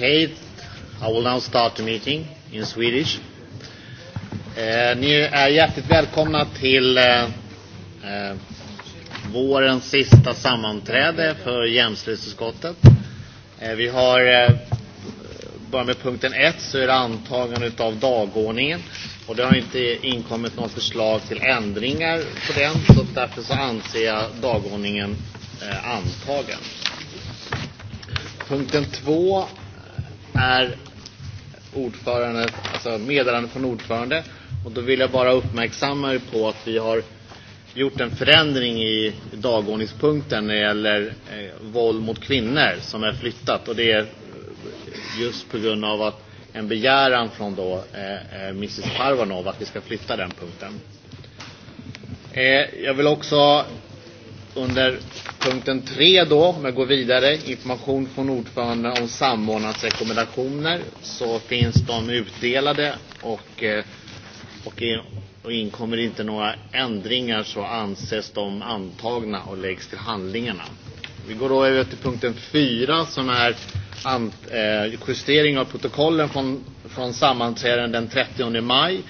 Kate. I will now start the meeting in Swedish. Eh, ni är hjärtligt välkomna till eh, eh, vårens sista sammanträde för jämställdhetsutskottet. Eh, vi har eh, bara med punkten 1 så är det antagandet av dagordningen. Och det har inte inkommit något förslag till ändringar på den, så därför så anser jag dagordningen eh, antagen. Punkten 2 är ordförande, alltså meddelande från ordförande. Och då vill jag bara uppmärksamma er på att vi har gjort en förändring i dagordningspunkten när det gäller eh, våld mot kvinnor som är flyttat. Och det är eh, just på grund av att en begäran från då, eh, eh Mrs Parvanov att vi ska flytta den punkten. Eh, jag vill också under Punkten 3 då, om jag går vidare, information från ordförande om samordnads rekommendationer, så finns de utdelade och, eh, och, och inkommer inte några ändringar så anses de antagna och läggs till handlingarna. Vi går då över till punkten 4 som är ant, eh, justering av protokollen från, från sammanträden den 30 maj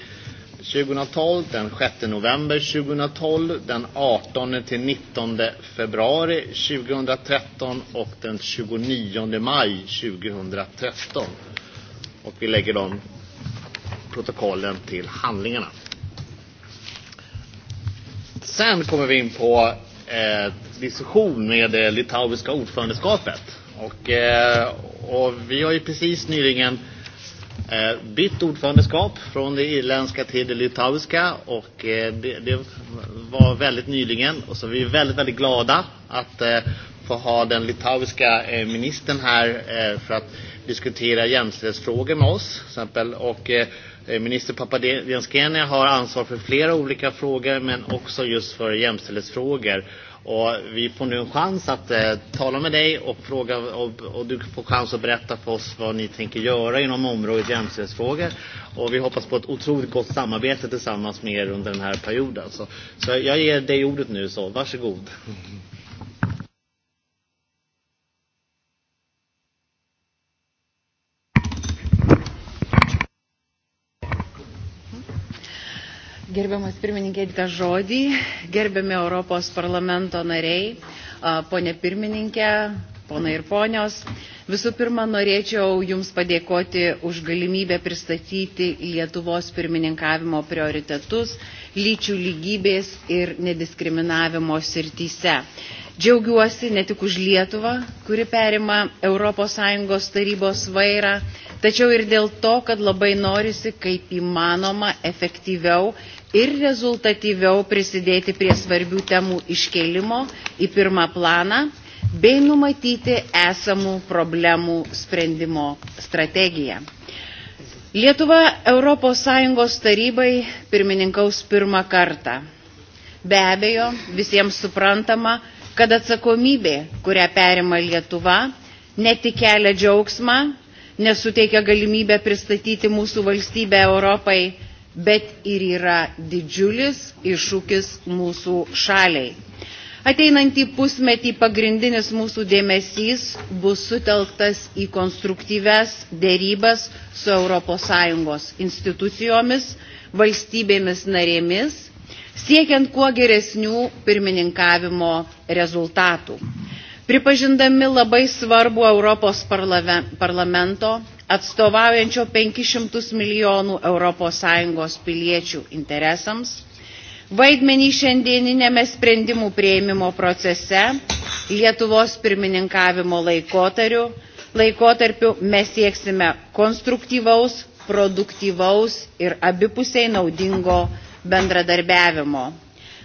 2012, den 6 november 2012, den 18 till 19 februari 2013 och den 29 maj 2013. Och vi lägger de protokollen till handlingarna. Sen kommer vi in på eh, diskussion med det eh, litauiska ordförandeskapet. Och, eh, och vi har ju precis nyligen Eh, bytt ordförandeskap från det irländska till det litauiska och eh, det, det var väldigt nyligen och så vi är väldigt, väldigt glada att eh, få ha den litauiska eh, ministern här eh, för att diskutera jämställdhetsfrågor med oss till exempel och eh, eh Minister Papadenskene har ansvar för flera olika frågor men också just för jämställdhetsfrågor. Och vi får nu en chans att eh, tala med dig och, fråga, och, och du får chans att berätta för oss vad ni tänker göra inom området jämställdhetsfrågor. Och vi hoppas på ett otroligt gott samarbete tillsammans med er under den här perioden. Så, så jag ger dig ordet nu, så varsågod. Mm. Gerbiamas pirmininkė, tą žodį, gerbiami Europos parlamento nariai, ponė pirmininkė, ponai ir ponios. Visų pirma, norėčiau Jums padėkoti už galimybę pristatyti Lietuvos pirmininkavimo prioritetus lyčių lygybės ir nediskriminavimo sirtyse. Džiaugiuosi ne tik už Lietuvą, kuri perima ES tarybos vairą, tačiau ir dėl to, kad labai norisi kaip įmanoma efektyviau ir rezultatyviau prisidėti prie svarbių temų iškėlimo į pirmą planą bei numatyti esamų problemų sprendimo strategiją. Lietuva ES tarybai pirmininkaus pirmą kartą. Be abejo, visiems suprantama, kad atsakomybė, kurią perima Lietuva, ne tik kelia džiaugsmą, nesuteikia galimybę pristatyti mūsų valstybę Europai, bet ir yra didžiulis iššūkis mūsų šaliai. Ateinantį pusmetį pagrindinis mūsų dėmesys bus sutelktas į konstruktyves dėrybas su ES institucijomis, valstybėmis narėmis, siekiant kuo geresnių pirmininkavimo rezultatų pripažindami labai svarbu Europos parlamento atstovaujančio 500 milijonų ES piliečių interesams, vaidmenį šiandieninėme sprendimų prieimimo procese Lietuvos pirmininkavimo laikotarpiu, laikotarpiu mes sieksime konstruktyvaus, produktyvaus ir abipusiai naudingo bendradarbiavimo.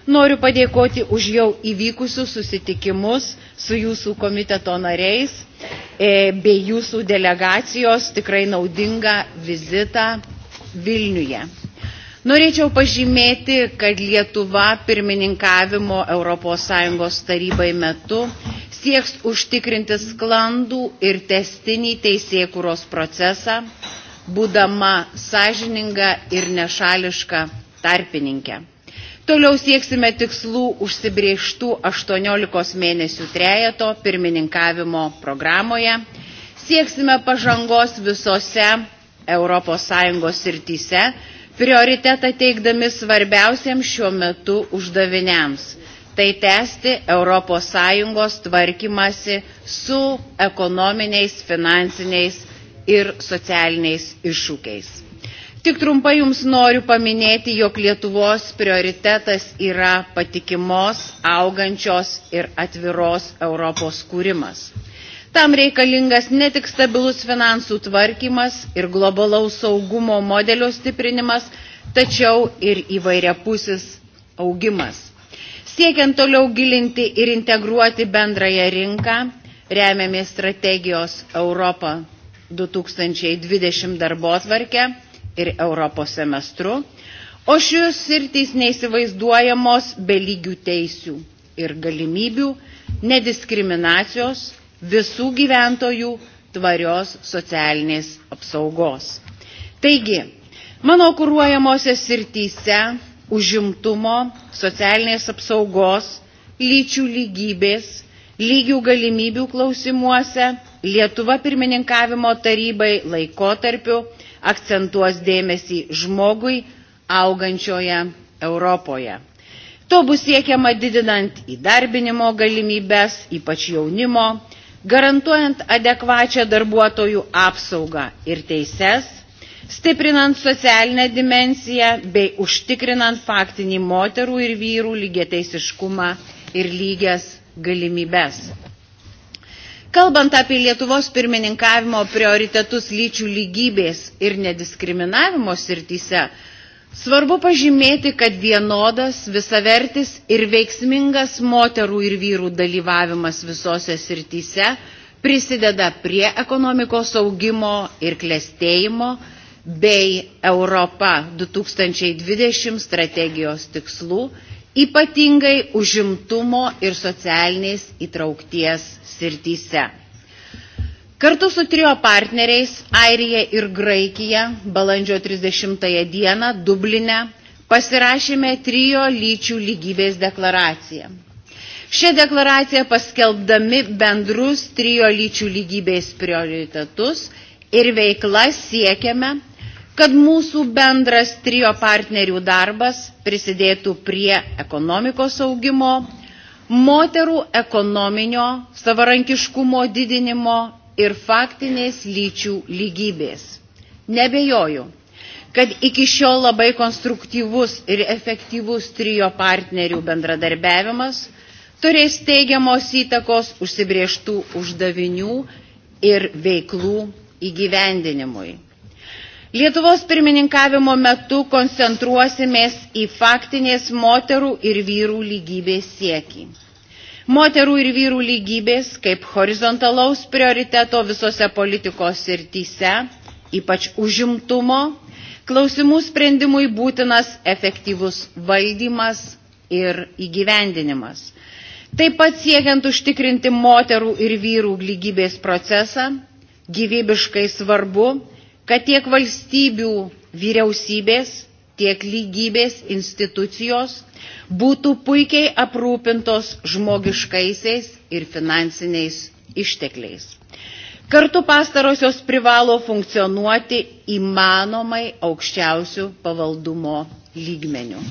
Noriu padėkoti už jau įvykusius susitikimus su jūsų komiteto nariais e, bei jūsų delegacijos tikrai naudingą vizitą Vilniuje. Norėčiau pažymėti, kad Lietuva pirmininkavimo ES tarybai metu sieks užtikrinti sklandų ir testinį teisėkuros procesą, būdama sąžininga ir nešališka tarpininkė. Toliau sieksime tikslų užsibrieštų 18 mėnesių trejeto pirmininkavimo programoje. Sieksime pažangos visose ES srityse, prioritetą teikdami svarbiausiam šiuo metu uždaviniams – tai tęsti ES tvarkymasi su ekonominiais, finansiniais ir socialiniais iššūkiais. Tik trumpai jums noriu paminėti, jog Lietuvos prioritetas yra patikimos, augančios ir atviros Europos kūrimas. Tam reikalingas ne tik stabilus finansų tvarkymas ir globalaus saugumo modelio stiprinimas, tačiau ir įvairiapusis augimas. Siekiant toliau gilinti ir integruoti bendrąją rinką, remiamės strategijos Europą 2020 darbo tvarkę ir Europos semestru, o šios sirtys neįsivaizduojamos belygių teisių ir galimybių, nediskriminacijos, visų gyventojų tvarios socialinės apsaugos. Taigi, mano kūruojamose sirtyse užimtumo, socialinės apsaugos, lyčių lygybės, lygių galimybių klausimuose Lietuva pirmininkavimo tarybai laikotarpiu akcentuos dėmesį žmogui augančioje Europoje. To bus siekiama didinant įdarbinimo galimybės, ypač jaunimo, garantuojant adekvačią darbuotojų apsaugą ir teises, stiprinant socialinę dimensiją bei užtikrinant faktinį moterų ir vyrų lygieteisiškumą ir lygias galimybes. Kalbant apie Lietuvos pirmininkavimo prioritetus lyčių lygybės ir nediskriminavimo srityse, svarbu pažymėti, kad vienodas, visavertis ir veiksmingas moterų ir vyrų dalyvavimas visose srityse prisideda prie ekonomikos augimo ir klestėjimo bei Europa 2020 strategijos tikslų ypatingai užimtumo ir socialinės įtraukties srityse. Kartu su trio partneriais Airija ir Graikija balandžio 30 dieną Dubline pasirašėme trijo lyčių lygybės deklaraciją. Šią deklaraciją paskelbdami bendrus trijo lyčių lygybės prioritetus ir veiklas siekiame, kad mūsų bendras trijo partnerių darbas prisidėtų prie ekonomikos augimo, moterų ekonominio savarankiškumo didinimo ir faktinės lyčių lygybės. Nebejoju, kad iki šiol labai konstruktyvus ir efektyvus trijo partnerių bendradarbiavimas turės teigiamos įtakos užsibrieštų uždavinių ir veiklų įgyvendinimui. Lietuvos pirmininkavimo metu koncentruosimės į faktinės moterų ir vyrų lygybės siekį. Moterų ir vyrų lygybės kaip horizontalaus prioriteto visose politikos srityse, ypač užimtumo, klausimų sprendimui būtinas efektyvus valdymas ir įgyvendinimas. Taip pat siekiant užtikrinti moterų ir vyrų lygybės procesą, gyvybiškai svarbu kad tiek valstybių vyriausybės, tiek lygybės institucijos būtų puikiai aprūpintos žmogiškaisiais ir finansiniais ištekliais. Kartu pastarosios privalo funkcionuoti įmanomai aukščiausių pavaldumo lygmenių.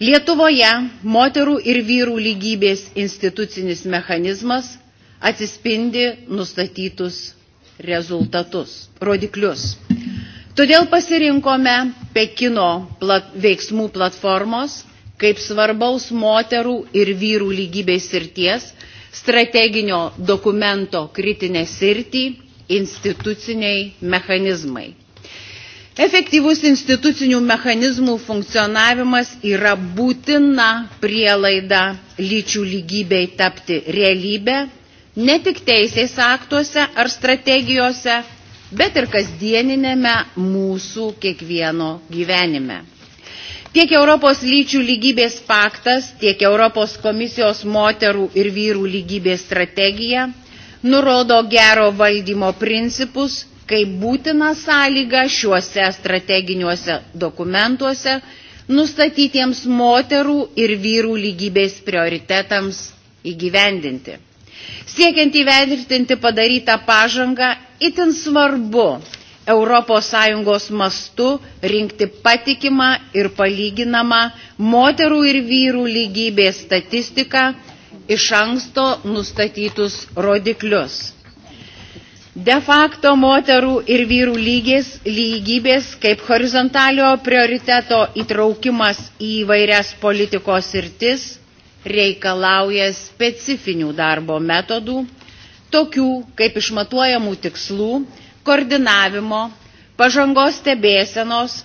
Lietuvoje moterų ir vyrų lygybės institucinis mechanizmas atsispindi nustatytus rezultatus, rodiklius. Todėl pasirinkome Pekino plat, veiksmų platformos kaip svarbaus moterų ir vyrų lygybės sirties strateginio dokumento kritinę sirtį instituciniai mechanizmai. Efektyvus institucinių mechanizmų funkcionavimas yra būtina prielaida lyčių lygybei tapti realybę ne tik teisės aktuose ar strategijose, bet ir kasdieninėme mūsų kiekvieno gyvenime. Tiek Europos lyčių lygybės paktas, tiek Europos komisijos moterų ir vyrų lygybės strategija nurodo gero valdymo principus kaip būtina sąlyga šiuose strateginiuose dokumentuose nustatytiems moterų ir vyrų lygybės prioritetams įgyvendinti. Siekiant įvertinti padarytą pažangą, itin svarbu ES mastu rinkti patikimą ir palyginamą moterų ir vyrų lygybės statistiką iš anksto nustatytus rodiklius. De facto moterų ir vyrų lygės, lygybės kaip horizontalio prioriteto įtraukimas į vairias politikos irtis reikalauja specifinių darbo metodų, tokių kaip išmatuojamų tikslų, koordinavimo, pažangos stebėsenos,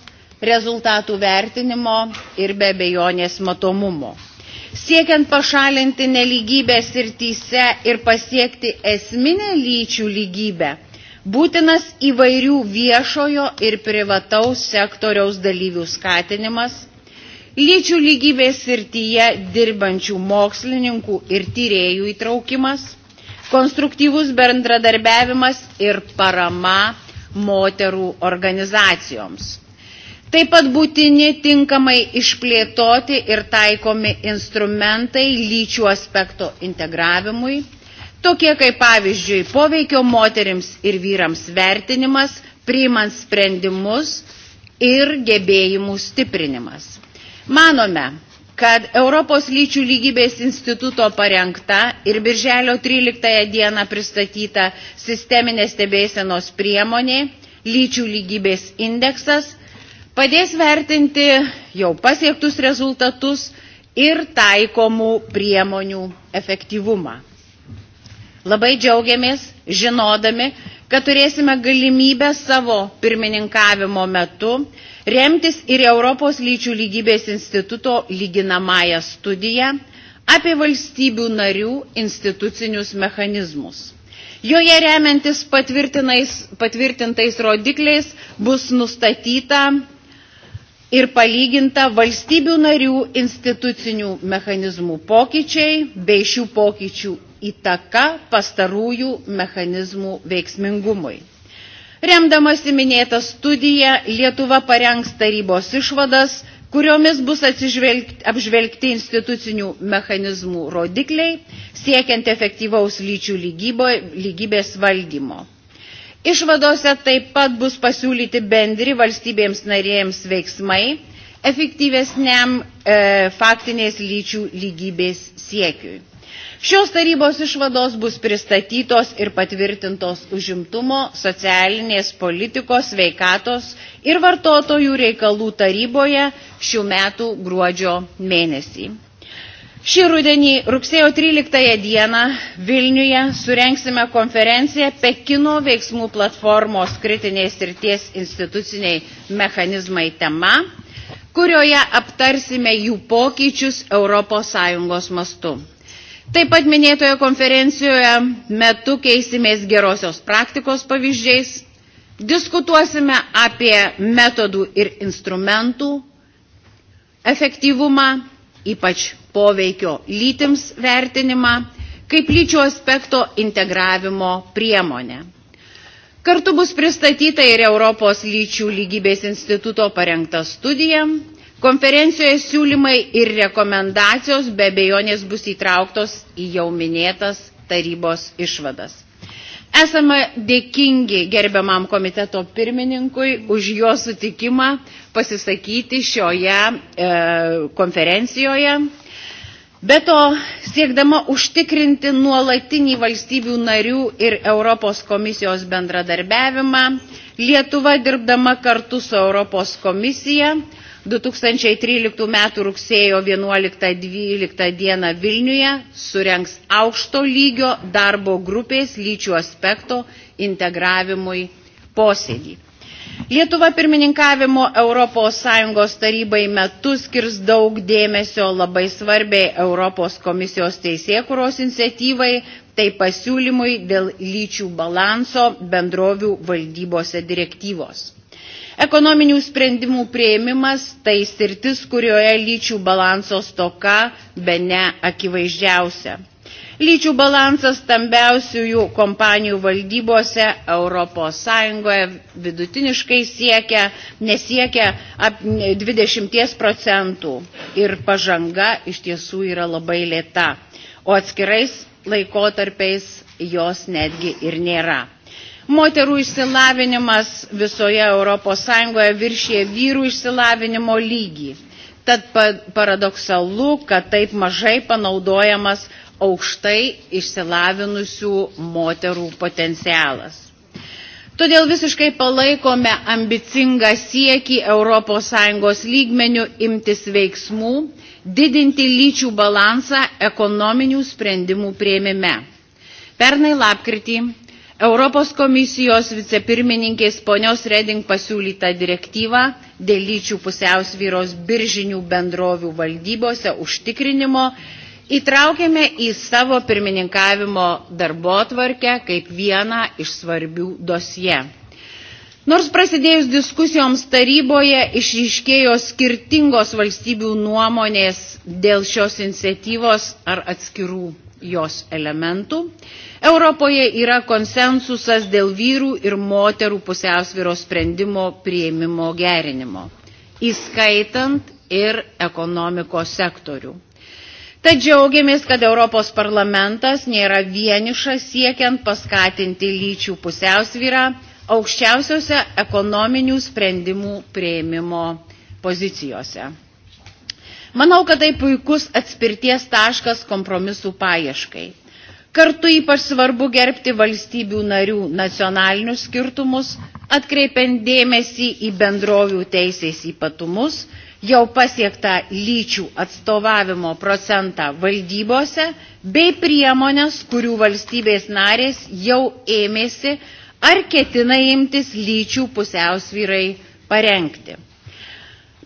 rezultatų vertinimo ir be bejonės matomumo. Siekiant pašalinti neligybės ir tyse ir pasiekti esminę lyčių lygybę, būtinas įvairių viešojo ir privataus sektoriaus dalyvių skatinimas – lyčių lygybės srityje dirbančių mokslininkų ir tyrėjų įtraukimas, konstruktyvus bendradarbiavimas ir parama moterų organizacijoms. Taip pat būtini tinkamai išplėtoti ir taikomi instrumentai lyčių aspekto integravimui, tokie kaip pavyzdžiui poveikio moterims ir vyrams vertinimas, priimant sprendimus ir gebėjimų stiprinimas. Manome, kad Europos lyčių lygybės instituto parengta ir birželio 13 dieną pristatyta sisteminės stebėsenos priemonė, lyčių lygybės indeksas, padės vertinti jau pasiektus rezultatus ir taikomų priemonių efektyvumą. Labai džiaugiamės, žinodami, kad turėsime galimybę savo pirmininkavimo metu remtis ir Europos lyčių lygybės instituto lyginamąją studiją apie valstybių narių institucinius mechanizmus. Joje remiantis patvirtintais rodikliais bus nustatyta ir palyginta valstybių narių institucinių mechanizmų pokyčiai bei šių pokyčių įtaka pastarųjų mechanizmų veiksmingumui. Remdamasi minėtą studiją, Lietuva parengs tarybos išvadas, kuriomis bus apžvelgti institucinių mechanizmų rodikliai, siekiant efektyvaus lyčių lygybo, lygybės valdymo. Išvadose taip pat bus pasiūlyti bendri valstybėms narėjams veiksmai, efektyvesniam e, faktinės lyčių lygybės siekiui. Šios tarybos išvados bus pristatytos ir patvirtintos užimtumo, socialinės politikos, veikatos ir vartotojų reikalų taryboje šių metų gruodžio mėnesį. Šį rudenį rugsėjo 13 dieną Vilniuje surenksime konferenciją Pekino veiksmų platformos kritinės ties instituciniai mechanizmai tema, kurioje aptarsime jų pokyčius ES mastu. Taip pat minėtojo konferencijoje metu keisimės gerosios praktikos pavyzdžiais, diskutuosime apie metodų ir instrumentų efektyvumą, ypač poveikio lytims vertinimą, kaip lyčių aspekto integravimo priemonę. Kartu bus pristatyta ir Europos lyčių lygybės instituto parengta studija, Konferencijoje siūlymai ir rekomendacijos be bejonės bus įtrauktos į jau minėtas tarybos išvadas. Esame dėkingi gerbiamam komiteto pirmininkui už jo sutikimą pasisakyti šioje e, konferencijoje. Be to, siekdama užtikrinti nuolatinį valstybių narių ir Europos komisijos bendradarbiavimą, Lietuva dirbdama kartu su Europos komisija – 2013 m. rugsėjo 11-12 d. Vilniuje surengs aukšto lygio darbo grupės lyčių aspekto integravimui posėdį. Lietuva pirmininkavimo ES tarybai metu skirs daug dėmesio labai svarbiai Europos komisijos teisėkuros iniciatyvai, tai pasiūlymui dėl lyčių balanso bendrovių valdybose direktyvos. Ekonominių sprendimų prieimimas tai sirtis, kurioje lyčių balanso stoka be ne akivaizdžiausia. Lyčių balansas stambiausiųjų kompanijų valdybose Europos Sąjungoje vidutiniškai siekia, nesiekia 20 procentų ir pažanga iš tiesų yra labai lėta, o atskirais laikotarpiais jos netgi ir nėra moterų išsilavinimas visoje Europos Sąjungoje viršė vyrų išsilavinimo lygį. Tad paradoksalu, kad taip mažai panaudojamas aukštai išsilavinusių moterų potencialas. Todėl visiškai palaikome ambicingą siekį ES lygmenių imtis veiksmų, didinti lyčių balansą ekonominių sprendimų prieimime. Pernai lapkritį Europos komisijos vicepirmininkės ponios Reding pasiūlytą direktyvą dėl lyčių pusiausvyros biržinių bendrovių valdybose užtikrinimo įtraukėme į savo pirmininkavimo darbotvarkę kaip vieną iš svarbių dosje. Nors prasidėjus diskusijoms taryboje išryškėjo skirtingos valstybių nuomonės dėl šios iniciatyvos ar atskirų jos elementų. Europoje yra konsensusas dėl vyrų ir moterų pusiausvyros sprendimo prieimimo gerinimo, įskaitant ir ekonomikos sektorių. Tad džiaugiamės, kad Europos parlamentas nėra vienišas siekiant paskatinti lyčių pusiausvyrą aukščiausiose ekonominių sprendimų prieimimo pozicijose. Manau, kad tai puikus atspirties taškas kompromisų paieškai. Kartu ypač svarbu gerbti valstybių narių nacionalinius skirtumus, atkreipiant dėmesį į bendrovių teisės ypatumus, jau pasiektą lyčių atstovavimo procentą valdybose bei priemonės, kurių valstybės narės jau ėmėsi ar ketina imtis lyčių pusiausvyrai parengti.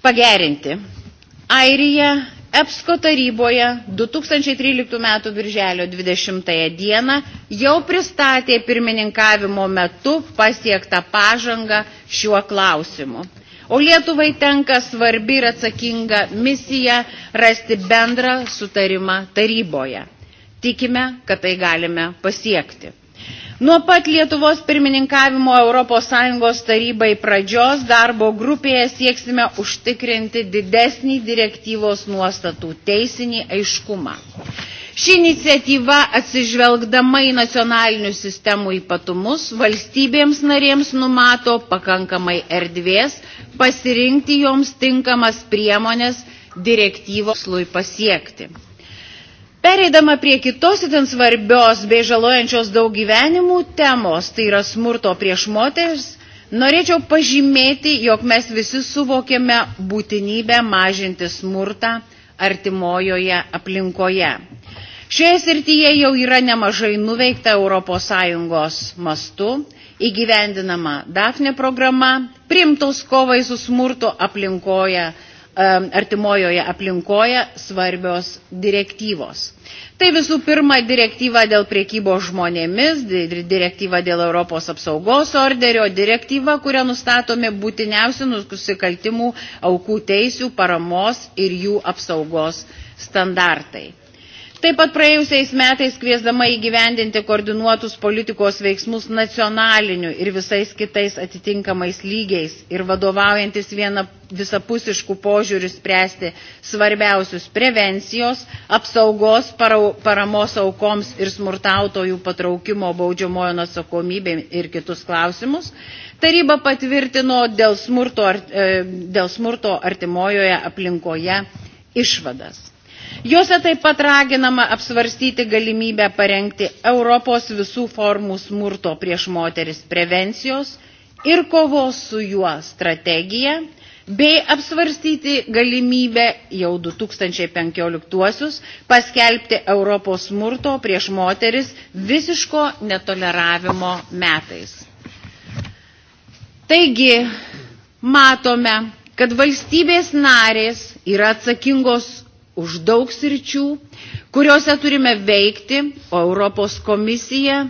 Pagerinti. Airija EPSCO taryboje 2013 m. birželio 20 dieną jau pristatė pirmininkavimo metu pasiektą pažangą šiuo klausimu. O Lietuvai tenka svarbi ir atsakinga misija rasti bendrą sutarimą taryboje. Tikime, kad tai galime pasiekti. Nuo pat Lietuvos pirmininkavimo ES tarybai pradžios darbo grupėje sieksime užtikrinti didesnį direktyvos nuostatų teisinį aiškumą. Ši iniciatyva atsižvelgdama į nacionalinių sistemų ypatumus valstybėms narėms numato pakankamai erdvės pasirinkti joms tinkamas priemonės direktyvos lui pasiekti. Pereidama prie kitos itin svarbios bei žalojančios daug gyvenimų temos, tai yra smurto prieš moteris, norėčiau pažymėti, jog mes visi suvokėme būtinybę mažinti smurtą artimojoje aplinkoje. Šioje srityje jau yra nemažai nuveikta ES mastu, įgyvendinama DAFNE programa, primtos kovai su smurto aplinkoje artimojoje aplinkoje svarbios direktyvos. Tai visų pirma direktyva dėl priekybo žmonėmis, direktyva dėl Europos apsaugos orderio, direktyva, kuria nustatomi būtiniausių nusikaltimų aukų teisių, paramos ir jų apsaugos standartai. Taip pat praėjusiais metais kviesdama įgyvendinti koordinuotus politikos veiksmus nacionaliniu ir visais kitais atitinkamais lygiais ir vadovaujantis vieną visapusiškų požiūrių spręsti svarbiausius prevencijos, apsaugos, paramos aukoms ir smurtautojų patraukimo baudžiamojo atsakomybė ir kitus klausimus, taryba patvirtino dėl smurto, e, dėl smurto artimojoje aplinkoje išvadas. Jose taip pat raginama apsvarstyti galimybę parengti Europos visų formų smurto prieš moteris prevencijos ir kovos su juo strategiją, bei apsvarstyti galimybę jau 2015 paskelbti Europos smurto prieš moteris visiško netoleravimo metais. Taigi, matome, kad valstybės narės yra atsakingos už daug sričių, kuriuose turime veikti, o Europos komisija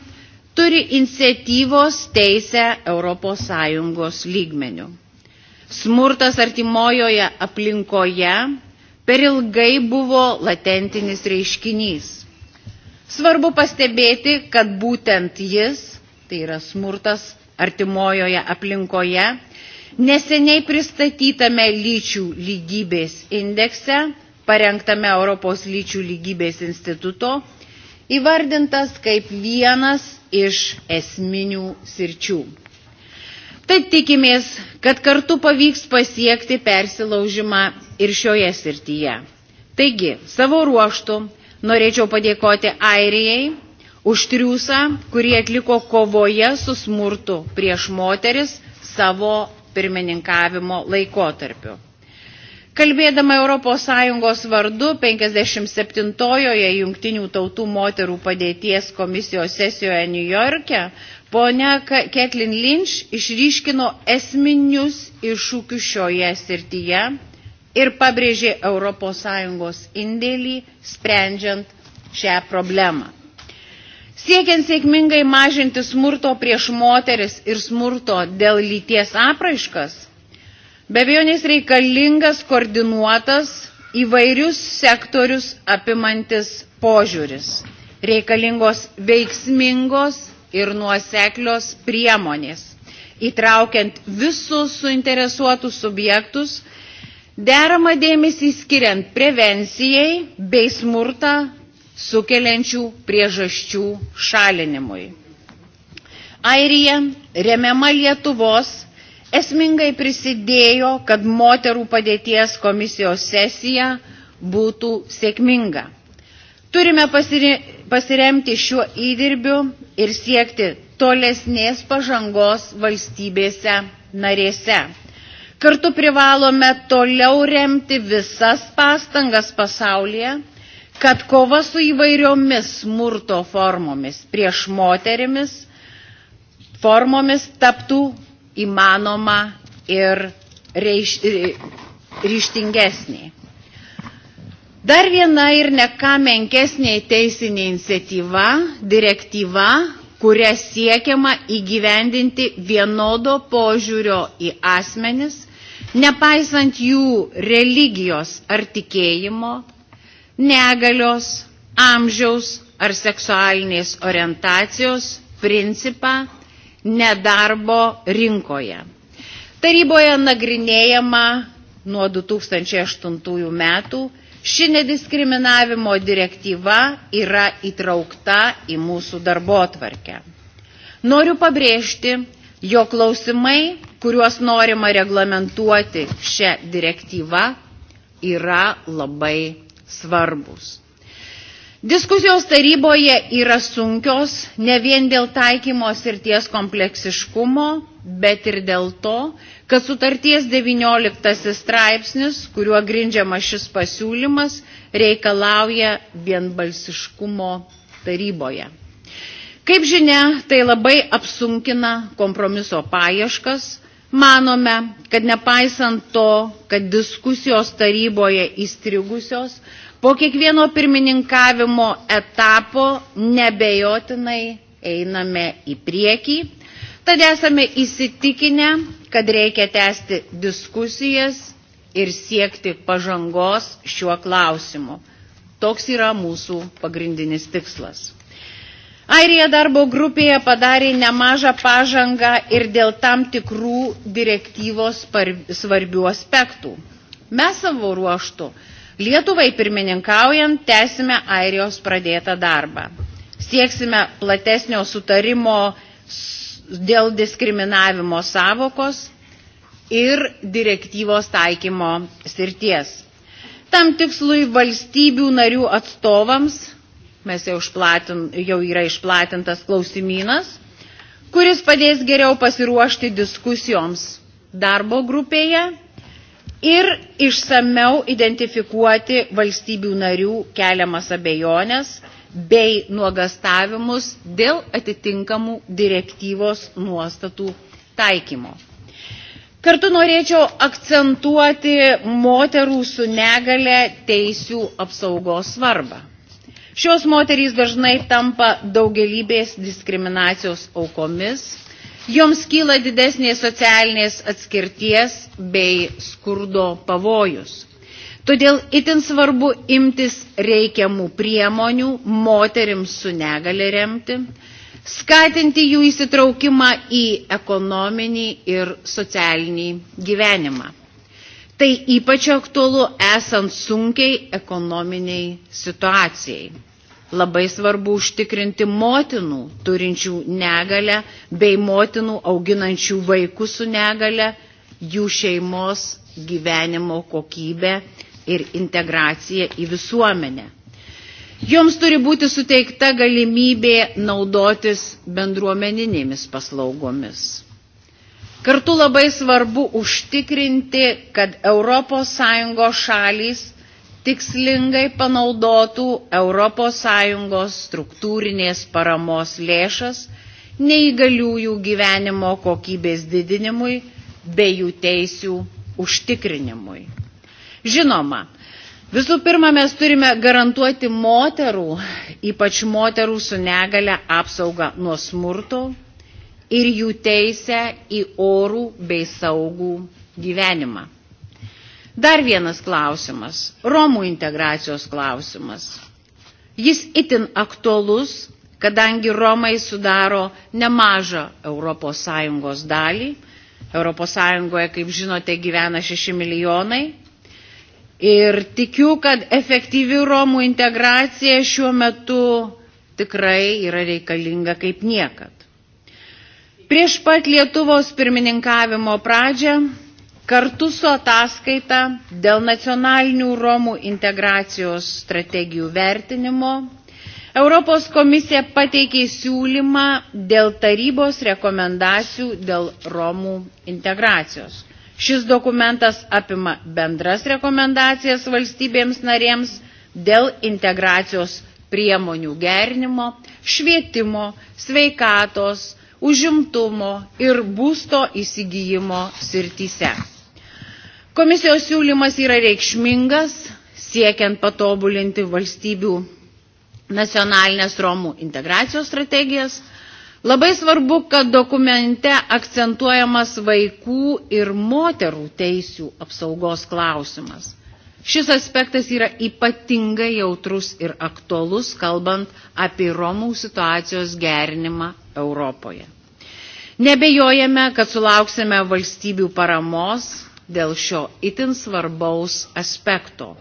turi iniciatyvos teisę Europos Sąjungos lygmenių. Smurtas artimojoje aplinkoje per ilgai buvo latentinis reiškinys. Svarbu pastebėti, kad būtent jis, tai yra smurtas artimojoje aplinkoje, neseniai pristatytame lyčių lygybės indekse parengtame Europos lyčių lygybės instituto įvardintas kaip vienas iš esminių sirčių. Tad tikimės, kad kartu pavyks pasiekti persilaužimą ir šioje srityje. Taigi, savo ruoštų norėčiau padėkoti Airijai už triusą, kurie atliko kovoje su smurtu prieš moteris savo pirmininkavimo laikotarpiu. Kalbėdama Europos Sąjungos vardu 57-ojoje Jungtinių tautų moterų padėties komisijos sesijoje New York'e, ponia Ketlin Lynch išryškino esminius iššūkius šioje srityje ir pabrėžė Europos Sąjungos indėlį sprendžiant šią problemą. Siekiant sėkmingai mažinti smurto prieš moteris ir smurto dėl lyties apraiškas, Be abejonės reikalingas koordinuotas įvairius sektorius apimantis požiūris. Reikalingos veiksmingos ir nuoseklios priemonės, įtraukiant visus suinteresuotus subjektus, deramą dėmesį skiriant prevencijai bei smurtą sukeliančių priežasčių šalinimui. Airija, remiama Lietuvos, esmingai prisidėjo, kad moterų padėties komisijos sesija būtų sėkminga. Turime pasiremti šiuo įdirbiu ir siekti tolesnės pažangos valstybėse narėse. Kartu privalome toliau remti visas pastangas pasaulyje, kad kova su įvairiomis smurto formomis prieš moterimis formomis taptų įmanoma ir reiš, e, ryštingesnė. Dar viena ir neka menkesnė teisinė iniciatyva, direktyva, kuria siekiama įgyvendinti vienodo požiūrio į asmenis, nepaisant jų religijos ar tikėjimo, negalios, amžiaus ar seksualinės orientacijos principą nedarbo rinkoje. Taryboje nagrinėjama nuo 2008 metų ši nediskriminavimo direktyva yra įtraukta į mūsų darbo Noriu pabrėžti, jo klausimai, kuriuos norima reglamentuoti šią direktyvą, yra labai svarbus. Diskusijos taryboje yra sunkios ne vien dėl taikymo ties kompleksiškumo, bet ir dėl to, kad sutarties 19 straipsnis, kuriuo grindžiama šis pasiūlymas, reikalauja vienbalsiškumo taryboje. Kaip žinia, tai labai apsunkina kompromiso paieškas, Manome, kad nepaisant to, kad diskusijos taryboje įstrigusios, po kiekvieno pirmininkavimo etapo nebejotinai einame į priekį, tad esame įsitikinę, kad reikia tęsti diskusijas ir siekti pažangos šiuo klausimu. Toks yra mūsų pagrindinis tikslas. Airija darbo grupėje padarė nemažą pažangą ir dėl tam tikrų direktyvos svarbių aspektų. Mes savo ruoštų Lietuvai pirmininkaujant tęsime Airijos pradėtą darbą. Sieksime platesnio sutarimo dėl diskriminavimo savokos ir direktyvos taikymo sirties. Tam tikslui valstybių narių atstovams, mes jau, išplatin, jau yra išplatintas klausimynas, kuris padės geriau pasiruošti diskusijoms darbo grupėje ir išsameu identifikuoti valstybių narių keliamas abejonės bei nuogastavimus dėl atitinkamų direktyvos nuostatų taikymo. Kartu norėčiau akcentuoti moterų su negale teisių apsaugos svarbą. Šios moterys dažnai tampa daugelybės diskriminacijos aukomis, joms kyla didesnės socialinės atskirties bei skurdo pavojus. Todėl itin svarbu imtis reikiamų priemonių moterims su negali remti, skatinti jų įsitraukimą į ekonominį ir socialinį gyvenimą. Tai ypač aktualu esant sunkiai ekonominiai situacijai labai svarbu užtikrinti motinų turinčių negalę bei motinų auginančių vaikus su negale jų šeimos gyvenimo kokybę ir integraciją į visuomenę. Joms turi būti suteikta galimybė naudotis bendruomeninėmis paslaugomis. Kartu labai svarbu užtikrinti, kad ES šalys tikslingai panaudotų ES struktūrinės paramos lėšas neįgaliųjų gyvenimo kokybės didinimui bei jų teisių užtikrinimui. Žinoma, visų pirma, mes turime garantuoti moterų, ypač moterų su negale, apsaugą nuo smurto ir jų teisę į orų bei saugų gyvenimą. Dar vienas klausimas – Romų integracijos klausimas. Jis itin aktuolus, kadangi Romai sudaro nemažą ES dalį. ES, kaip žinote, gyvena 6 milijonai. Ir tikiu, kad efektyvi Romų integracija šiuo metu tikrai yra reikalinga kaip niekad. Prieš pat Lietuvos pirmininkavimo pradžią Kartu su ataskaita dėl nacionalinių Romų integracijos strategijų vertinimo Europos komisija pateikė siūlymą dėl tarybos rekomendacijų dėl Romų integracijos. Šis dokumentas apima bendras rekomendacijas valstybėms narėms dėl integracijos priemonių gerinimo, švietimo, sveikatos, užimtumo ir būsto įsigijimo sirtyse. Komisijos siūlymas yra reikšmingas, siekiant patobulinti valstybių nacionalinės Romų integracijos strategijas. Labai svarbu, kad dokumente akcentuojamas vaikų ir moterų teisių apsaugos klausimas. Šis aspektas yra ypatingai jautrus ir aktualus, kalbant apie Romų situacijos gerinimą Europoje. Nebejojame, kad sulauksime valstybių paramos, dėl šio itin svarbaus aspekto.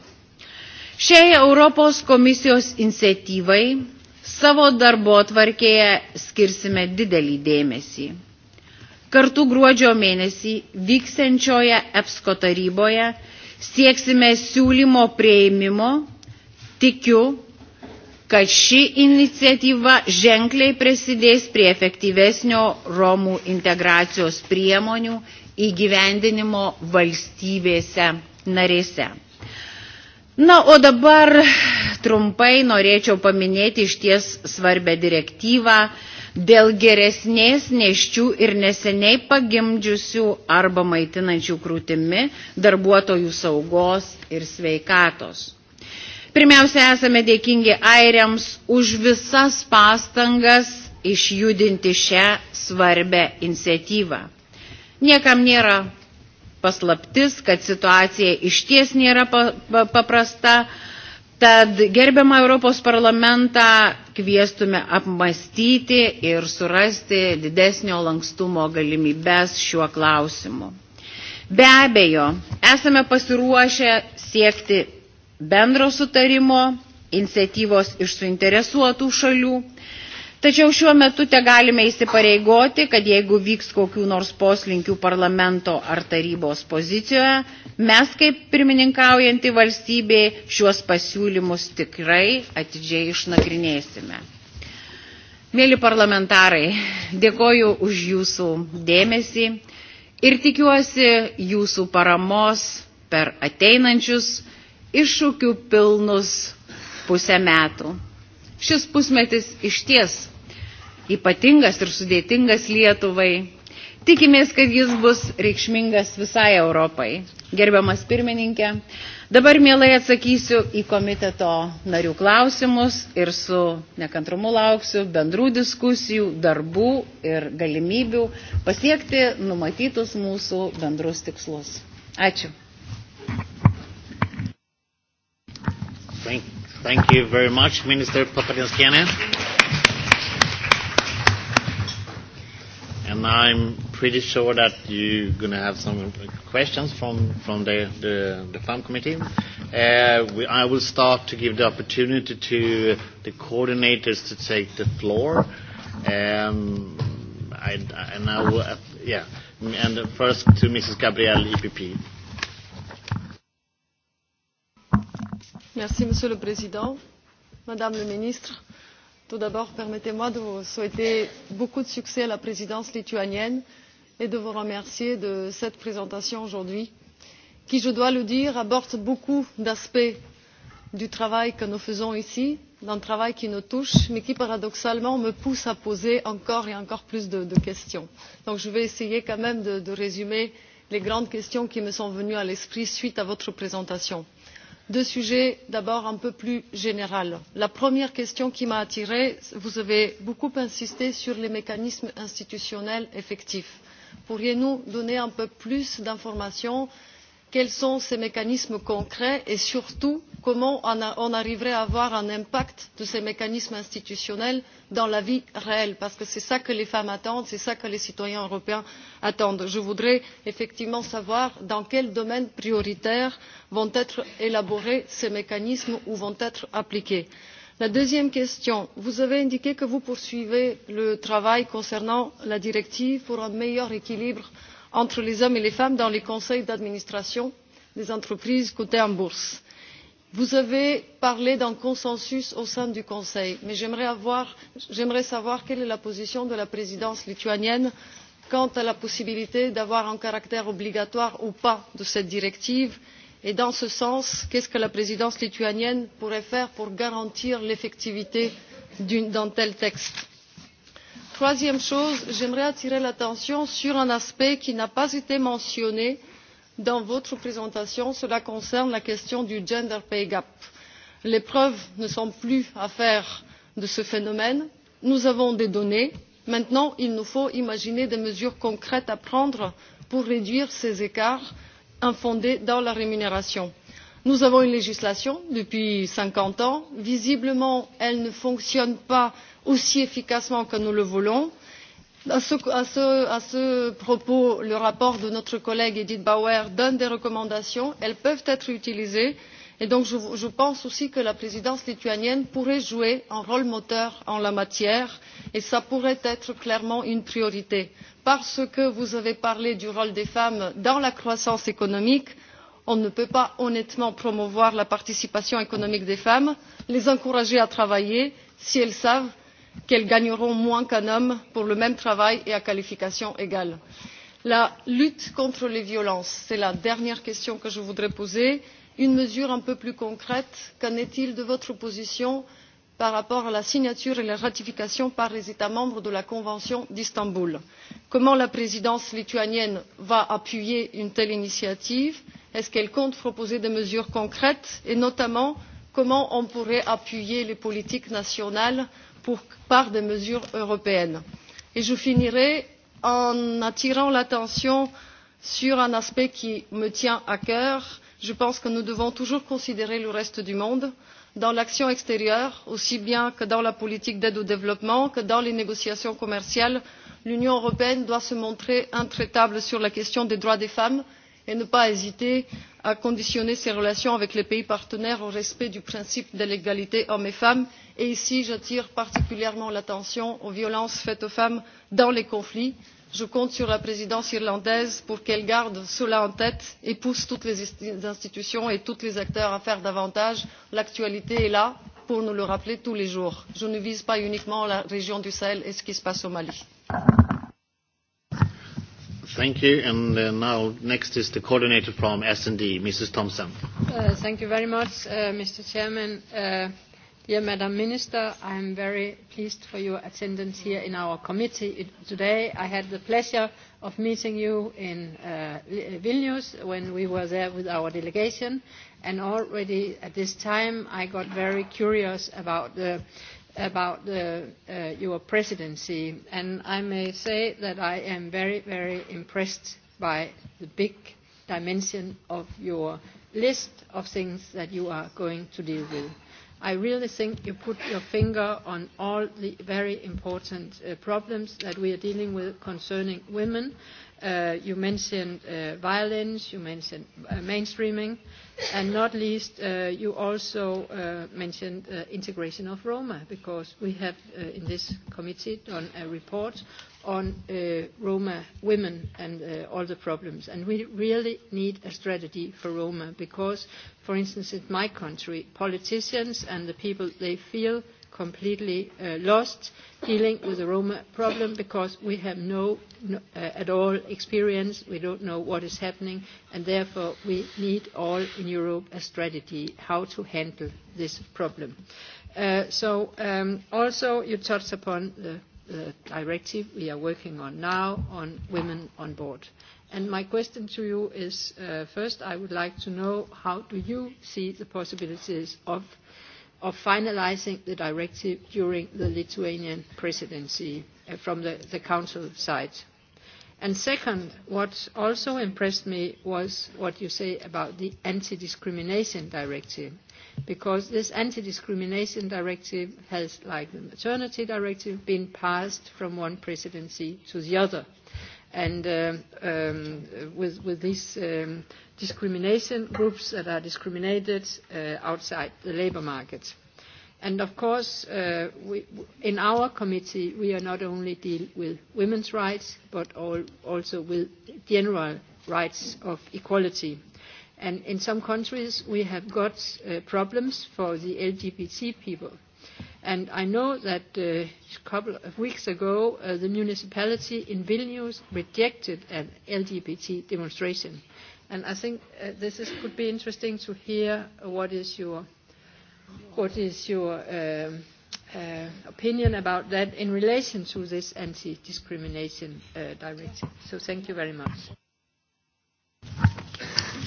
Šiai Europos komisijos iniciatyvai savo darbo atvarkėje skirsime didelį dėmesį. Kartu gruodžio mėnesį vyksiančioje EPSCO taryboje sieksime siūlymo prieimimo, tikiu, kad ši iniciatyva ženkliai prisidės prie efektyvesnio Romų integracijos priemonių įgyvendinimo valstybėse narėse. Na, o dabar trumpai norėčiau paminėti iš ties svarbę direktyvą dėl geresnės neščių ir neseniai pagimdžiusių arba maitinančių krūtimi darbuotojų saugos ir sveikatos. Pirmiausia, esame dėkingi airiams už visas pastangas išjudinti šią svarbę iniciatyvą. Niekam nėra paslaptis, kad situacija išties nėra paprasta, tad gerbiamą Europos parlamentą kviestume apmastyti ir surasti didesnio lankstumo galimybės šiuo klausimu. Be abejo, esame pasiruošę siekti bendro sutarimo, iniciatyvos iš suinteresuotų šalių, Tačiau šiuo metu te galime įsipareigoti, kad jeigu vyks kokių nors poslinkių parlamento ar tarybos pozicijoje, mes kaip pirmininkaujantį valstybė šiuos pasiūlymus tikrai atidžiai išnagrinėsime. Mėly parlamentarai, dėkoju už jūsų dėmesį ir tikiuosi jūsų paramos per ateinančius iššūkių pilnus pusę metų. Šis pusmetis išties ypatingas ir sudėtingas Lietuvai. Tikimės, kad jis bus reikšmingas visai Europai. Gerbiamas pirmininkė, dabar mielai atsakysiu į komiteto narių klausimus ir su nekantrumu lauksiu bendrų diskusijų, darbų ir galimybių pasiekti numatytus mūsų bendrus tikslus. Ačiū. Thank, thank you very much, Minister and I'm pretty sure that you're going to have some questions from, from the, the, the farm committee. Uh, we, I will start to give the opportunity to the coordinators to take the floor. Um, I, and I will, uh, yeah, and first to Mrs. Gabrielle, EPP. Merci, Monsieur le Président, Madame le Ministre tout d'abord permettez moi de vous souhaiter beaucoup de succès à la présidence lituanienne et de vous remercier de cette présentation aujourd'hui qui je dois le dire aborde beaucoup d'aspects du travail que nous faisons ici d'un travail qui nous touche mais qui paradoxalement me pousse à poser encore et encore plus de, questions. donc je vais essayer quand même de, de résumer les grandes questions qui me sont venues à l'esprit à la suite de votre présentation deux sujets d'abord un peu plus généraux. la première question qui m'a attirée vous avez beaucoup insisté sur les mécanismes institutionnels effectifs. pourriez vous nous donner un peu plus d'informations sur quels sont ces mécanismes concrets et surtout comment on, arriverait à avoir un impact de ces mécanismes institutionnels dans la vie réelle parce que c'est cela que les femmes attendent c'est cela que les citoyens européens attendent. je voudrais effectivement savoir dans quels domaines prioritaires vont être élaborés ces mécanismes ou vont être appliqués. la deuxième question vous avez indiqué que vous poursuivez le travail concernant la directive pour un meilleur équilibre entre les hommes et les femmes dans les conseils d'administration des entreprises cotées en bourse. vous avez parlé d'un consensus au sein du conseil mais j'aimerais savoir quelle est la position de la présidence lituanienne quant à la possibilité d'avoir un caractère obligatoire ou pas de cette directive et dans ce sens qu'est ce que la présidence lituanienne pourrait faire pour garantir l'effectivité d'un tel texte? troisième chose j'aimerais attirer l'attention sur un aspect qui n'a pas été mentionné dans votre présentation cela concerne la question du gender pay gap. les preuves ne sont plus à faire de ce phénomène nous avons des données maintenant il nous faut imaginer des mesures concrètes à prendre pour réduire ces écarts infondés dans la rémunération. nous avons une législation depuis cinquante ans visiblement elle ne fonctionne pas aussi efficacement que nous le voulons. À ce, propos le rapport de notre collègue edit bauer donne des recommandations elles peuvent être utilisées et donc je pense aussi que la présidence lituanienne pourrait jouer un rôle moteur en la matière et cela pourrait être clairement une priorité parce que vous avez parlé du rôle des femmes dans la croissance économique on ne peut pas honnêtement promouvoir la participation économique des femmes les encourager à travailler si elles savent qu'elles gagneront moins qu'un homme pour le même travail et à qualification égale. la lutte contre les violences c'est la dernière question que je voudrais poser une mesure un peu plus concrète qu'en est il de votre position par rapport à la signature et la ratification par les états membres de la convention d'istanbul? comment la présidence lituanienne va t elle appuyer une telle initiative? compte t elle proposer des mesures concrètes et notamment comment on pourrait appuyer les politiques nationales par des mesures européennes. Et je finirai en attirant l'attention sur un aspect qui me tient à cœur je pense que nous devons toujours considérer le reste du monde dans l'action extérieure aussi bien que dans la politique d'aide au développement que dans les négociations commerciales l'union européenne doit se montrer intraitable sur la question des droits des femmes et ne pas hésiter à conditionner ses relations avec les pays partenaires au respect du principe de l'égalité entre hommes et femmes et ici j'attire particulièrement l'attention aux violences faites aux femmes dans les conflits. je compte sur la présidence irlandaise pour qu'elle garde cela en tête et pousse toutes les institutions et tous les acteurs à faire davantage. l'actualité est là pour nous le rappeler tous les jours. je ne vise pas uniquement la région du sahel et ce qui se passe au mali. Dear Madam Minister, I am very pleased for your attendance here in our committee today. I had the pleasure of meeting you in uh, Vilnius when we were there with our delegation, and already at this time I got very curious about the about the, uh, your presidency, and I may say that I am very, very impressed by the big dimension of your list of things that you are going to deal with. I really think you put your finger on all the very important uh, problems that we are dealing with concerning women. Uh, you mentioned uh, violence, you mentioned uh, mainstreaming, and not least, uh, you also uh, mentioned uh, integration of Roma, because we have uh, in this committee done a report on uh, Roma women and uh, all the problems. And we really need a strategy for Roma because, for instance, in my country, politicians and the people, they feel completely uh, lost dealing with the Roma problem because we have no, no uh, at all experience, we don't know what is happening, and therefore we need all in Europe a strategy how to handle this problem. Uh, so um, also you touched upon the the uh, directive we are working on now on women on board. And my question to you is, uh, first, I would like to know how do you see the possibilities of, of finalizing the directive during the Lithuanian presidency uh, from the, the council side? And second, what also impressed me was what you say about the anti-discrimination directive because this anti-discrimination directive has, like the maternity directive, been passed from one presidency to the other. And uh, um, with, with these um, discrimination groups that are discriminated uh, outside the labour market. And of course, uh, we, in our committee, we are not only deal with women's rights, but all, also with general rights of equality. And in some countries, we have got uh, problems for the LGBT people. And I know that uh, a couple of weeks ago, uh, the municipality in Vilnius rejected an LGBT demonstration. And I think uh, this is, could be interesting to hear what is your, what is your um, uh, opinion about that in relation to this anti-discrimination uh, directive. So thank you very much.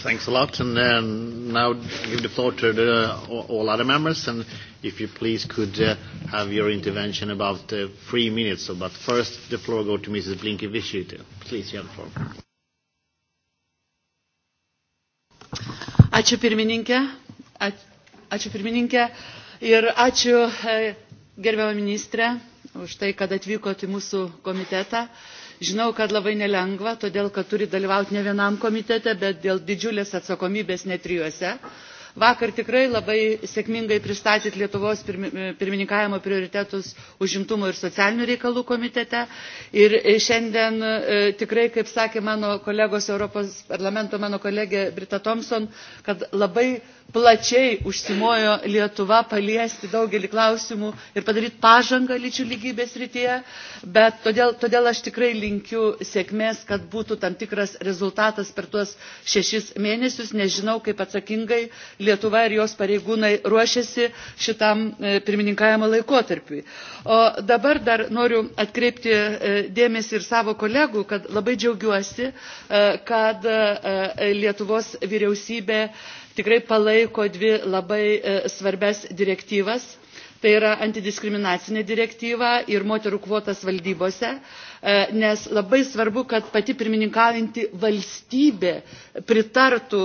Thanks a lot. And um, now give the floor to the, uh, all other members. And if you please could uh, have your intervention about uh, three minutes. So, but first, the floor go to Mrs. Blinky Blinkevichute. Please, you have the floor. Ačiū pirmininkė. Ačiū pirmininkė. Ir ačiū e, gerbiamą ministrę už tai, kad atvykot į mūsų komitetą žinau kad labai nelengva todėl kad turi dalyvauti ne vienam komitete bet dėl didžiulės atsakomybės net trijuose vakar tikrai labai sėkmingai pristatėt lietuvos e, pirmininkavimo prioritetus užimtumo ir socialinių reikalų komitete ir e, šiandien e, tikrai kaip sakė mano kolegos europos parlamento mano kolegė brita thomson kad labai plačiai užsimojo Lietuva paliesti daugelį klausimų ir padaryti pažangą lyčių lygybės rytyje, bet todėl, todėl aš tikrai linkiu sėkmės, kad būtų tam tikras rezultatas per tuos šešis mėnesius. Nežinau, kaip atsakingai Lietuva ir jos pareigūnai ruošiasi šitam e, pirmininkavimo laikotarpiui. O dabar dar noriu atkreipti e, dėmesį ir savo kolegų, kad labai džiaugiuosi, e, kad Lietuvos vyriausybė tikrai palaiko dvi labai e, svarbias direktyvas tai yra antidiskriminacinę direktyvą ir moterų kvotas valdybose. E, nes labai svarbu, kad pati pirmininkaujanti valstybė pritartų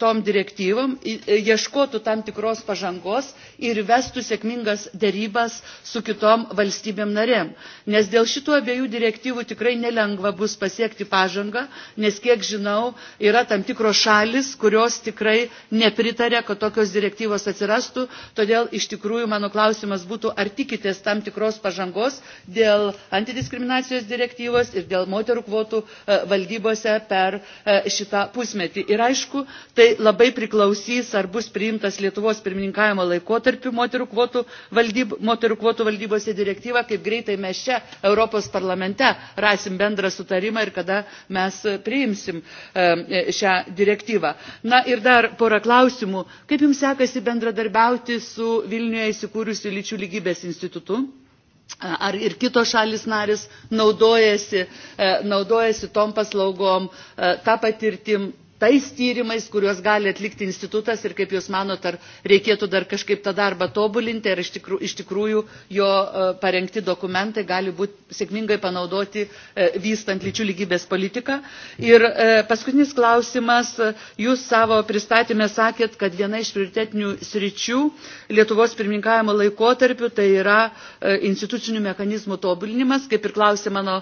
tom direktyvom, e, ieškotų tam tikros pažangos ir vestų sėkmingas dėrybas su kitom valstybėm narėm. Nes dėl šito abiejų direktyvų tikrai nelengva bus pasiekti pažangą, nes kiek žinau, yra tam tikros šalis, kurios tikrai nepritarė, kad tokios direktyvos atsirastų. Todėl iš tikrųjų mano klausimas būtų, ar tikitės tam tikros pažangos dėl antidiskriminacijos direktyvos direktyvos ir dėl moterų kvotų e, valdybose per e, šitą pusmetį. Ir aišku, tai labai priklausys, ar bus priimtas Lietuvos pirmininkavimo laikotarpiu moterų kvotų, valdyb, moterų kvotų valdybose direktyva, kaip greitai mes čia Europos parlamente rasim bendrą sutarimą ir kada mes priimsim e, šią direktyvą. Na ir dar porą klausimų. Kaip jums sekasi bendradarbiauti su Vilniuje įsikūrusiu lyčių lygybės institutu? ar ir kitos šalis narės e, naudojasi, tom paslaugom, e, ta patirtim, tais tyrimais, kuriuos gali atlikti institutas ir kaip jūs manote, ar reikėtų dar kažkaip tą darbą tobulinti, ar iš tikrųjų, iš tikrųjų jo e, parengti dokumentai gali būti sėkmingai panaudoti e, vystant lyčių lygybės politiką. Ir e, paskutinis klausimas, jūs savo pristatymę sakėt, kad viena iš prioritetinių sričių Lietuvos pirmininkavimo laikotarpių tai yra institucinių mechanizmų tobulinimas, kaip ir klausė mano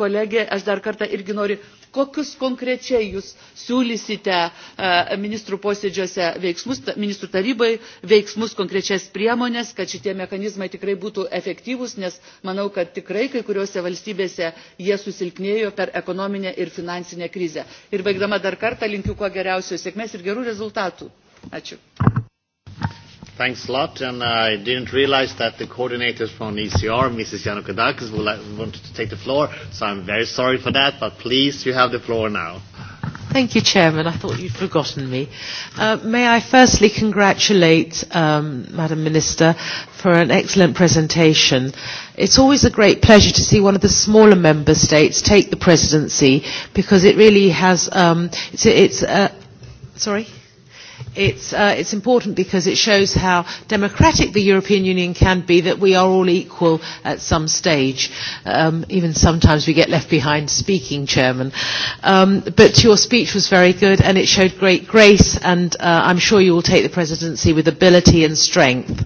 kolegė, aš dar kartą irgi noriu kokius konkrečiai jūs siūlysite e, ministrų posėdžiuose veiksmus, ministrų tarybai veiksmus konkrečias priemonės, kad šitie mechanizmai tikrai būtų efektyvūs, nes manau, kad tikrai kai kuriuose valstybėse jie susilpnėjo per ekonominę ir finansinę krizę. Ir baigdama dar kartą linkiu kuo geriausios sėkmės ir gerų rezultatų. Ačiū. Thanks a lot. And I didn't realize that the coordinator from ECR, Mrs. Yanukadakis, wanted to take the floor, so I'm very sorry for that, but please, you have the floor now. Thank you, Chairman. I thought you'd forgotten me. Uh, may I firstly congratulate um, Madam Minister for an excellent presentation. It's always a great pleasure to see one of the smaller member states take the presidency because it really has, um, it's, it's uh, sorry? it's, uh, it's important because it shows how democratic the European Union can be, that we are all equal at some stage. Um, even sometimes we get left behind speaking, Chairman. Um, but your speech was very good and it showed great grace, and uh, I'm sure you will take the presidency with ability and strength.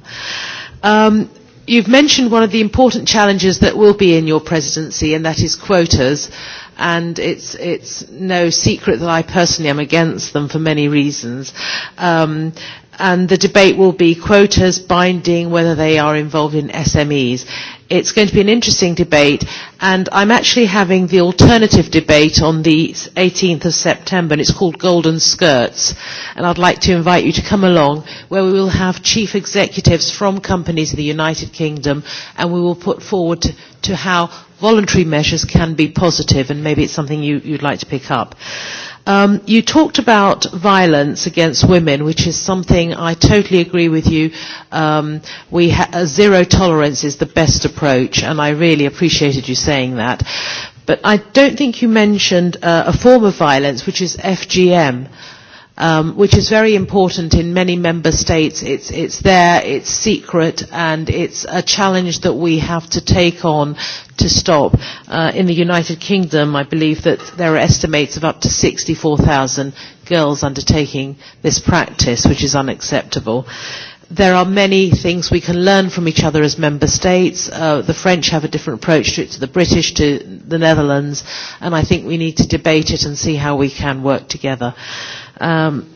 Um, you've mentioned one of the important challenges that will be in your presidency, and that is quotas. Uh, and it's it's no secret that I personally am against them for many reasons. Um, and the debate will be quotas binding, whether they are involved in SMEs. It's going to be an interesting debate, and I'm actually having the alternative debate on the 18th of September, and it's called Golden Skirts. And I'd like to invite you to come along, where we will have chief executives from companies of the United Kingdom, and we will put forward to, to how voluntary measures can be positive, and maybe it's something you, you'd like to pick up. Um, you talked about violence against women, which is something I totally agree with you. Um, we ha- a uh, zero tolerance is the best approach, and I really appreciated you saying that. But I don't think you mentioned uh, a form of violence, which is FGM um, which is very important in many member states. It's, it's there, it's secret, and it's a challenge that we have to take on to stop. Uh, in the United Kingdom, I believe that there are estimates of up to 64,000 girls undertaking this practice, which is unacceptable there are many things we can learn from each other as member states. Uh, the French have a different approach to it to the British, to the Netherlands, and I think we need to debate it and see how we can work together. Um,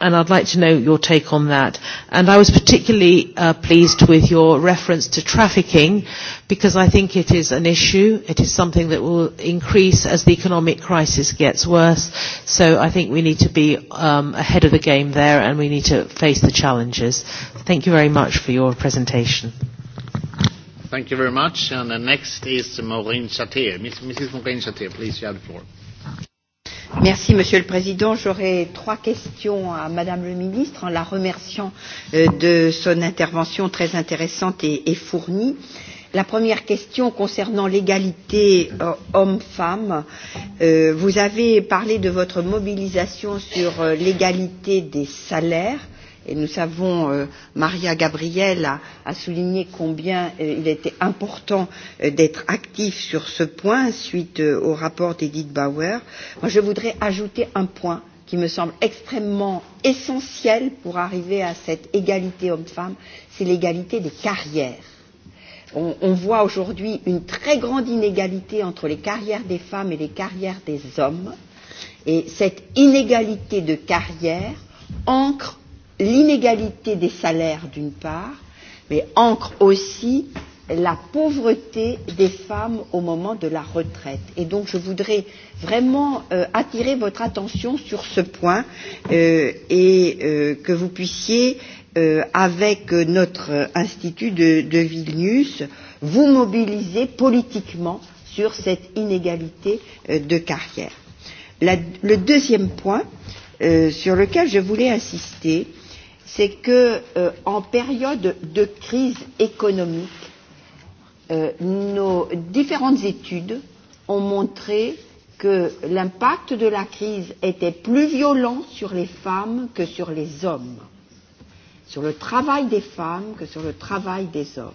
and I'd like to know your take on that. And I was particularly uh, pleased with your reference to trafficking because I think it is an issue. It is something that will increase as the economic crisis gets worse. So I think we need to be um, ahead of the game there and we need to face the challenges. Thank you very much for your presentation. Thank you very much. And the next is Maureen Chatea. Mrs. Maureen Chatea, please, you have the floor. Merci, Monsieur le Président. J'aurais trois questions à Madame le Ministre en la remerciant euh, de son intervention très intéressante et, et fournie. La première question concernant l'égalité euh, hommes homme-femme. Euh, vous avez parlé de votre mobilisation sur euh, l'égalité des salaires. Et nous savons, euh, Maria Gabriel a, a souligné combien euh, il était important euh, d'être actif sur ce point suite euh, au rapport d'Edith Bauer. Moi, je voudrais ajouter un point qui me semble extrêmement essentiel pour arriver à cette égalité homme-femme, c'est l'égalité des carrières. On, on voit aujourd'hui une très grande inégalité entre les carrières des femmes et les carrières des hommes. Et cette inégalité de carrière ancre l'inégalité des salaires d'une part, mais ancre aussi la pauvreté des femmes au moment de la retraite. Et donc je voudrais vraiment euh, attirer votre attention sur ce point euh, et euh, que vous puissiez, euh, avec notre institut de, de Vilnius, vous mobiliser politiquement sur cette inégalité euh, de carrière. La, le deuxième point euh, sur lequel je voulais insister, euh, c'est que euh, en période de crise économique, euh, nos différentes études ont montré que l'impact de la crise était plus violent sur les femmes que sur les hommes, sur le travail des femmes que sur le travail des hommes.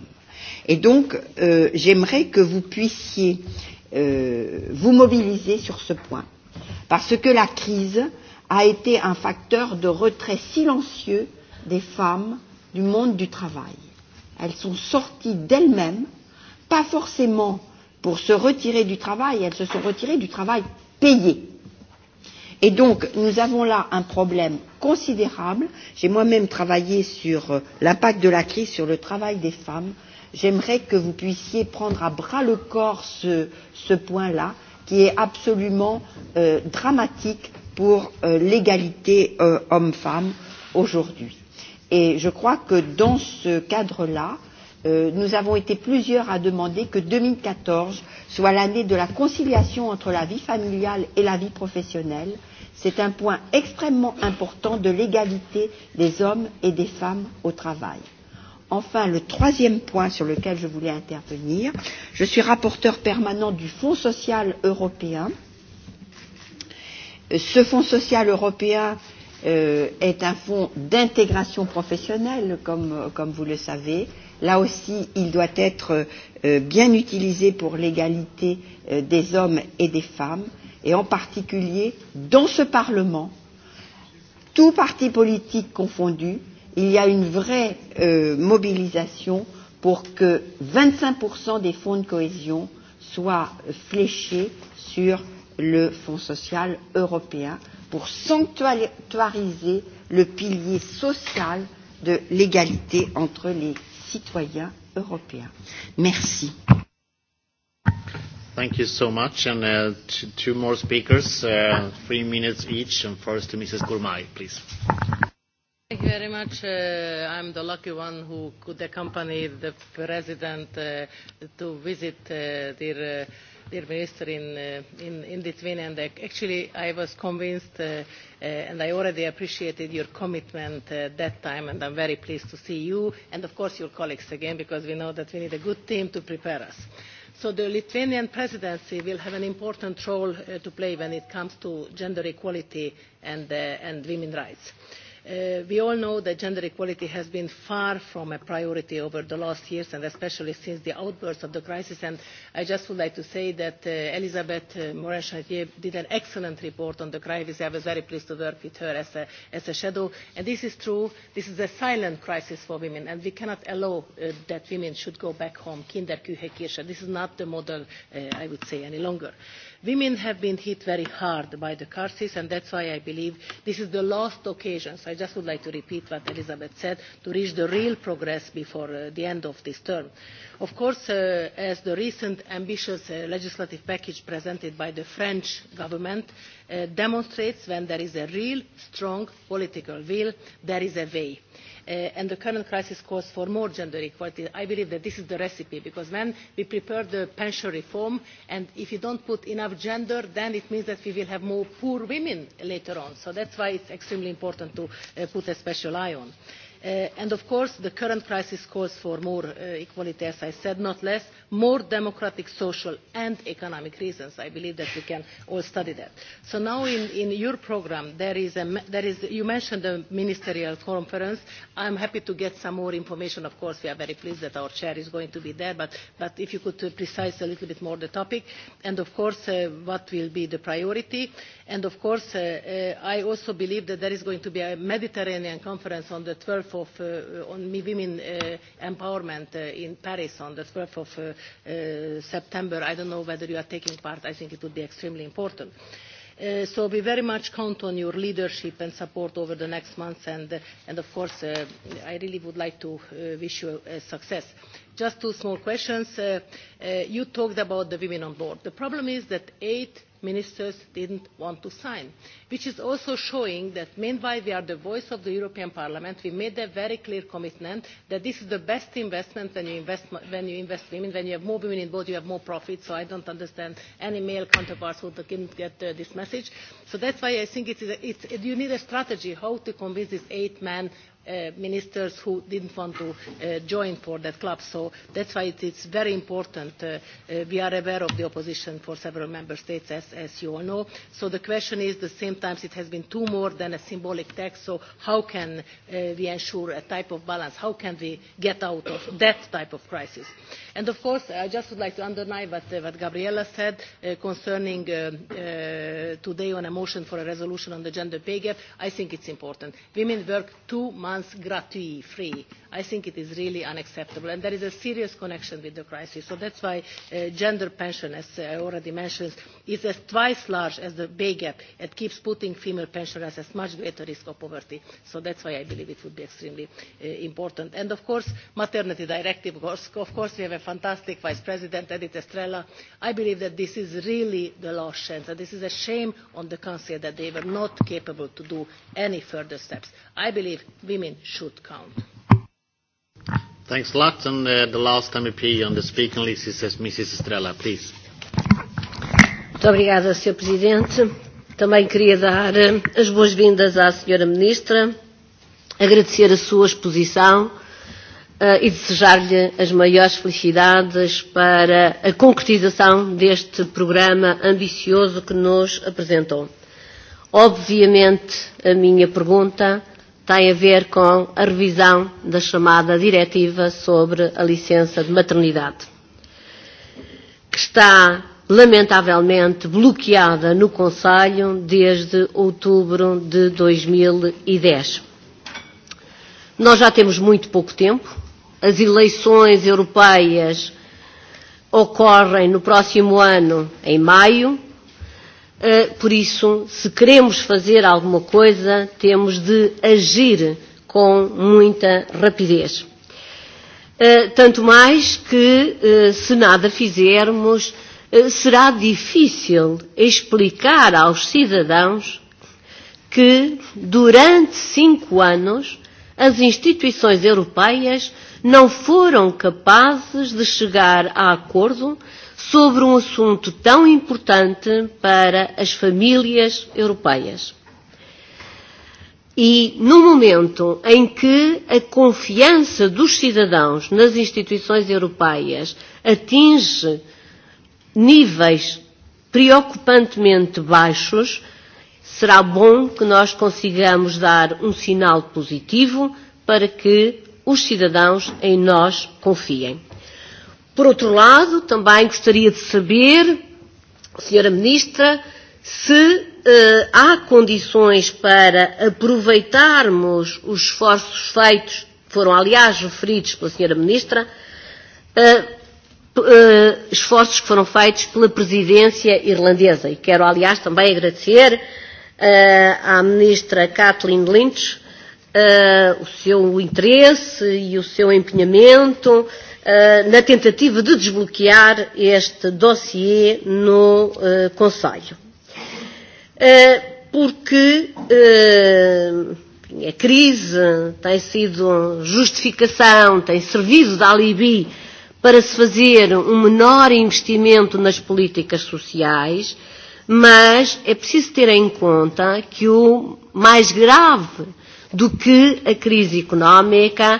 Et donc, euh, j'aimerais que vous puissiez euh, vous mobiliser sur ce point, parce que la crise a été un facteur de retrait silencieux euh, des femmes du monde du travail. Elles sont sorties d'elles-mêmes, pas forcément pour se retirer du travail, elles se sont retirées du travail payé. Et donc, nous avons là un problème considérable. J'ai moi-même travaillé sur euh, l'impact de la crise sur le travail des femmes. J'aimerais que vous puissiez prendre à bras le corps ce, ce point-là, qui est absolument euh, dramatique pour euh, l'égalité euh, homme-femme aujourd'hui Et je crois que dans ce cadre-là, euh, nous avons été plusieurs à demander que 2014 soit l'année de la conciliation entre la vie familiale et la vie professionnelle. C'est un point extrêmement important de l'égalité des hommes et des femmes au travail. Enfin, le troisième point sur lequel je voulais intervenir, je suis rapporteur permanent du Fonds social européen. Euh, ce Fonds social européen euh, est un fonds d'intégration professionnelle, comme, comme vous le savez. Là aussi, il doit être euh, bien utilisé pour l'égalité euh, des hommes et des femmes, et en particulier dans ce Parlement, tout parti politique confondu, il y a une vraie euh, mobilisation pour que 25% des fonds de cohésion soient fléchés sur le Fonds social européen pour sanctuariser le pilier social de l'égalité entre les citoyens européens. Merci. Thank you so much. And uh, t two more speakers, uh, three minutes each. And first to Mrs. Gourmay, please. Thank you very much. Uh, I'm the lucky one who could accompany the President uh, to visit uh, their uh, dear minister in, uh, in, in Lithuania. And uh, actually, I was convinced, uh, uh, and I already appreciated your commitment uh, that time, and I'm very pleased to see you, and of course your colleagues again, because we know that we need a good team to prepare us. So the Lithuanian presidency will have an important role uh, to play when it comes to gender equality and, uh, and women's rights. Uh, Uh, we all know that gender equality has been far from a priority over the last years and especially since the outburst of the crisis and I just would like to say that uh, Elisabeth uh, Morin-Chartier did an excellent report on the crisis. I was very pleased to work with her as a, as a shadow and this is true. This is a silent crisis for women and we cannot allow uh, that women should go back home, Kinderküche Kirche. This is not the model, uh, I would say, any longer. Uh, Women have been hit very hard by the crisis, and that's why I believe this is the last occasion. So I just would like to repeat what Elisabeth said to reach the real progress before uh, the end of this term. Of course, uh, as the recent ambitious uh, legislative package presented by the French government Uh, demonstrates when there is a real strong political will, there is a way. Uh, and the current crisis calls for more gender equality. I believe that this is the recipe because when we prepare the pension reform and if you not put enough gender then it means that we will have more poor women later on. So that is why it is extremely important to uh, put a special eye on. this. Uh, and of course the current crisis calls for more uh, equality as i said not less more democratic social and economic reasons i believe that we can all study that. so now in, your programme there is, a, there is you mentioned the ministerial conference i am happy to get some more information of course we are very pleased that our chair is going to be there but, if you could uh, precise a little bit more the topic and of course what will be the priority and of course i also believe that there is going to be a mediterranean conference on the of uh, on women uh, empowerment uh, in Paris on the 12th of uh, uh, September. I don't know whether you are taking part. I think it would be extremely important. Uh, so we very much count on your leadership and support over the next months and, uh, and of course uh, I really would like to uh, wish you success. Just two small questions. Uh, uh, you talked about the women on board. The problem is that eight ministers didn't want to sign, which is also showing that meanwhile we are the voice of the European Parliament. We made a very clear commitment that this is the best investment when you invest, when you invest women. When you have more women in involved, you have more profit. So I don't understand any male counterparts who didn't get uh, this message. So that's why I think it is it you need a strategy how to convince these eight men uh, ministers who didn't want to uh, join for that club. So that's why it is very important. Uh, uh, we are aware of the opposition for several member states, as, as you all know. So the question is, the same time it has been two more than a symbolic text. So how can uh, we ensure a type of balance? How can we get out of that type of crisis? And of course, I just would like to underline what, uh, what Gabriella said uh, concerning uh, uh, today on a motion for a resolution on the gender pay gap. I think it's important. Women work too much months gratuity free. I think it is really unacceptable and there is a serious connection with the crisis. So that's why uh, gender pension, as uh, I already mentioned, is as twice large as the pay gap and keeps putting female pensioners at much greater risk of poverty. So that's why I believe it would be extremely uh, important. And of course, maternity directive, of course, of course we have a fantastic Vice President, Edith Estrella. I believe that this is really the last chance and this is a shame on the Council that they were not capable to do any further steps. I believe women women should count. Thanks a lot. And uh, the last MEP on the speaking list is Mrs. please. Muito obrigada, Sr. Presidente. Também queria dar eh, as boas-vindas à Sra. Ministra, agradecer a sua exposição uh, e desejar-lhe as maiores felicidades para a concretização deste programa ambicioso que nos apresentou. Obviamente, a minha pergunta tem a ver com a revisão da chamada Diretiva sobre a licença de maternidade, que está lamentavelmente bloqueada no Conselho desde outubro de 2010. E Nós já temos muito pouco tempo. As eleições europeias ocorrem no próximo ano, em maio, Eh, por isso, se queremos fazer alguma coisa, temos de agir com muita rapidez. Eh, tanto mais que, eh, se nada fizermos, será difícil explicar aos cidadãos que, durante cinco anos, as instituições europeias não foram capazes de chegar a acordo sobre um assunto tão importante para as famílias europeias. E no momento em que a confiança dos cidadãos nas instituições europeias atinge níveis preocupantemente baixos, será bom que nós consigamos dar um sinal positivo para que os cidadãos em nós confiem. Por outro lado, também gostaria de saber, Sra. Ministra, se uh, há condições para aproveitarmos os esforços feitos, que foram aliás referidos pela Sra. Ministra, uh, uh, esforços que foram feitos pela Presidência Irlandesa. E quero, aliás, também agradecer uh, à Ministra Kathleen Lynch uh, o seu interesse e o seu empenhamento. Eh, na tentativa de desbloquear este dossiê no uh, Conselho. Uh, porque uh, a crise tem sido justificação, tem servido de alibi para se fazer um menor investimento nas políticas sociais, mas é preciso ter em conta que o mais grave do que a crise económica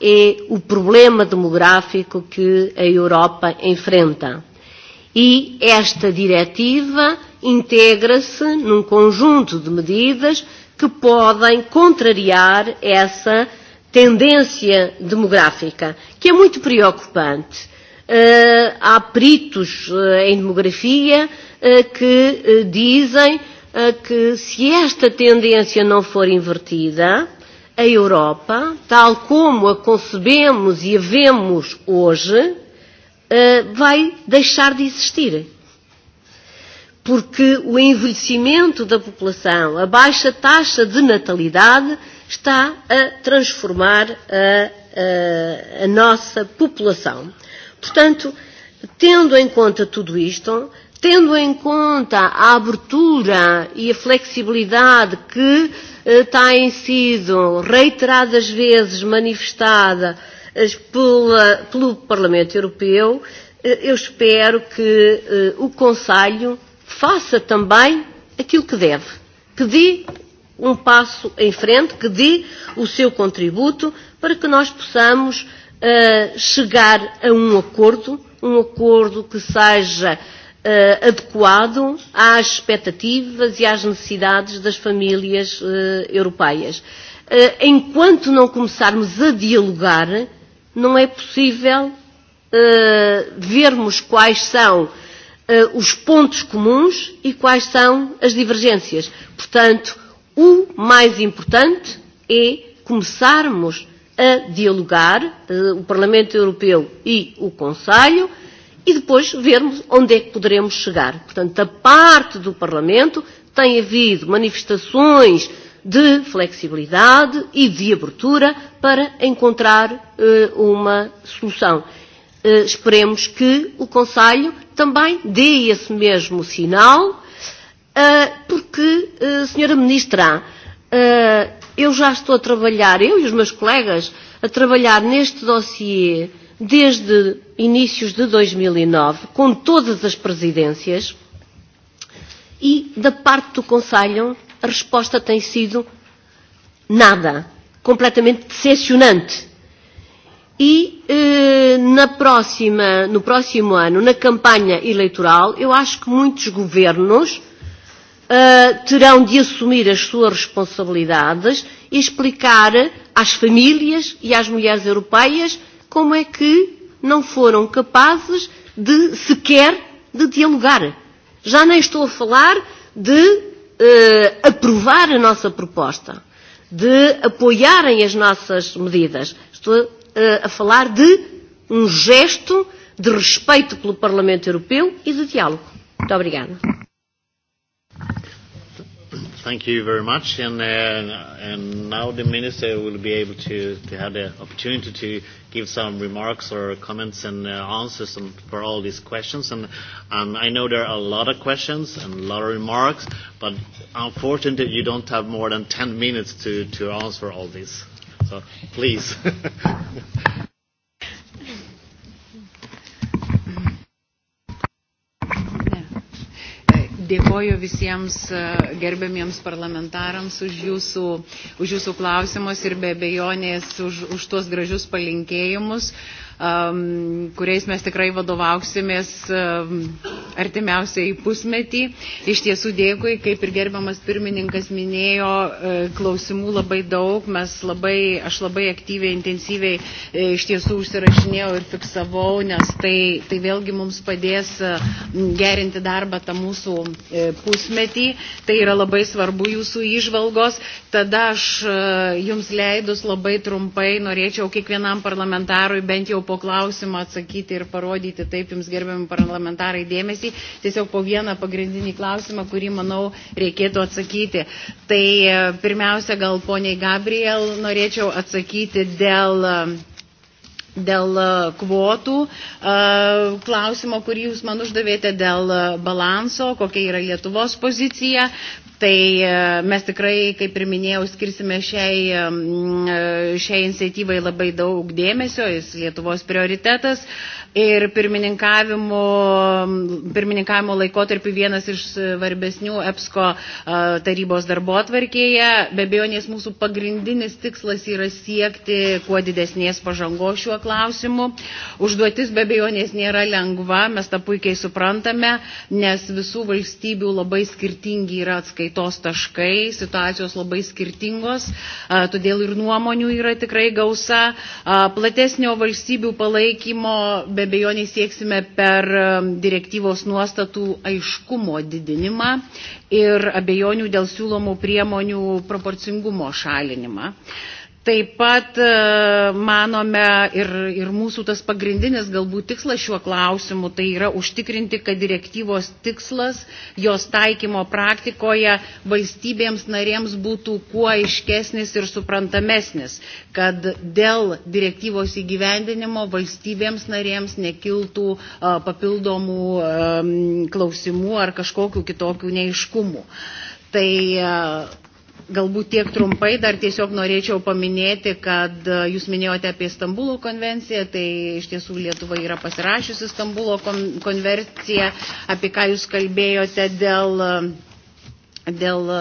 é o problema demográfico que a Europa enfrenta. E esta diretiva integra-se num conjunto de medidas que podem contrariar essa tendência demográfica, que é muito preocupante. Uh, há peritos uh, em demografia uh, que uh, dizem uh, que se esta tendência não for invertida, uh, a Europa, tal como a concebemos e a vemos hoje, eh, vai deixar de existir. Porque o envelhecimento da população, a baixa taxa de natalidade, está a transformar a, a, a nossa população. Portanto, tendo em conta tudo isto, tendo em conta a abertura e a flexibilidade que eh, têm sido reiteradas vezes manifestada eh, pela, pelo Parlamento Europeu, eh, eu espero que eh, o Conselho faça também aquilo que deve, que dê um passo em frente, que dê o seu contributo para que nós possamos uh, chegar a um acordo, um acordo que seja uh, uh, adequado às expectativas e às necessidades das famílias uh, europeias. Uh, enquanto não começarmos a dialogar, não é possível uh, vermos quais são uh, os pontos comuns e quais são as divergências. Portanto, o mais importante é começarmos a dialogar, uh, o Parlamento Europeu e o Conselho, e depois vermos onde é que poderemos chegar. Portanto, da parte do Parlamento tem havido manifestações de flexibilidade e de abertura para encontrar uh, uma solução. Uh, esperemos que o Conselho também dê esse mesmo sinal, uh, porque, uh, Senhora Ministra, uh, eu já estou a trabalhar, eu e os meus colegas, a trabalhar neste dossiê uh, desde inícios de 2009, e com todas as presidências, e da parte do Conselho a resposta tem sido nada, completamente decepcionante. E eh, na próxima, no próximo ano, na campanha eleitoral, eu acho que muitos governos Uh, terão de assumir as suas responsabilidades e explicar às famílias e às mulheres europeias como é que não foram capazes de sequer de dialogar. Já nem estou a falar de uh, aprovar a nossa proposta, de apoiarem as nossas medidas. Estou uh, a falar de um gesto de respeito pelo Parlamento Europeu e de diálogo. Muito obrigada. Thank you very much. And, uh, and now the minister will be able to, to have the opportunity to give some remarks or comments and uh, answers and for all these questions. And, um I know there are a lot of questions and a lot of remarks, but unfortunately you don't have more than 10 minutes to, to answer all this. So please. Dėkoju visiems e, gerbėmiems parlamentarams už jūsų, už jūsų klausimus ir be bejonės už, už tuos gražius palinkėjimus. Ehm, kuriais mes tikrai vadovauksimės ehm, artimiausiai pusmetį. Iš tiesų dėkui, kaip ir gerbiamas pirmininkas minėjo, e, klausimų labai daug, mes labai, aš labai aktyviai, intensyviai e, iš tiesų užsirašinėjau ir fiksavau, nes tai, tai vėlgi mums padės e, gerinti darbą tą mūsų pusmetį. Tai yra labai svarbu jūsų išvalgos. Tada aš jums leidus labai trumpai norėčiau kiekvienam parlamentarui bent jau po klausimą atsakyti ir parodyti taip jums gerbiami parlamentarai dėmesį, tiesiog po vieną pagrindinį klausimą, kurį, manau, reikėtų atsakyti. Tai e, pirmiausia, gal poniai Gabriel norėčiau atsakyti dėl e, dėl e, kvotų, klausimo, kurį jūs man uždavėte dėl balanso, kokia yra Lietuvos pozicija, Tai e, mes tikrai, kaip ir minėjau, skirsime šiai, e, šiai iniciatyvai labai daug dėmesio, jis Lietuvos prioritetas ir pirmininkavimo, pirmininkavimo laikotarpiu vienas iš svarbesnių EPSCO tarybos darbo atvarkėje. Be abejonės mūsų pagrindinis tikslas yra siekti kuo didesnės pažangos šiuo klausimu. Užduotis be abejonės nėra lengva, mes tą puikiai suprantame, nes visų valstybių labai skirtingi yra atskaitos taškai, situacijos labai skirtingos, todėl ir nuomonių yra tikrai gausa. Platesnio valstybių palaikymo be bejonės sieksime per um, direktyvos nuostatų aiškumo didinimą ir abejonių dėl siūlomų priemonių proporcingumo šalinimą. Taip pat e, manome ir, ir mūsų tas pagrindinis galbūt tikslas šiuo klausimu, tai yra užtikrinti, kad direktyvos tikslas jos taikymo praktikoje valstybėms narėms būtų kuo aiškesnis ir suprantamesnis, kad dėl direktyvos įgyvendinimo valstybėms narėms nekiltų e, papildomų e, klausimų ar kažkokių kitokių neiškumų. Tai Galbūt tiek trumpai, dar tiesiog norėčiau paminėti, kad e, jūs minėjote apie Stambulo konvenciją, tai iš tiesų Lietuva yra pasirašiusi Stambulo konvenciją, apie ką jūs kalbėjote dėl dėl e,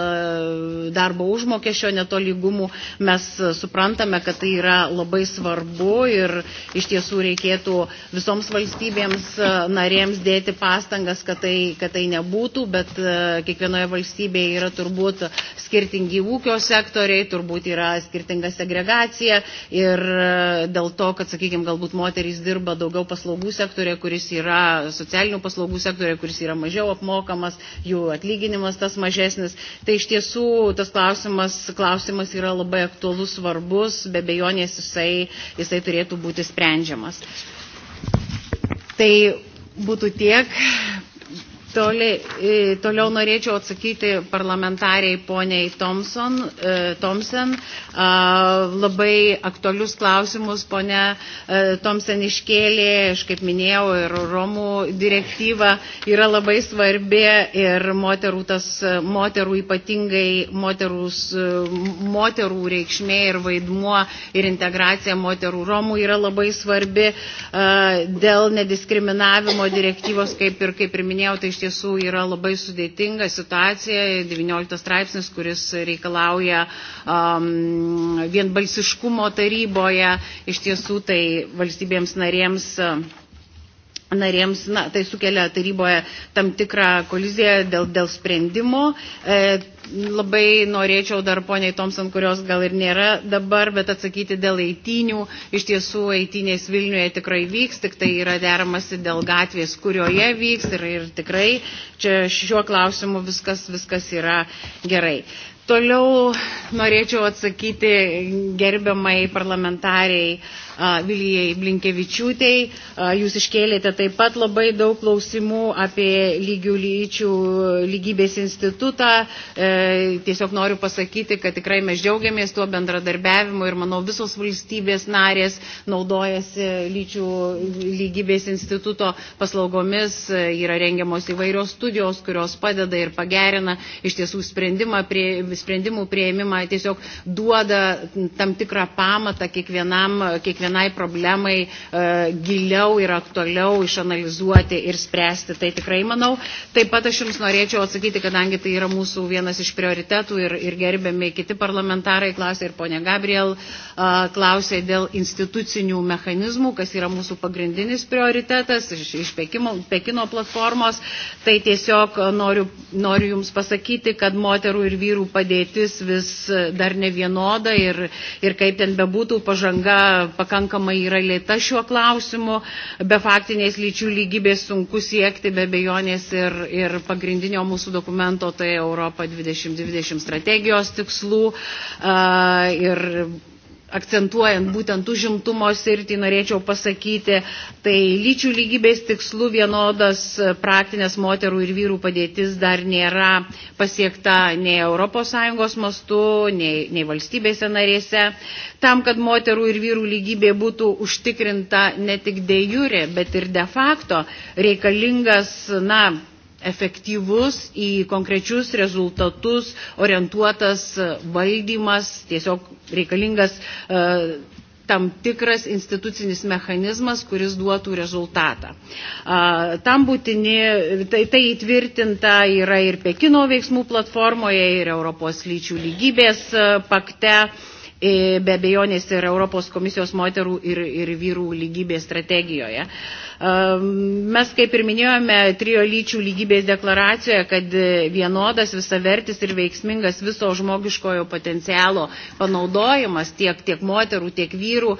darbo užmokesčio netolygumų. Mes suprantame, kad tai yra labai svarbu ir iš tiesų reikėtų visoms valstybėms e, narėms dėti pastangas, kad tai, kad tai nebūtų, bet e, kiekvienoje valstybėje yra turbūt skirtingi ūkio sektoriai, turbūt yra skirtinga segregacija ir dėl to, kad, sakykime, galbūt moterys dirba daugiau paslaugų sektorė, kuris yra socialinių paslaugų sektorė, kuris yra mažiau apmokamas, jų atlyginimas tas mažesnis didesnis. Tai iš tiesų tas klausimas, klausimas yra labai aktuolus, svarbus, be bejonės jisai, jisai turėtų būti sprendžiamas. Tai būtų tiek. Toli, toliau norėčiau atsakyti parlamentariai poniai Thompson, e, Thompson. Labai aktualius klausimus ponia e, Thompson iškėlė, aš kaip minėjau, ir Romų direktyva yra labai svarbi ir moterų, tas, moterų ypatingai moterus, e, moterų reikšmė ir vaidmuo ir integracija moterų Romų yra labai svarbi dėl nediskriminavimo direktyvos, kaip ir, kaip ir minėjau, tai tiesų yra labai sudėtinga situacija, 19 straipsnis, kuris reikalauja um, vienbalsiškumo taryboje, iš tiesų tai valstybėms narėms narėms, na, tai sukelia taryboje tam tikrą koliziją dėl, dėl sprendimo. E, labai norėčiau dar poniai Tomson, kurios gal ir nėra dabar, bet atsakyti dėl eitinių. Iš tiesų, eitinės Vilniuje tikrai vyks, tik tai yra deramasi dėl gatvės, kurioje vyks ir, ir tikrai čia šiuo klausimu viskas, viskas yra gerai. Toliau norėčiau atsakyti gerbiamai parlamentariai Vilijai Blinkevičiūtei. Jūs iškėlėte taip pat labai daug klausimų apie lygių lyčių lygybės institutą. E, tiesiog noriu pasakyti, kad tikrai mes džiaugiamės tuo bendradarbiavimu ir manau visos valstybės narės naudojasi lyčių lygybės instituto paslaugomis. E, yra rengiamos įvairios studijos, kurios padeda ir pagerina iš tiesų sprendimą prie, sprendimų prieimimą, tiesiog duoda tam tikrą pamatą kiekvienam, kiekvienam kiekvienai problemai e, giliau ir aktualiau išanalizuoti ir spręsti. Tai tikrai manau. Taip pat aš Jums norėčiau atsakyti, kadangi tai yra mūsų vienas iš prioritetų ir, ir gerbiami kiti parlamentarai klausė ir ponia Gabriel klausė dėl institucinių mechanizmų, kas yra mūsų pagrindinis prioritetas iš, iš Pekimo, Pekino platformos. Tai tiesiog noriu, noriu Jums pasakyti, kad moterų ir vyrų padėtis vis dar ne vienoda ir, ir kaip ten bebūtų pažanga pakankamai yra lėta šiuo klausimu, be faktinės lyčių lygybės sunku siekti be bejonės ir, ir pagrindinio mūsų dokumento, tai Europa 2020 strategijos tikslų. Uh, ir akcentuojant būtent užimtumo sritį, norėčiau pasakyti, tai lyčių lygybės tikslų vienodas e, praktinės moterų ir vyrų padėtis dar nėra pasiekta nei ES mastu, nei, nei valstybėse narėse. Tam, kad moterų ir vyrų lygybė būtų užtikrinta ne tik de jure, bet ir de facto, reikalingas, na, efektyvus į konkrečius rezultatus orientuotas valdymas, tiesiog reikalingas e, tam tikras institucinis mechanizmas, kuris duotų rezultatą. Tam būtini, tai, tai įtvirtinta yra ir Pekino veiksmų platformoje, ir Europos lyčių lygybės e, pakte e, be abejonės ir Europos komisijos moterų ir, ir vyrų lygybės strategijoje. Uh, Ehm, mes, kaip ir minėjome, trijo lyčių lygybės deklaracijoje, kad e, vienodas, visavertis ir veiksmingas viso žmogiškojo potencialo panaudojimas tiek, tiek moterų, tiek vyrų e,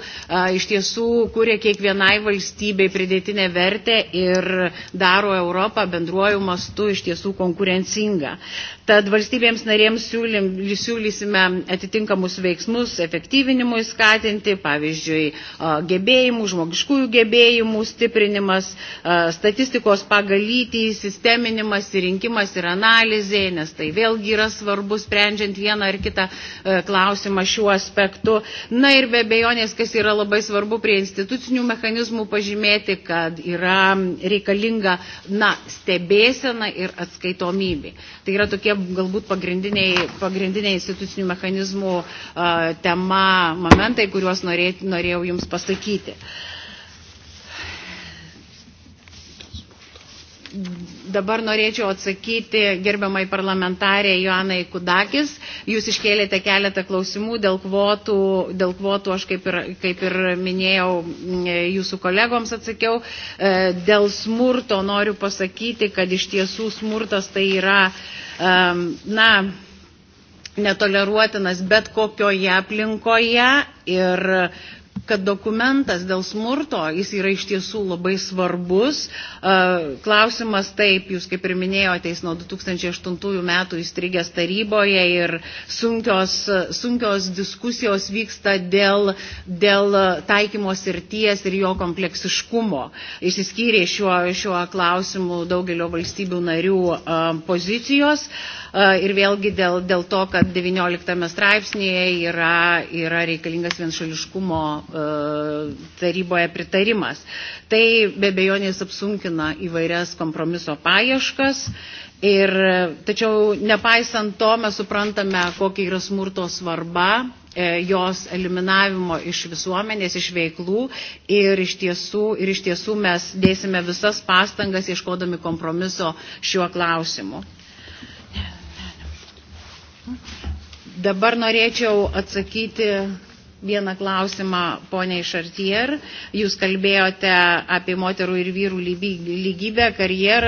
iš tiesų kūrė kiekvienai valstybei pridėtinę vertę ir daro Europą bendruoju mastu iš tiesų konkurencingą. Tad valstybėms narėms siūlym, siūlysime atitinkamus veiksmus efektyvinimui skatinti, pavyzdžiui, e, gebėjimų, žmogiškųjų gebėjimų stiprinti stiprinimas, statistikos pagalytį, sisteminimas, rinkimas ir analizė, nes tai vėlgi yra svarbu sprendžiant vieną ar kitą e, klausimą šiuo aspektu. Na ir be bejonės, kas yra labai svarbu prie institucinių mechanizmų pažymėti, kad yra reikalinga na, stebėsena ir atskaitomybė. Tai yra tokie galbūt pagrindiniai, pagrindiniai institucinių mechanizmų uh, tema, momentai, kuriuos norėjau Jums pasakyti. Uh, Dabar norėčiau atsakyti gerbiamai parlamentarė Joanai Kudakis. Jūs iškėlėte keletą klausimų dėl kvotų, dėl kvotų aš kaip ir, kaip ir minėjau jūsų kolegoms atsakiau. E, dėl smurto noriu pasakyti, kad iš tiesų smurtas tai yra, na, netoleruotinas bet kokioje aplinkoje ir kad dokumentas dėl smurto, jis yra iš tiesų labai svarbus. E, klausimas taip, jūs kaip ir minėjote, jis nuo 2008 metų įstrigęs taryboje ir sunkios, sunkios diskusijos vyksta dėl, dėl taikymo sirties ir jo kompleksiškumo. Išsiskyrė šiuo, šiuo klausimu daugelio valstybių narių e, pozicijos e, ir vėlgi dėl, dėl to, kad 19 straipsnėje yra, yra reikalingas vienšališkumo E, taryboje pritarimas. Tai be bejonės apsunkina įvairias kompromiso paieškas. Ir, tačiau nepaisant to mes suprantame, kokia yra smurto svarba e, jos eliminavimo iš visuomenės, iš veiklų ir iš, tiesų, ir iš tiesų mes dėsime visas pastangas ieškodami kompromiso šiuo klausimu. Dabar norėčiau atsakyti vieną klausimą, poniai Šartier. Jūs kalbėjote apie moterų ir vyrų lygybę, karjer,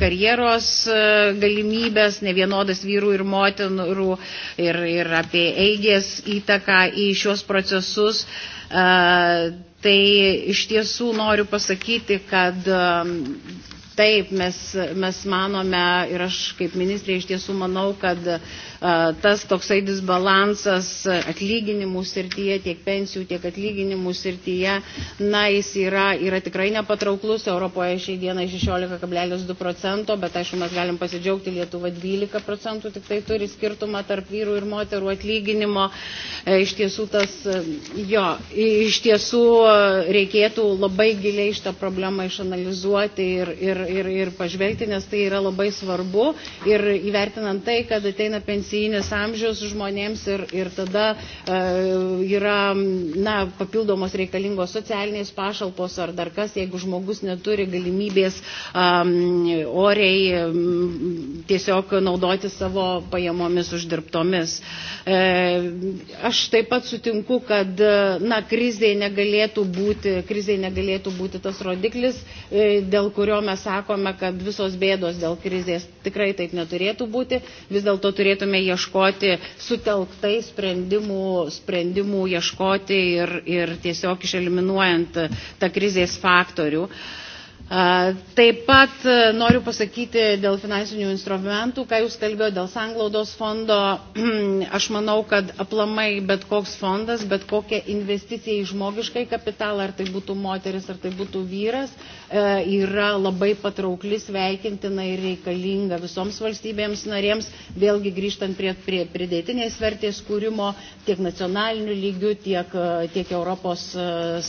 karjeros e, galimybės, nevienodas vyrų ir moterų ir, ir apie eigės įtaką į šios procesus. E, tai iš tiesų noriu pasakyti, kad e, taip mes, mes manome ir aš kaip ministrė iš tiesų manau, kad uh, Eh, tas toksai disbalansas atlyginimų srityje, tiek pensijų, tiek atlyginimų srityje, na, jis yra, yra tikrai nepatrauklus, Europoje šiai dienai 16,2 procento, bet aišku, mes galim pasidžiaugti, Lietuva 12 procentų tik tai turi skirtumą tarp vyrų ir moterų atlyginimo. E, iš tiesų, tas, e, jo, iš tiesų e, reikėtų labai giliai šitą problemą išanalizuoti ir, ir, ir, ir pažvelgti, nes tai yra labai svarbu ir įvertinant tai, kad ateina pensijų pensijinis amžius žmonėms ir, ir tada e, yra na, papildomos reikalingos socialinės pašalpos ar dar kas, jeigu žmogus neturi galimybės e, oriai e, tiesiog naudoti savo pajamomis uždirbtomis. E, aš taip pat sutinku, kad na, krizė negalėtų būti, krizė negalėtų būti tas rodiklis, e, dėl kurio mes sakome, kad visos bėdos dėl krizės tikrai taip neturėtų būti. Vis dėlto turėtume ieškoti sutelktai sprendimų, sprendimų ieškoti ir, ir tiesiog išeliminuojant tą krizės faktorių. Uh, Taip pat e, noriu pasakyti dėl finansinių instrumentų, ką jūs kalbėjote dėl sanglaudos fondo. Aš manau, kad aplamai bet koks fondas, bet kokia investicija į žmogiškai kapitalą, ar tai būtų moteris, ar tai būtų vyras, e, yra labai patrauklis veikintina ir reikalinga visoms valstybėms narėms, vėlgi grįžtant prie, prie pridėtinės vertės kūrimo tiek nacionaliniu lygiu, tiek, e, tiek Europos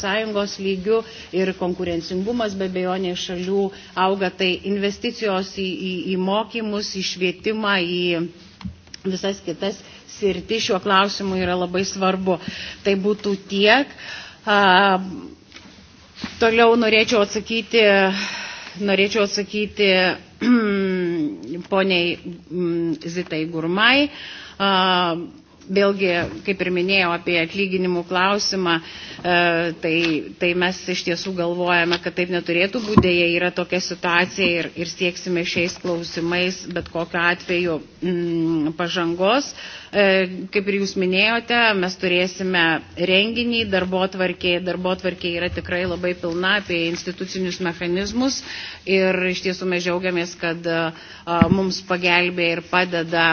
Sąjungos lygiu ir konkurencingumas be bejonės kaimininė šalių auga, tai investicijos į, į, į mokymus, į švietimą, į visas kitas sirti šiuo klausimu yra labai svarbu. Tai būtų tiek. A, toliau norėčiau atsakyti, norėčiau atsakyti poniai mm, Zitai Gurmai. A, vėlgi, kaip ir minėjau, apie atlyginimų klausimą, e, tai, tai mes iš tiesų galvojame, kad taip neturėtų būti, dėja yra tokia situacija ir, ir sieksime šiais klausimais bet kokiu atveju m, mm, pažangos. E, kaip ir jūs minėjote, mes turėsime renginį darbo tvarkėje. Darbo tvarkė yra tikrai labai pilna apie institucinius mechanizmus ir iš tiesų mes džiaugiamės, kad a, e, mums pagelbė ir padeda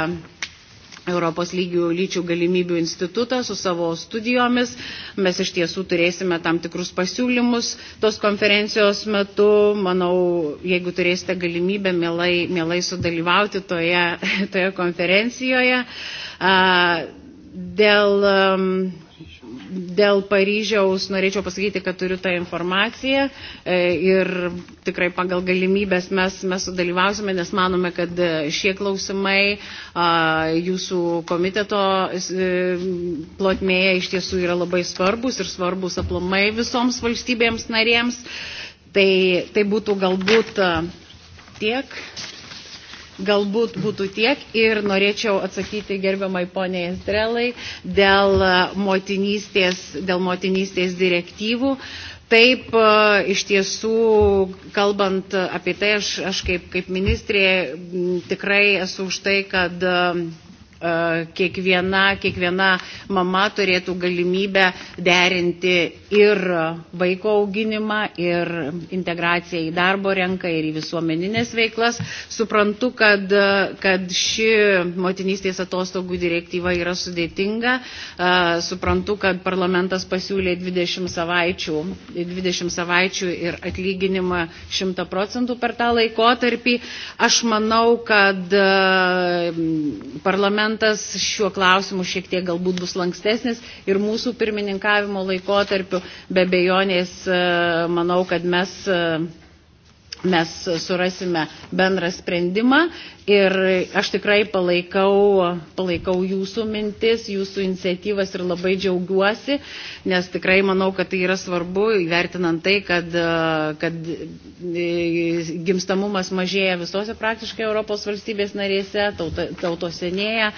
Europos lygių lyčių galimybių institutą su savo studijomis. Mes iš tiesų turėsime tam tikrus pasiūlymus tos konferencijos metu. Manau, jeigu turėsite galimybę, mielai, mielai sudalyvauti toje, toje konferencijoje. Dėl Dėl Paryžiaus norėčiau pasakyti, kad turiu tą informaciją e, ir tikrai pagal galimybės mes, mes sudalyvausime, nes manome, kad e, šie klausimai jūsų komiteto e, plotmėje iš tiesų yra labai svarbus ir svarbus aplomai visoms valstybėms narėms. Tai, tai būtų galbūt tiek galbūt būtų tiek ir norėčiau atsakyti gerbiamai poniai Estrelai dėl e, motinystės, dėl motinystės direktyvų. Taip, e, iš tiesų, kalbant apie tai, aš, aš kaip, kaip ministrė tikrai esu už tai, kad e, E, kiekviena, kiekviena mama turėtų galimybę derinti ir vaiko auginimą, ir integraciją į darbo renką, ir į visuomeninės veiklas. Suprantu, kad, kad ši motinystės atostogų direktyva yra sudėtinga. E, suprantu, kad parlamentas pasiūlė 20 savaičių, 20 savaičių ir atlyginimą 100 procentų per tą laikotarpį. Aš manau, kad e, parlamentas parlamentas šiuo klausimu šiek tiek galbūt bus lankstesnis ir mūsų pirmininkavimo laikotarpiu be bejonės e, manau, kad mes e, mes surasime bendrą sprendimą ir aš tikrai palaikau, palaikau jūsų mintis, jūsų iniciatyvas ir labai džiaugiuosi, nes tikrai manau, kad tai yra svarbu, įvertinant tai, kad, kad gimstamumas mažėja visose praktiškai Europos valstybės narėse, tautos senėja,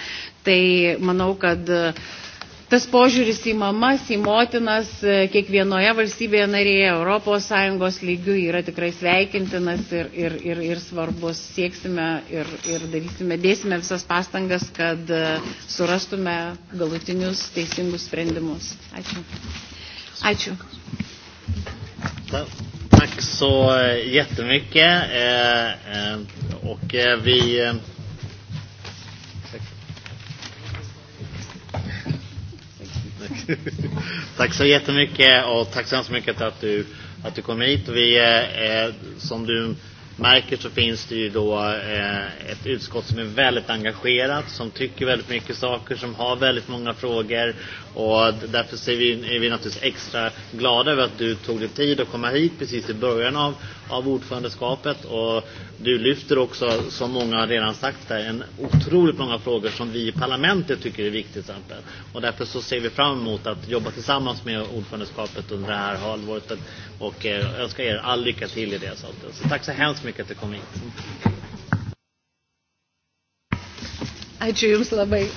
tai manau, kad tas požiūris į mamas, į motinas e, kiekvienoje valstybėje narėje ES lygių yra tikrai sveikintinas ir, ir, ir, ir svarbus. Sieksime ir, ir darysime, dėsime visas pastangas, kad e, surastume galutinius teisingus sprendimus. Ačiū. Ačiū. Tack så eh, jättemycket. Eh, eh, och eh, vi eh, tack så jättemycket och tack så hemskt mycket att du, att du kom hit. Vi, eh, som du märker så finns det ju då eh, ett utskott som är väldigt engagerat, som tycker väldigt mycket saker, som har väldigt många frågor. Och därför ser vi, är vi naturligtvis extra glada över att du tog dig tid att komma hit precis i början av av ordförandeskapet och du lyfter också, som många redan sagt där, en otroligt många frågor som vi i parlamentet tycker är viktigt. exempel. Och därför så ser vi fram emot att jobba tillsammans med ordförandeskapet under det här halvåret och eh, önskar er all lycka till i det. Så, tack så hemskt mycket att du kom hit. Ačiū Jums labai.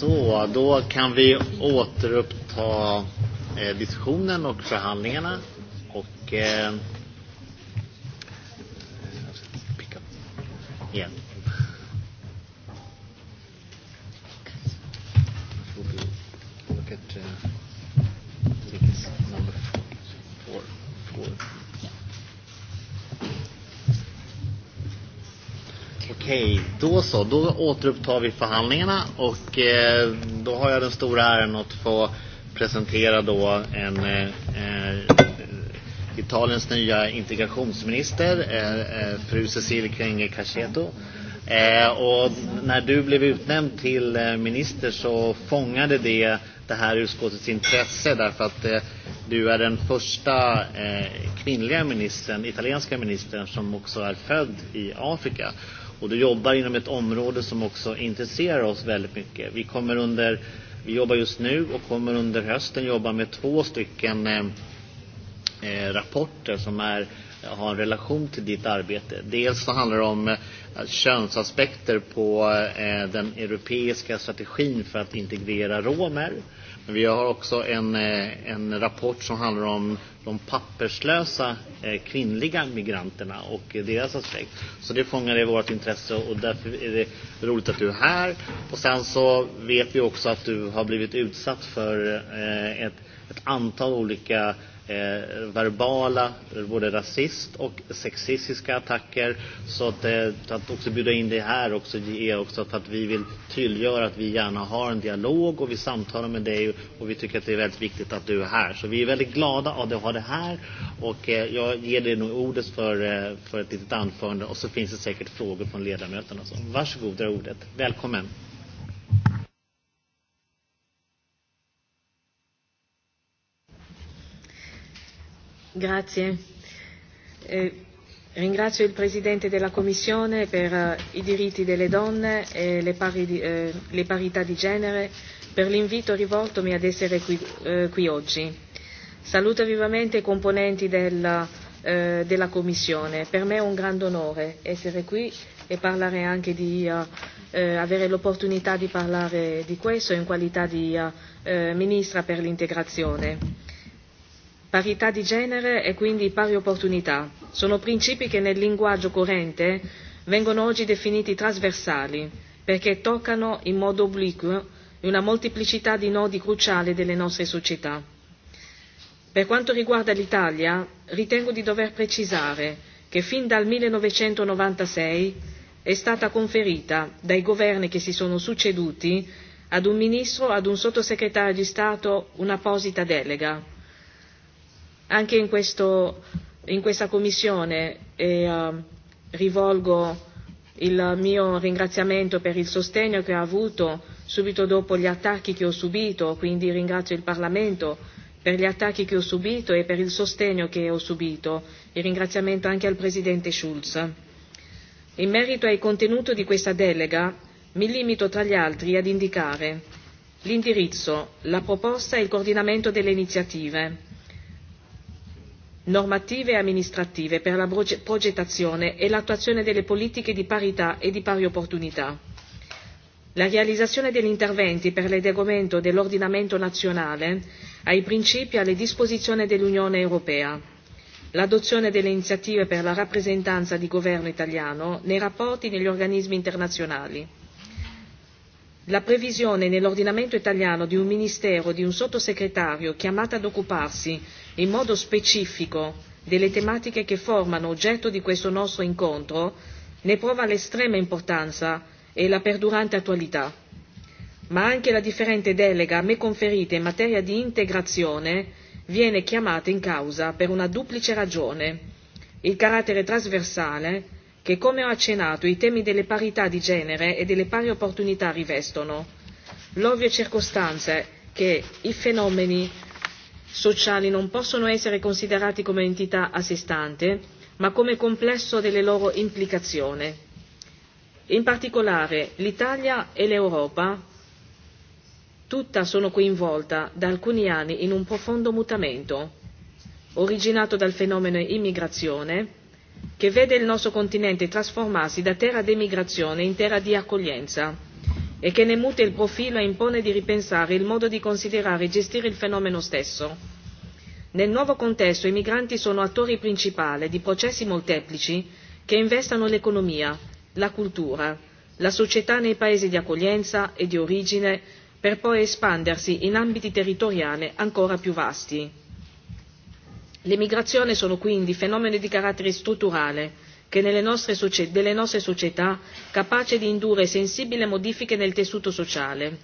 Så, då kan vi återuppta eh, diskussionen och förhandlingarna. Och, eh, igen. Okej, okay, då så. Då återupptar vi förhandlingarna och eh, då har jag den stora äran att få presentera då en eh, Italiens nya integrationsminister, eh, eh fru Cecil Krenge Cacheto. Eh, och när du blev utnämnd till eh, minister så fångade det det här utskottets intresse därför att eh, du är den första eh, kvinnliga ministern, italienska ministern, som också är född i Afrika och du jobbar inom ett område som också intresserar oss väldigt mycket. Vi, kommer under, vi jobbar just nu och kommer under hösten jobba med två stycken eh, eh rapporter som är, har en relation till ditt arbete. Dels så handlar det om eh, könsaspekter på eh, den europeiska strategin för att integrera romer. Eh, Vi har också en, eh, en rapport som handlar om de papperslösa eh, kvinnliga migranterna och deras aspekt. Så det fångar i vårt intresse och därför är det roligt att du är här. Och sen så vet vi också att du har blivit utsatt för eh, ett, ett antal olika eh, verbala, både rasist och sexistiska attacker. Så att, eh, att också bjuda in det här också är också för att vi vill tydliggöra att vi gärna har en dialog och vi samtalar med dig och vi tycker att det är väldigt viktigt att du är här. Så vi är väldigt glada att du har det här och eh, jag ger dig nog ordet för, eh, för ett litet anförande och så finns det säkert frågor från ledamöterna. Så varsågod, dra ordet. Välkommen. Grazie. Eh, ringrazio il Presidente della Commissione per eh, i diritti delle donne e le, pari di, eh, le parità di genere per l'invito rivoltomi ad essere qui, eh, qui oggi. Saluto vivamente i componenti del, eh, della Commissione. Per me è un grande onore essere qui e parlare anche di eh, eh avere l'opportunità di parlare di questo in qualità di eh, Ministra per l'integrazione parità di genere e quindi pari opportunità. Sono principi che nel linguaggio corrente vengono oggi definiti trasversali perché toccano in modo obliquo una molteplicità di nodi cruciali delle nostre società. Per quanto riguarda l'Italia, ritengo di dover precisare che fin dal 1996 è stata conferita dai governi che si sono succeduti ad un ministro, ad un sottosegretario di Stato, un'apposita delega Anche in, questo, in questa commissione e, uh, rivolgo il mio ringraziamento per il sostegno che ha avuto subito dopo gli attacchi che ho subito, quindi ringrazio il Parlamento per gli attacchi che ho subito e per il sostegno che ho subito. Il ringraziamento anche al Presidente Schulz. In merito ai contenuti di questa delega, mi limito tra gli altri ad indicare l'indirizzo, la proposta e il coordinamento delle iniziative, normative e amministrative per la progettazione e l'attuazione delle politiche di parità e di pari opportunità. La realizzazione degli interventi per l'adeguamento dell'ordinamento nazionale ai principi e alle disposizioni dell'Unione Europea. L'adozione delle iniziative per la rappresentanza di governo italiano nei rapporti negli organismi internazionali la previsione nell'ordinamento italiano di un Ministero, di un sottosegretario chiamato ad occuparsi in modo specifico delle tematiche che formano oggetto di questo nostro incontro ne prova l'estrema importanza e la perdurante attualità, ma anche la differente delega a me conferita in materia di integrazione viene chiamata in causa per una duplice ragione il carattere trasversale che, come ho accennato, i temi delle parità di genere e delle pari opportunità rivestono. L'ovvia circostanza che i fenomeni sociali non possono essere considerati come entità a sé stante, ma come complesso delle loro implicazioni. In particolare l'Italia e l'Europa tutta sono coinvolta da alcuni anni in un profondo mutamento, originato dal fenomeno immigrazione, che vede il nostro continente trasformarsi da terra d'emigrazione in terra di accoglienza e che ne mute il profilo e impone di ripensare il modo di considerare e gestire il fenomeno stesso. Nel nuovo contesto i migranti sono attori principali di processi molteplici che investano l'economia, la cultura, la società nei paesi di accoglienza e di origine per poi espandersi in ambiti territoriali ancora più vasti. Le migrazioni sono quindi fenomeni di carattere strutturale che nelle nostre delle nostre società capace di indurre sensibili modifiche nel tessuto sociale.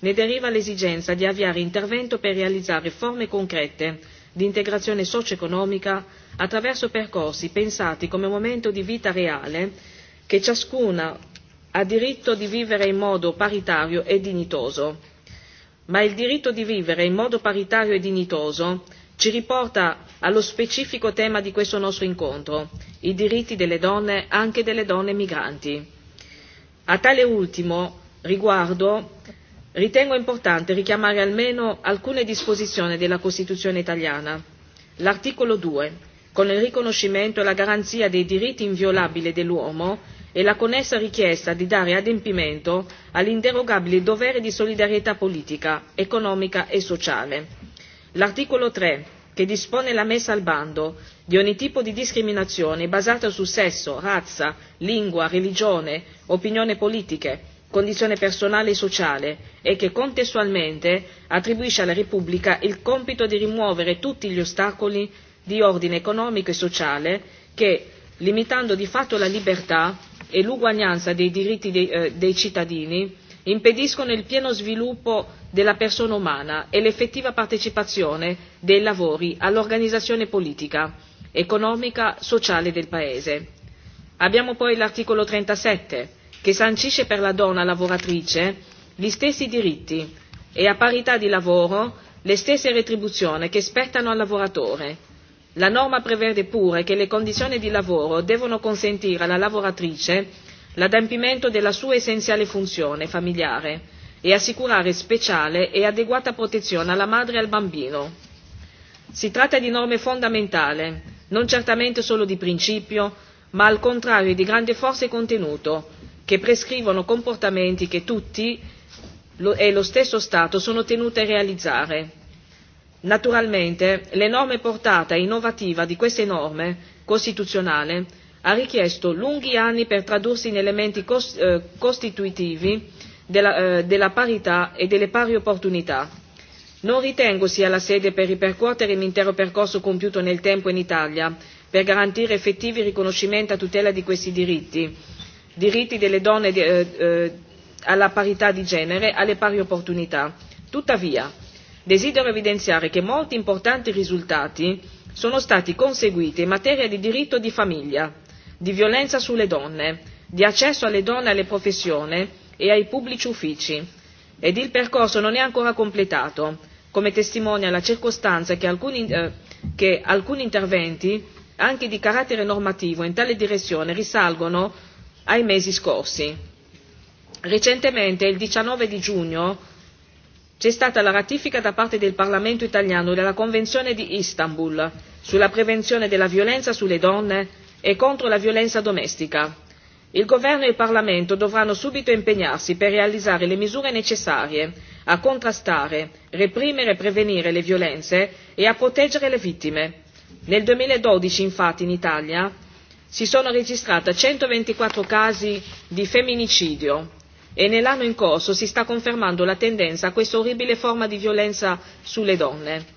Ne deriva l'esigenza di avviare intervento per realizzare forme concrete di integrazione socio-economica attraverso percorsi pensati come momento di vita reale che ciascuna ha diritto di vivere in modo paritario e dignitoso. Ma il diritto di vivere in modo paritario e dignitoso ci riporta allo specifico tema di questo nostro incontro, i diritti delle donne, anche delle donne migranti. A tale ultimo riguardo ritengo importante richiamare almeno alcune disposizioni della Costituzione italiana. L'articolo 2, con il riconoscimento e la garanzia dei diritti inviolabili dell'uomo e la connessa richiesta di dare adempimento all'inderogabile dovere di solidarietà politica, economica e sociale. L'articolo 3 che dispone la messa al bando di ogni tipo di discriminazione basata su sesso, razza, lingua, religione, opinioni politiche, condizione personale e sociale e che contestualmente attribuisce alla Repubblica il compito di rimuovere tutti gli ostacoli di ordine economico e sociale che, limitando di fatto la libertà e l'uguaglianza dei diritti dei, eh, dei cittadini, impediscono il pieno sviluppo della persona umana e l'effettiva partecipazione dei lavori all'organizzazione politica, economica, sociale del Paese. Abbiamo poi l'articolo 37, che sancisce per la donna lavoratrice gli stessi diritti e a parità di lavoro le stesse retribuzioni che spettano al lavoratore. La norma prevede pure che le condizioni di lavoro devono consentire alla lavoratrice l'adempimento della sua essenziale funzione familiare e assicurare speciale e adeguata protezione alla madre e al bambino. Si tratta di norme fondamentali, non certamente solo di principio, ma al contrario di grande forza e contenuto, che prescrivono comportamenti che tutti lo, e lo stesso Stato sono tenuti a realizzare. Naturalmente, l'enorme portata innovativa di queste norme costituzionali ha richiesto lunghi anni per tradursi in elementi cost, eh, costituitivi della, eh, della parità e delle pari opportunità. Non ritengo sia la sede per ripercuotere l'intero percorso compiuto nel tempo in Italia per garantire effettivi riconoscimenti a tutela di questi diritti, diritti delle donne eh, eh, alla parità di genere, alle pari opportunità. Tuttavia, desidero evidenziare che molti importanti risultati sono stati conseguiti in materia di diritto di famiglia di violenza sulle donne, di accesso alle donne alle professioni e ai pubblici uffici ed il percorso non è ancora completato, come testimonia la circostanza che alcuni, eh, che alcuni interventi, anche di carattere normativo, in tale direzione risalgono ai mesi scorsi. Recentemente, il 19 di giugno, c'è stata la ratifica da parte del Parlamento italiano della Convenzione di Istanbul sulla prevenzione della violenza sulle donne e contro la violenza domestica. Il Governo e il Parlamento dovranno subito impegnarsi per realizzare le misure necessarie a contrastare, reprimere e prevenire le violenze e a proteggere le vittime. Nel 2012, infatti, in Italia si sono registrati 124 casi di femminicidio e nell'anno in corso si sta confermando la tendenza a questa orribile forma di violenza sulle donne.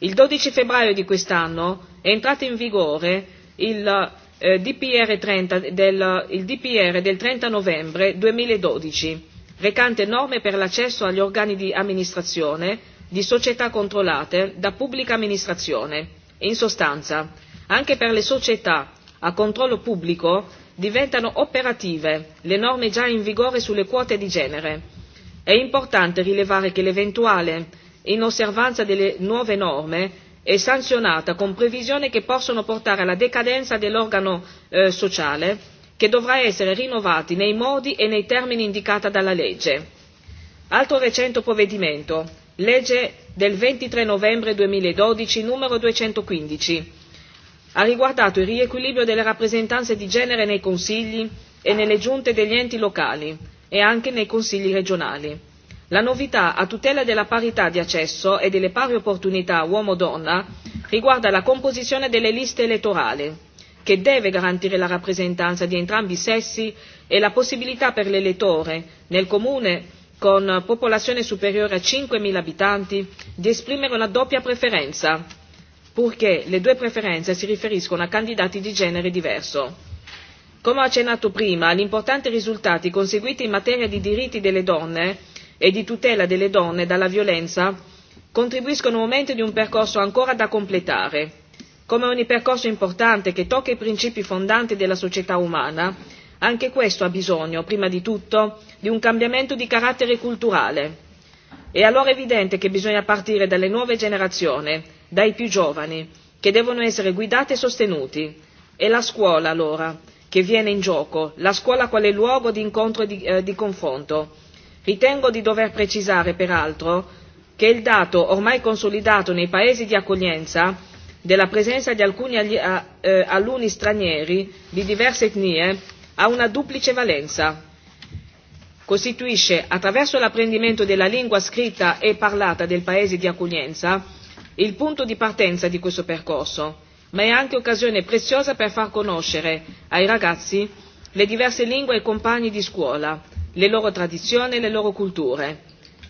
Il dodici febbraio di quest'anno è entrata in vigore il eh, DPR, 30 del, il DPR del 30 novembre 2012, recante norme per l'accesso agli organi di amministrazione di società controllate da pubblica amministrazione. In sostanza, anche per le società a controllo pubblico diventano operative le norme già in vigore sulle quote di genere. È importante rilevare che l'eventuale inosservanza delle nuove norme e sanzionata con previsioni che possono portare alla decadenza dell'organo eh, sociale che dovrà essere rinnovati nei modi e nei termini indicati dalla legge. Altro recente provvedimento, legge del 23 novembre 2012 numero 215, ha riguardato il riequilibrio delle rappresentanze di genere nei consigli e nelle giunte degli enti locali e anche nei consigli regionali. La novità a tutela della parità di accesso e delle pari opportunità uomo-donna riguarda la composizione delle liste elettorali, che deve garantire la rappresentanza di entrambi i sessi e la possibilità per l'elettore, nel comune con popolazione superiore a 5.000 abitanti, di esprimere una doppia preferenza, purché le due preferenze si riferiscono a candidati di genere diverso. Come ho accennato prima, gli importanti risultati conseguiti in materia di diritti delle donne e di tutela delle donne dalla violenza contribuiscono momento di un percorso ancora da completare. Come ogni percorso importante che tocca i principi fondanti della società umana, anche questo ha bisogno, prima di tutto, di un cambiamento di carattere culturale. È allora evidente che bisogna partire dalle nuove generazioni, dai più giovani, che devono essere guidati e sostenuti. È la scuola, allora, che viene in gioco, la scuola quale luogo di incontro e di, eh, di confronto Ritengo di dover precisare, peraltro, che il dato ormai consolidato nei paesi di accoglienza della presenza di alcuni agli, a, eh, alunni stranieri di diverse etnie ha una duplice valenza. Costituisce, attraverso l'apprendimento della lingua scritta e parlata del paese di accoglienza, il punto di partenza di questo percorso, ma è anche occasione preziosa per far conoscere ai ragazzi le diverse lingue e compagni di scuola, le loro tradizioni e le loro culture.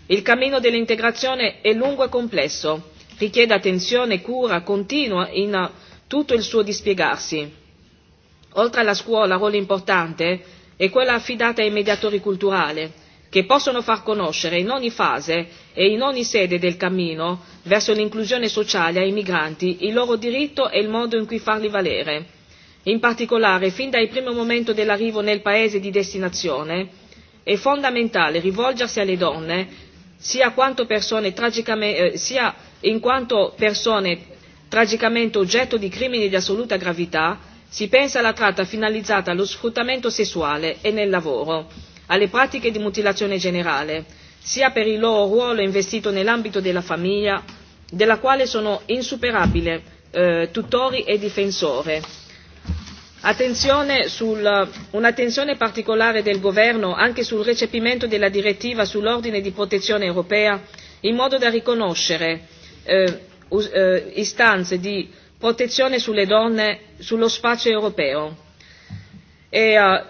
Il cammino dell'integrazione è lungo e complesso, richiede attenzione e cura continua in tutto il suo dispiegarsi. Oltre alla scuola, un ruolo importante è quella affidata ai mediatori culturali, che possono far conoscere in ogni fase e in ogni sede del cammino verso l'inclusione sociale ai migranti il loro diritto e il modo in cui farli valere. In particolare, fin dal primo momento dell'arrivo nel paese di destinazione, è fondamentale rivolgersi alle donne sia, quanto persone tragicamente, eh, sia in quanto persone tragicamente oggetto di crimini di assoluta gravità, si pensa alla tratta finalizzata allo sfruttamento sessuale e nel lavoro, alle pratiche di mutilazione generale, sia per il loro ruolo investito nell'ambito della famiglia, della quale sono insuperabile eh, tutori e difensore Attenzione sul, un'attenzione particolare del Governo anche sul recepimento della direttiva sull'ordine di protezione europea in modo da riconoscere eh, eh istanze di protezione sulle donne sullo spazio europeo. E, uh,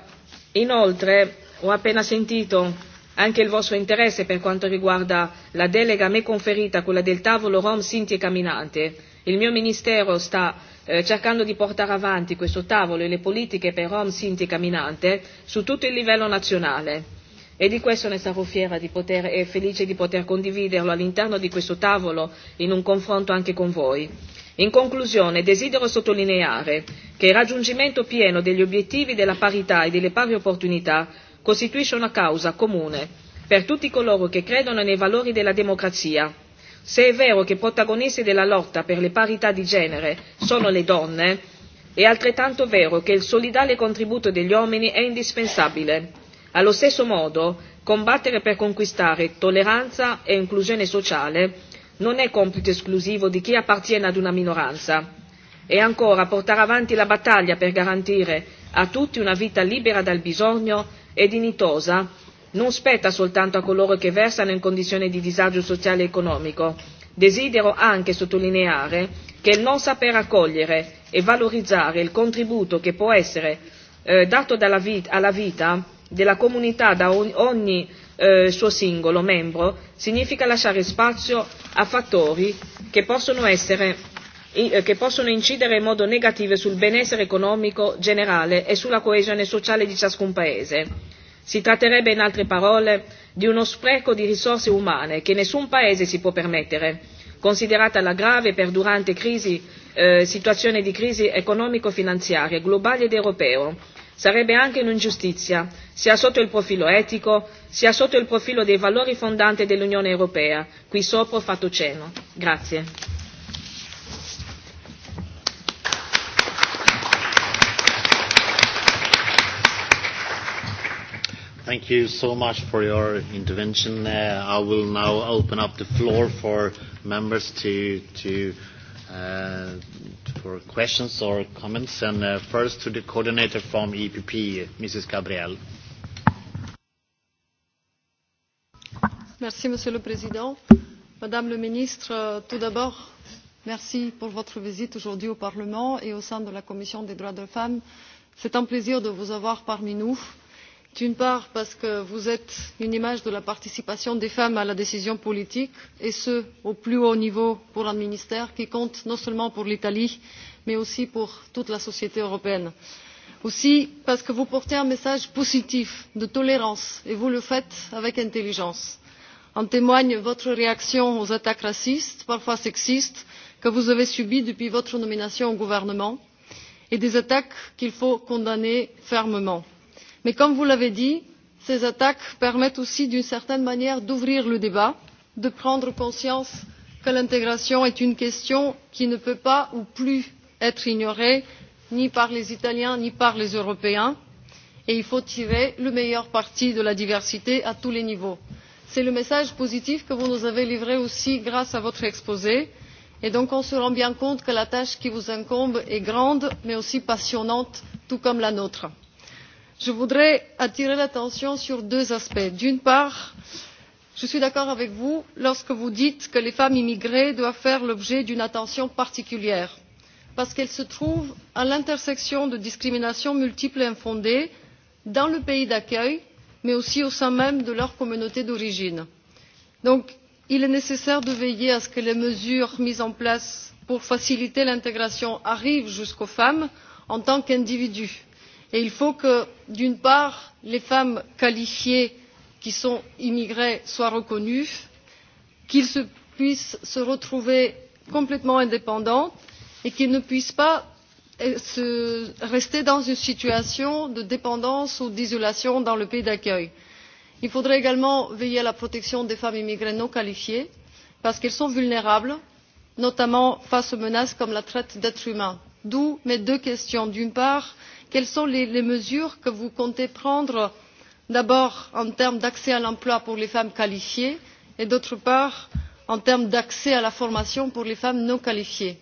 inoltre ho appena sentito anche il vostro interesse per quanto riguarda la delega a me conferita, quella del tavolo Rom Sinti e Camminante. Il mio Ministero sta Eh, cercando di portare avanti questo tavolo e le politiche per Rom, Sinti e Camminante su tutto il livello nazionale. E di questo ne sarò fiera di poter, e felice di poter condividerlo all'interno di questo tavolo in un confronto anche con voi. In conclusione, desidero sottolineare che il raggiungimento pieno degli obiettivi della parità e delle pari opportunità costituisce una causa comune per tutti coloro che credono nei valori della democrazia Se è vero che protagoniste della lotta per le parità di genere sono le donne, è altrettanto vero che il solidale contributo degli uomini è indispensabile. Allo stesso modo, combattere per conquistare tolleranza e inclusione sociale non è compito esclusivo di chi appartiene ad una minoranza. E ancora, portare avanti la battaglia per garantire a tutti una vita libera dal bisogno e dignitosa non spetta soltanto a coloro che versano in condizioni di disagio sociale e economico. Desidero anche sottolineare che il non saper accogliere e valorizzare il contributo che può essere eh, dato dalla vit- alla vita della comunità da ogni, ogni eh, suo singolo membro significa lasciare spazio a fattori che possono, essere, eh, che possono incidere in modo negativo sul benessere economico generale e sulla coesione sociale di ciascun Paese si tratterebbe, in altre parole, di uno spreco di risorse umane che nessun Paese si può permettere, considerata la grave e perdurante crisi, eh, situazione di crisi economico-finanziaria globale ed europeo. Sarebbe anche un'ingiustizia, sia sotto il profilo etico, sia sotto il profilo dei valori fondanti dell'Unione Europea. Qui sopra ho fatto cenno. Grazie. Thank you so much for your intervention. Uh, I will now open up the floor for members to, to uh, for questions or comments. And uh, first to the coordinator from EPP, Mrs. Gabriel. Merci, Monsieur le Président. Madame le Ministre, tout d'abord, merci pour votre visite aujourd'hui au Parlement et au sein de la Commission des droits de la femme. C'est un plaisir de vous avoir parmi nous d'une part parce que vous êtes une image de la participation des femmes à la décision politique et ce au plus haut niveau pour un ministère qui compte non seulement pour l'italie mais aussi pour toute la société européenne. aussi parce que vous portez un message positif de tolérance et vous le faites avec intelligence. en témoigne votre réaction aux attaques racistes parfois sexistes que vous avez subies depuis votre nomination au gouvernement et des attaques qu'il faut condamner fermement mais comme vous l'avez dit ces attaques permettent aussi d'une certaine manière d'ouvrir le débat de prendre conscience que l'intégration est une question qui ne peut pas ou plus être ignorée ni par les italiens ni par les européens et il faut tirer le meilleur parti de la diversité à tous les niveaux. c'est le message positif que vous nous avez livré aussi grâce à votre exposé et donc on se rend bien compte que la tâche qui vous incombe est grande mais aussi passionnante tout comme la nôtre je voudrais attirer l'attention sur deux aspects. d'une part je suis d'accord avec vous lorsque vous dites que les femmes immigrées doivent faire l'objet d'une attention particulière parce qu'elles se trouvent à l'intersection de discriminations multiples et infondées dans le pays d'accueil mais aussi au sein même de leur communauté d'origine. donc il est nécessaire de veiller à ce que les mesures mises en place pour faciliter l'intégration arrivent jusqu'aux femmes en tant qu'individus et il faut que d'une part les femmes qualifiées qui sont immigrées soient reconnues qu'elles puissent se retrouver complètement indépendantes et qu'elles ne puissent pas euh, rester dans une situation de dépendance ou d'isolation dans le pays d'accueil. il faudrait également veiller à la protection des femmes immigrées non qualifiées parce qu'elles sont vulnérables notamment face aux menaces comme la traite d'êtres humains. d'où mes deux questions d'une part quelles sont les, mesures que vous comptez prendre d'abord en termes d'accès à l'emploi pour les femmes qualifiées et d'autre part en termes d'accès à la formation pour les femmes non qualifiées?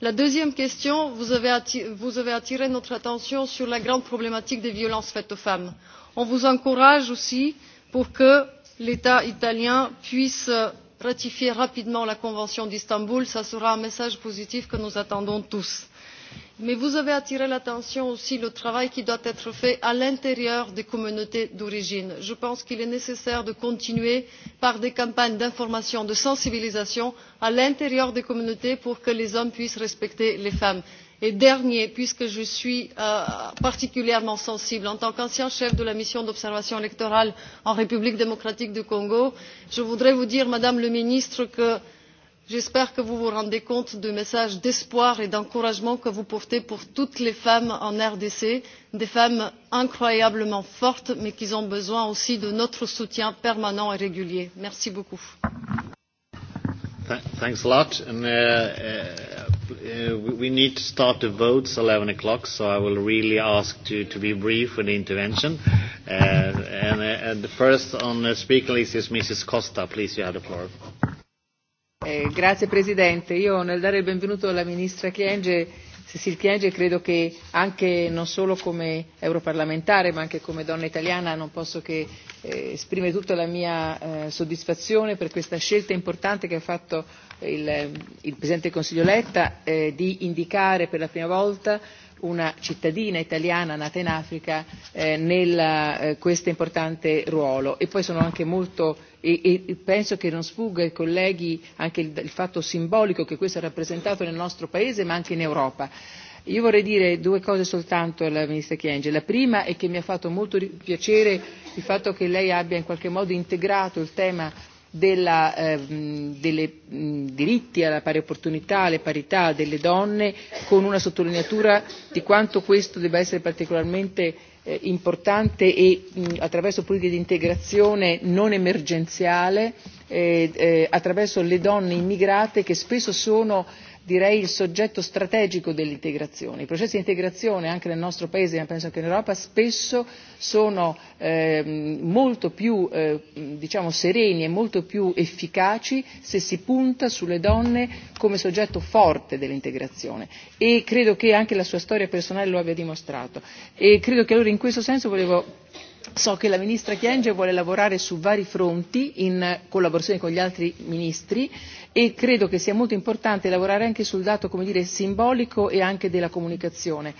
la deuxième question attiré, vous avez attiré notre attention sur la grande problématique des violences faites aux femmes. on vous encourage aussi pour que l'état italien puisse ratifier rapidement la convention d'istanbul ce sera un message positif que nous attendons tous mais vous avez attiré l'attention aussi sur le travail qui doit être fait à l'intérieur des communautés d'origine. je pense qu'il est nécessaire de continuer par des campagnes d'information de sensibilisation à l'intérieur des communautés pour que les hommes puissent respecter les femmes. et dernier puisque je suis euh, particulièrement sensible en tant qu'ancien chef de la mission d'observation électorale en république démocratique du congo je voudrais vous dire madame la ministre que j'espère que vous vous rendez compte du message d'espoir et d'encouragement que vous portez pour toutes les femmes en rdc des femmes incroyablement fortes mais qui ont besoin aussi de notre soutien permanent et régulier. merci beaucoup. Uh, uh, uh, we need to start the votes 11 o'clock, so I will really ask to, to be brief with the intervention. Uh, and, uh, and the first on the speaker list is Mrs. Costa. Please, you have the floor signor eh, grazie Presidente, io nel dare il benvenuto alla Ministra Chienge, Cecil credo che anche non solo come europarlamentare ma anche come donna italiana non posso che eh, esprimere tutta la mia eh, soddisfazione per questa scelta importante che ha fatto il, Presidente del Consiglio Letta di indicare per la prima volta una cittadina italiana nata in Africa eh, nel eh, questo importante ruolo e poi sono anche molto e, e penso che non sfugga ai colleghi anche il, il fatto simbolico che questo ha rappresentato nel nostro paese ma anche in Europa. Io vorrei dire due cose soltanto alla Ministra Chienge. La prima è che mi ha fatto molto piacere il fatto che lei abbia in qualche modo integrato il tema della, ehm, delle mh, diritti alla pari opportunità, alle parità delle donne, con una sottolineatura di quanto questo debba essere particolarmente eh, importante e mh, attraverso politiche di integrazione non emergenziale, eh, eh, attraverso le donne immigrate che spesso sono direi il soggetto strategico dell'integrazione. i processi di integrazione anche nel nostro paese ma penso anche in europa spesso sono ehm, molto più eh, diciamo sereni e molto più efficaci se si punta sulle donne come soggetto forte dell'integrazione e credo che anche la sua storia personale lo abbia dimostrato e credo che allora in questo senso volevo so che la ministra kyenge vuole lavorare su vari fronti in collaborazione con gli altri ministri e credo che sia molto importante lavorare anche sul dato simbolico e anche della comunicazione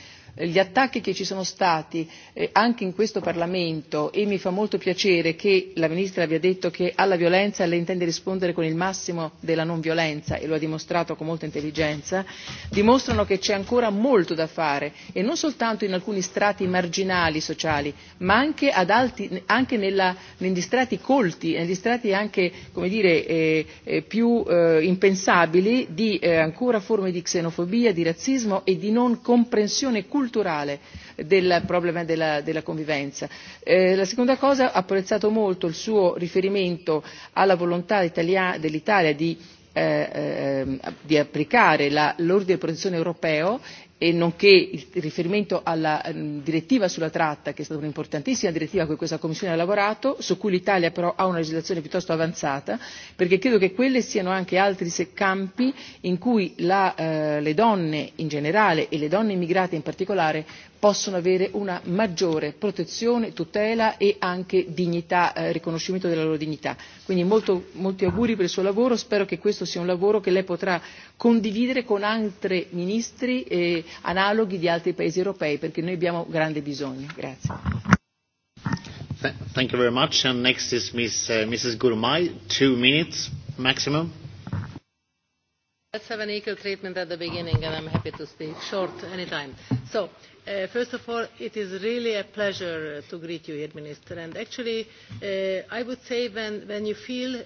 gli attacchi che ci sono stati eh, anche in questo parlamento e mi fa molto piacere che la ministra abbia detto che alla violenza lei intende rispondere con il massimo della non violenza e lo ha dimostrato con molta intelligenza dimostrano che c'è ancora molto da fare e non soltanto in alcuni strati marginali sociali ma anche, ad alti, anche nella, negli strati colti negli strati anche come dire eh, eh più eh, impensabili di eh, ancora forme di xenofobia di razzismo e di non comprensione culturale culturale del problema della, convivenza. Eh, la seconda cosa ho apprezzato molto il suo riferimento alla volontà dell'italia di eh, eh, ehm, applicare l'ordine di protezione europeo e nonché il riferimento alla ehm, direttiva sulla tratta che è stata un'importantissima direttiva a cui questa commissione ha lavorato su cui l'italia però ha una legislazione piuttosto avanzata perché credo che quelli siano anche altri campi in cui eh, le donne in generale e le donne immigrate in particolare possono avere una maggiore protezione tutela e anche dignità eh, riconoscimento della loro dignità. quindi molto, molti auguri per il suo lavoro spero che questo sia un lavoro che lei potrà condividere con altri ministri eh, analoghi di altri paesi europei perché noi abbiamo grande bisogno. Grazie. Thank you very much. And next is Ms. Uh, Mrs. two minutes maximum. Let's have an equal treatment at the beginning, and I'm happy to speak short anytime. So, Uh, first of all, it is really a pleasure uh, to greet you here, Minister. And actually, uh, I would say when, when you feel uh,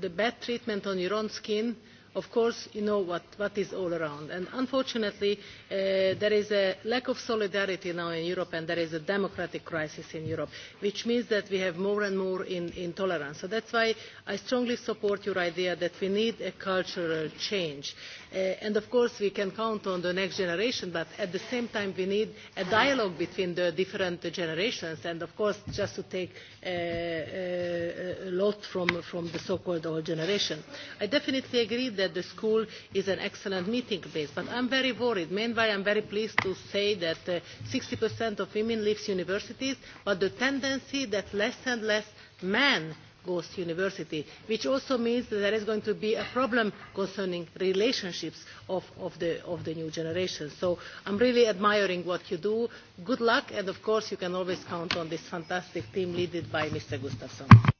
the bad treatment on your own skin, uh, of course you know what, what is all around. And unfortunately, uh, there is a lack of solidarity now in Europe and there is a democratic crisis in Europe, which means that we have more and more in, intolerance. So that's why I strongly support your idea that we need a cultural change. Uh, and of course, we can count on the next generation, but at the same time, we need a dialogue between the different generations. And of course, just to take uh, uh, a lot from, from the so-called old generation. I definitely agree that that the school is an excellent meeting place. But I'm very worried. Meanwhile, I'm very pleased to say that uh, 60% of women leave universities, but the tendency that less and less men goes to university, which also means that there is going to be a problem concerning relationships of, of, the, of the new generation. So I'm really admiring what you do. Good luck, and of course you can always count on this fantastic team led by Mr. Gustafsson.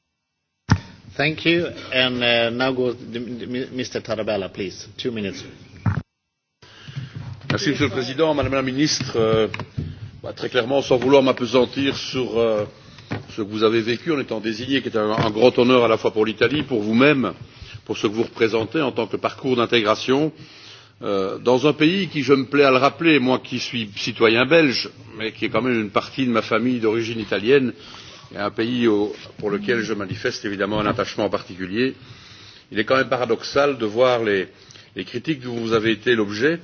Thank you. And uh, now goes the, the, Mr. Tarabella, please. Two minutes. Merci, Monsieur le Président, Madame la Ministre. Euh, bah, très clairement, sans vouloir m'apesantir sur euh, ce que vous avez vécu en étant désigné, qui est un, un grand honneur à la fois pour l'Italie, pour vous-même, pour ce que vous représentez en tant que parcours d'intégration euh, dans un pays qui, je me plais à le rappeler, moi qui suis citoyen belge, mais qui est quand même une partie de ma famille d'origine italienne, euh, et un pays pour lequel je manifeste évidemment un attachement particulier, il est quand même paradoxal de voir les, critiques dont vous avez été l'objet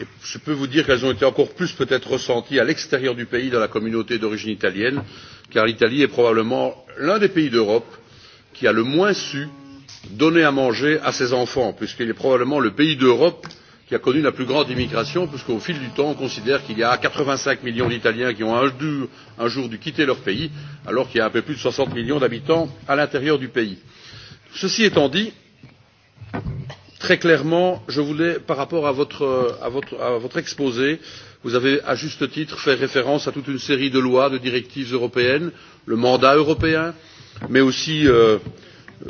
et je peux vous dire qu'elles ont été encore plus peut être ressenties à l'extérieur du pays dans la communauté d'origine italienne car l'italie est probablement l'un des pays d'europe qui a le moins su donner à manger à ses enfants puisqu'il est probablement le pays d'europe qui a connu la plus grande immigration puisqu'au fil du temps on considère qu'il y a quatre vingt cinq millions d'italiens qui ont un jour, dû quitter leur pays alors qu'il y a un peu plus de soixante millions d'habitants à l'intérieur du pays. ceci étant dit très clairement je voulais par rapport à votre, à votre, à votre exposé vous avez à juste titre fait référence à toute une série de lois de directives européennes le mandat européen mais aussi euh,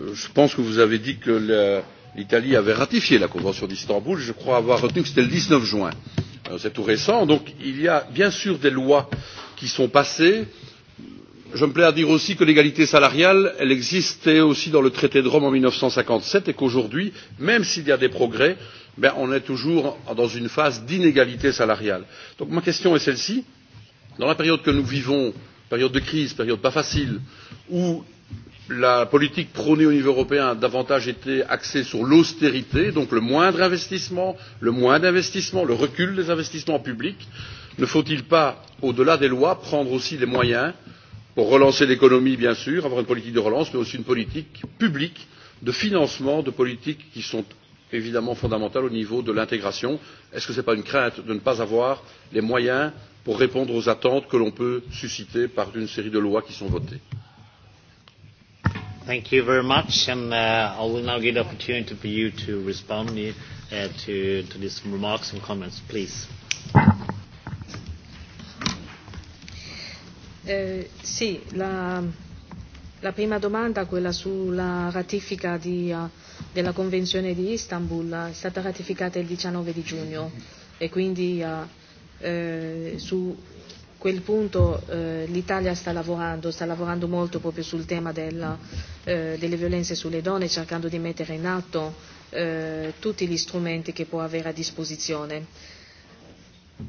euh je pense que vous avez dit que la l'italie avait ratifié la convention d'istanbul je crois avoir retenu que c'était le dix neuf juin euh, c'est tout récent donc il y a bien sûr des lois qui sont passées je me plais à dire aussi que l'égalité salariale existait aussi dans le traité de rome en mille neuf cent cinquante sept et qu'aujourd'hui même s'il y a des progrès on est toujours dans une phase d'inégalité salariale. donc ma question est celle ci dans la période que nous vivons période de crise période pas facile où la politique prônée au niveau européen a davantage été axée sur l'austérité donc le moindre investissement le moins d'investissements le recul des investissements publics ne faut il pas au delà des lois prendre aussi des moyens pour relancer l'économie bien sûr avoir une politique de relance mais aussi une politique publique de financement de politiques qui sont évidemment fondamentales au niveau de l'intégration? est ce que ce n'est pas une crainte de ne pas avoir les moyens pour répondre aux attentes que l'on peut susciter par une série de lois qui sont votées? Thank you very much, and uh, I will now give the opportunity for you to respond uh, to, to these remarks and comments, please. Eh, sì, la, la prima domanda, quella sulla ratifica di, uh, della Convenzione di Istanbul, è stata ratificata il 19 di giugno e quindi uh, eh, su quel punto eh, l'Italia sta lavorando, sta lavorando molto proprio sul tema della, eh, delle violenze sulle donne, cercando di mettere in atto eh, tutti gli strumenti che può avere a disposizione.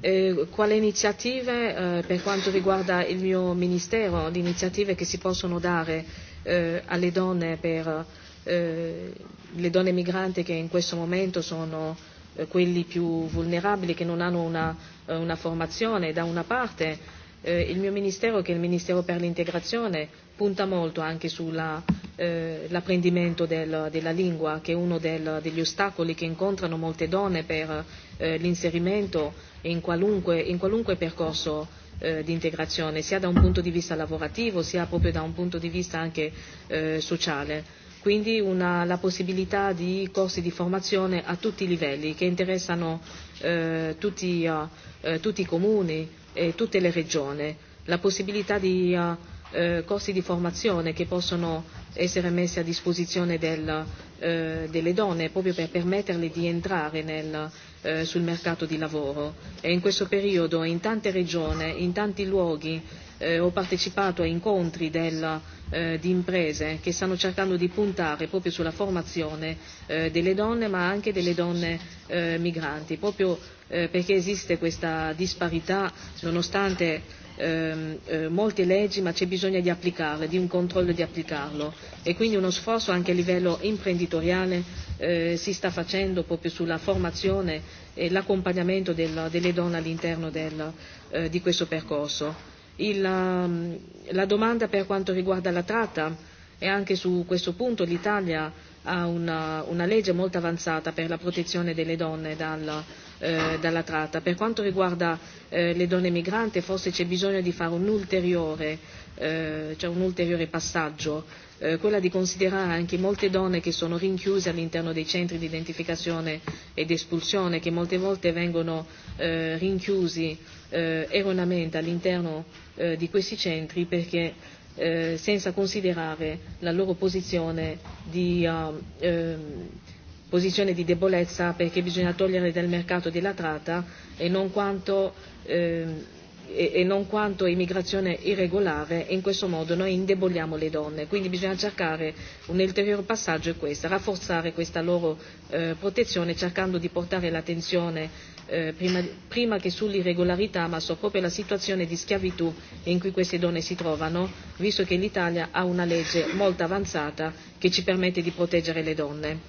Eh, quali iniziative eh, per quanto riguarda il mio ministero, le iniziative che si possono dare eh, alle donne per eh, le donne migranti che in questo momento sono eh, quelli più vulnerabili, che non hanno una Eh, una formazione da una parte eh, il mio ministero che è il ministero per l'integrazione punta molto anche sull'apprendimento eh, del, della lingua che è uno del, degli ostacoli che incontrano molte donne per eh, l'inserimento in qualunque, in qualunque percorso eh, di integrazione sia da un punto di vista lavorativo sia proprio da un punto di vista anche eh, sociale quindi una, la possibilità di corsi di formazione a tutti i livelli che interessano eh, tutti, eh, eh tutti i comuni e tutte le regioni, la possibilità di eh, eh, corsi di formazione che possono essere messi a disposizione del, eh, delle donne proprio per permetterle di entrare nel, eh, sul mercato di lavoro. E in questo periodo in tante regioni, in tanti luoghi eh, ho partecipato a incontri del, eh, di imprese che stanno cercando di puntare proprio sulla formazione eh, delle donne ma anche delle donne eh, migranti, proprio eh, perché esiste questa disparità nonostante ehm, eh, molte leggi ma c'è bisogno di applicarle, di un controllo di applicarlo e quindi uno sforzo anche a livello imprenditoriale eh, si sta facendo proprio sulla formazione e l'accompagnamento del, delle donne all'interno del, eh, di questo percorso il, um, la domanda per quanto riguarda la tratta e anche su questo punto l'Italia ha una, una legge molto avanzata per la protezione delle donne dal, eh, dalla tratta. Per quanto riguarda eh, le donne migranti forse c'è bisogno di fare un ulteriore, eh, cioè un ulteriore passaggio, eh, quella di considerare anche molte donne che sono rinchiuse all'interno dei centri di identificazione ed espulsione, che molte volte vengono eh, rinchiusi eh, erroneamente all'interno eh, di questi centri perché eh, senza considerare la loro posizione di, uh, eh, posizione di debolezza perché bisogna togliere dal mercato della tratta e non quanto, eh, e, non quanto immigrazione irregolare e in questo modo noi indeboliamo le donne. Quindi bisogna cercare un ulteriore passaggio è questo, rafforzare questa loro eh, protezione cercando di portare l'attenzione eh, prima, prima che sull'irregolarità, ma so proprio la situazione di schiavitù in cui queste donne si trovano, visto che l'Italia ha una legge molto avanzata che ci permette di proteggere le donne.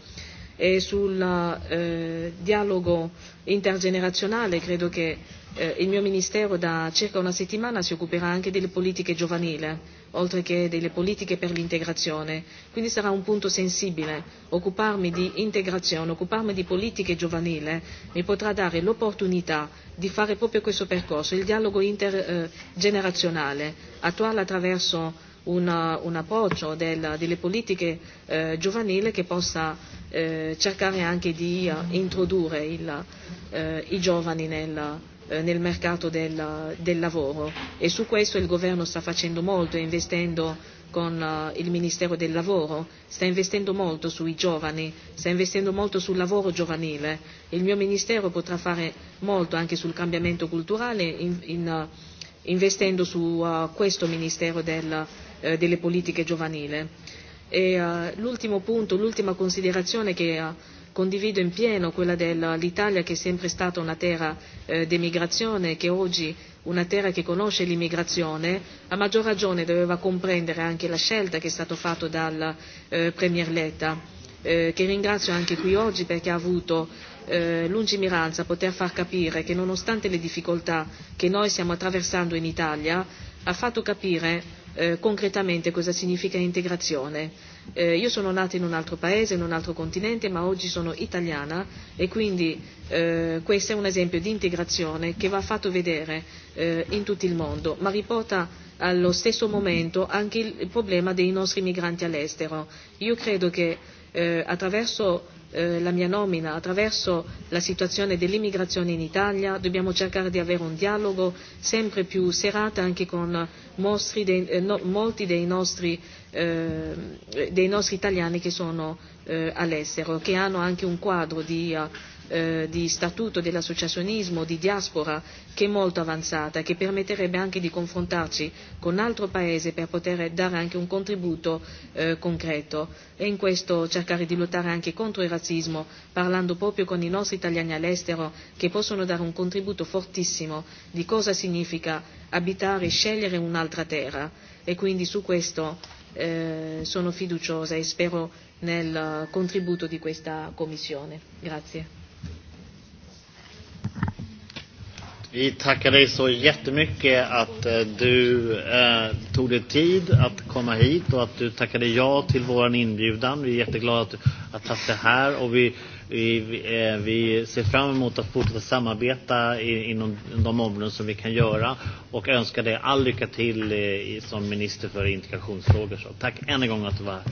E sul eh, dialogo intergenerazionale credo che eh, il mio Ministero da circa una settimana si occuperà anche delle politiche giovanili oltre che delle politiche per l'integrazione. Quindi sarà un punto sensibile. Occuparmi di integrazione, occuparmi di politiche giovanile mi potrà dare l'opportunità di fare proprio questo percorso, il dialogo intergenerazionale, eh, attuale attraverso una, un approccio del, delle politiche eh, giovanili che possa eh, cercare anche di eh, introdurre il, eh, i giovani nel, Eh, nel mercato del, del lavoro e su questo il governo sta facendo molto, investendo con eh, il Ministero del Lavoro, sta investendo molto sui giovani, sta investendo molto sul lavoro giovanile. Il mio Ministero potrà fare molto anche sul cambiamento culturale in, in, eh, investendo su uh, questo Ministero del, uh, delle politiche giovanili. E, uh, l'ultimo punto, l'ultima considerazione che uh, Condivido in pieno quella dell'Italia che è sempre stata una terra eh, d'emigrazione e che oggi una terra che conosce l'immigrazione, a maggior ragione doveva comprendere anche la scelta che è stata fatta dal eh, Premier Letta, eh, che ringrazio anche qui oggi perché ha avuto eh, lungimiranza poter far capire che nonostante le difficoltà che noi stiamo attraversando in Italia, ha fatto capire eh, concretamente cosa significa integrazione Eh, io sono nata in un altro paese, in un altro continente, ma oggi sono italiana e quindi eh, questo è un esempio di integrazione che va fatto vedere eh, in tutto il mondo, ma riporta allo stesso momento anche il, il problema dei nostri migranti all'estero. Io credo che eh, attraverso Eh, la mia nomina, attraverso la situazione dell'immigrazione in Italia dobbiamo cercare di avere un dialogo sempre più serrato anche con dei, eh, no, molti dei nostri, eh, dei nostri italiani che sono eh, all'estero, che hanno anche un quadro di. Eh, eh, di statuto dell'associazionismo di diaspora che è molto avanzata e che permetterebbe anche di confrontarci con altro paese per poter dare anche un contributo eh, concreto e in questo cercare di lottare anche contro il razzismo parlando proprio con i nostri italiani all'estero che possono dare un contributo fortissimo di cosa significa abitare e scegliere un'altra terra e quindi su questo eh, sono fiduciosa e spero nel contributo di questa Commissione. Grazie. Vi tackar dig så jättemycket att eh, du eh, tog dig tid att komma hit och att du tackade ja till vår inbjudan. Vi är jätteglada att du har tagit det här och vi, vi, eh, vi ser fram emot att fortsätta samarbeta i, inom de områden som vi kan göra och önskar dig all lycka till eh, som minister för integrationsfrågor. Så tack än en gång att du var här.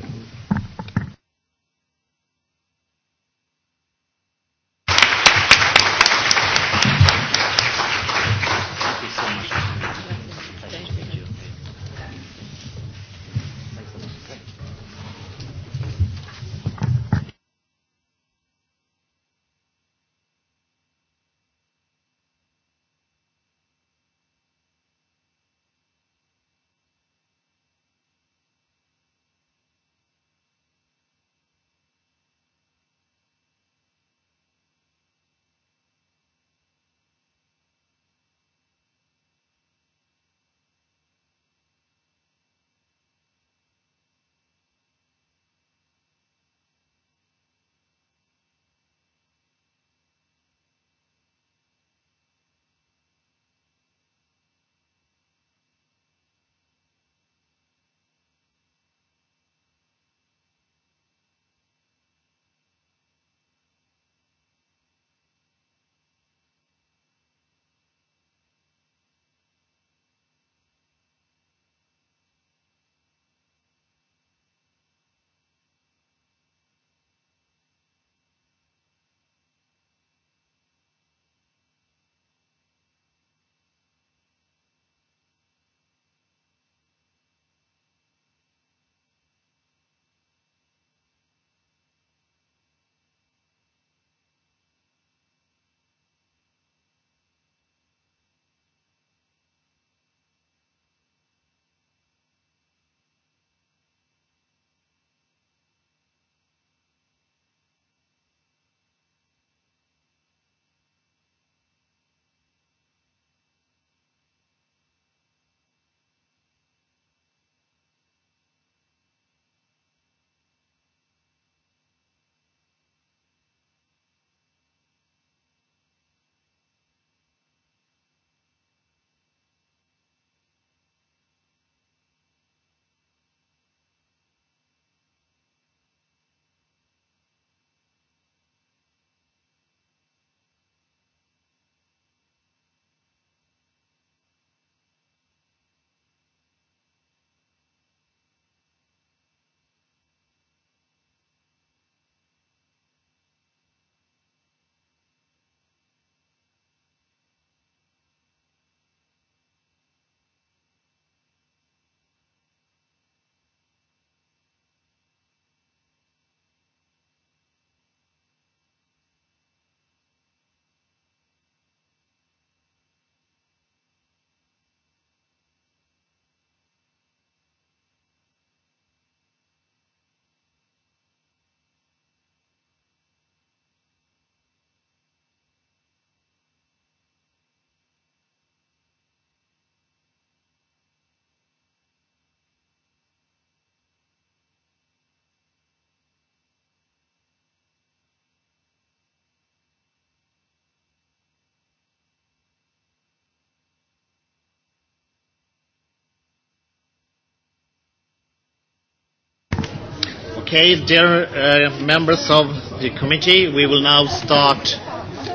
Okay, dear uh, members of the committee, we will now start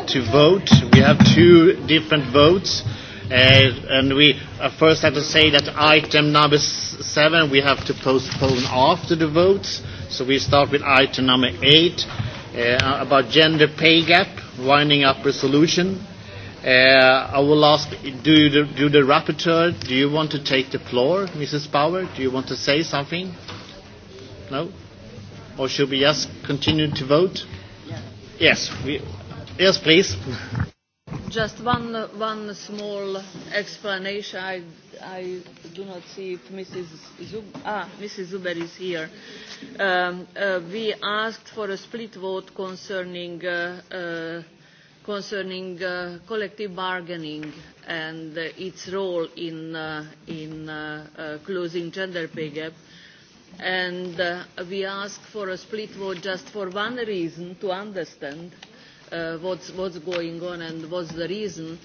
to vote. We have two different votes. Uh, and we uh, first have to say that item number seven we have to postpone after the votes. So we start with item number eight uh, about gender pay gap, winding up resolution. Uh, I will ask, do the, do the rapporteur, do you want to take the floor, Mrs. Bauer? Do you want to say something? No? Or should we just continue to vote? Yeah. Yes. We, yes, please. Just one, one small explanation. I, I do not see if Mrs. Zub ah, Mrs. Zuber is here. Um, uh, we asked for a split vote concerning, uh, uh, concerning uh, collective bargaining and uh, its role in, uh, in uh, uh, closing gender pay gap. Uh, and uh, we ask for a split vote just for one reason to understand uh, what's, what's going on and what's the reason.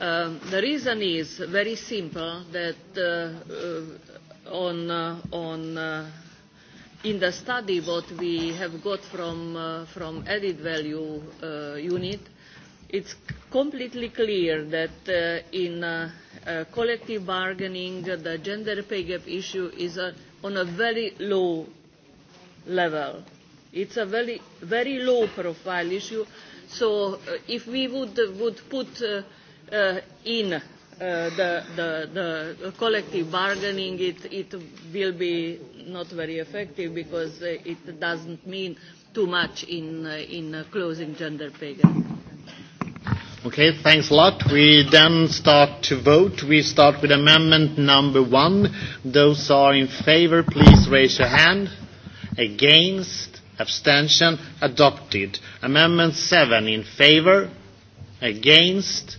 Um, the reason is very simple that uh, uh, on, uh, on, uh, in the study what we have got from, uh, from added value uh, unit, it's completely clear that uh, in uh, uh, collective bargaining uh, the gender pay gap issue is a on a very low level. It's a very, very low profile issue. So uh, if we would, uh, would put uh, uh, in uh, the, the, the collective bargaining, it, it will be not very effective because uh, it doesn't mean too much in, uh, in uh, closing gender pay gap. Okay, thanks a lot. We then start to vote. We start with amendment number one. Those are in favor, please raise your hand. Against, abstention, adopted. Amendment seven in favor, against,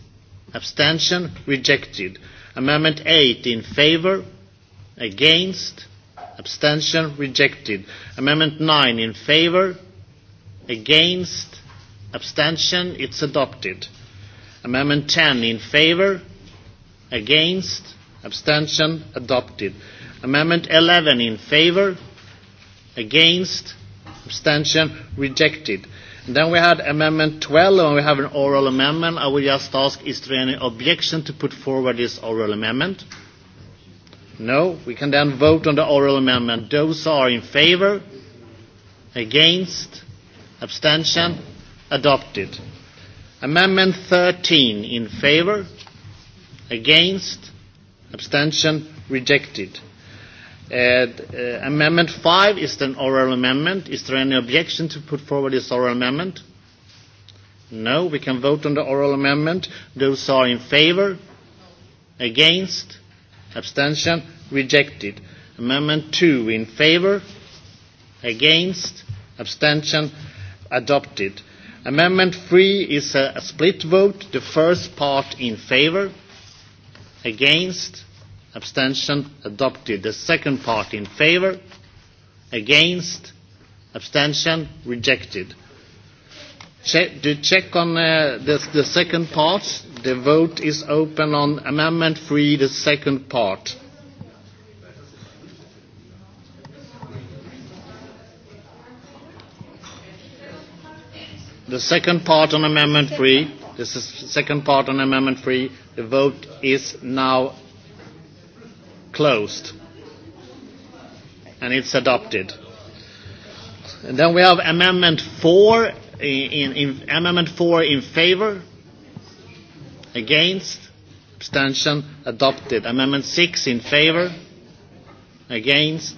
abstention, rejected. Amendment eight in favor, against, abstention, rejected. Amendment nine in favor, against, abstention, it's adopted. Amendment 10 in favor, against, abstention, adopted. Amendment 11 in favor, against, abstention, rejected. And then we had Amendment 12, and we have an oral amendment. I will just ask, is there any objection to put forward this oral amendment? No. We can then vote on the oral amendment. Those are in favor, against, abstention, adopted. Amendment 13 in favor, against, abstention, rejected. And, uh, amendment 5 is an oral amendment. Is there any objection to put forward this oral amendment? No, we can vote on the oral amendment. Those are in favor, against, abstention, rejected. Amendment 2 in favor, against, abstention, adopted. Amendment 3 is a, split vote. The first part in favor, against, abstention adopted. The second part in favor, against, abstention rejected. Check, to check on uh, the, the second part, the vote is open on Amendment 3, the second part. the second part on Amendment 3, this is the second part on Amendment 3, the vote is now closed. And it's adopted. And then we have Amendment 4, in, in, Amendment 4 in favor, against, abstention, adopted. Amendment 6 in favor, against,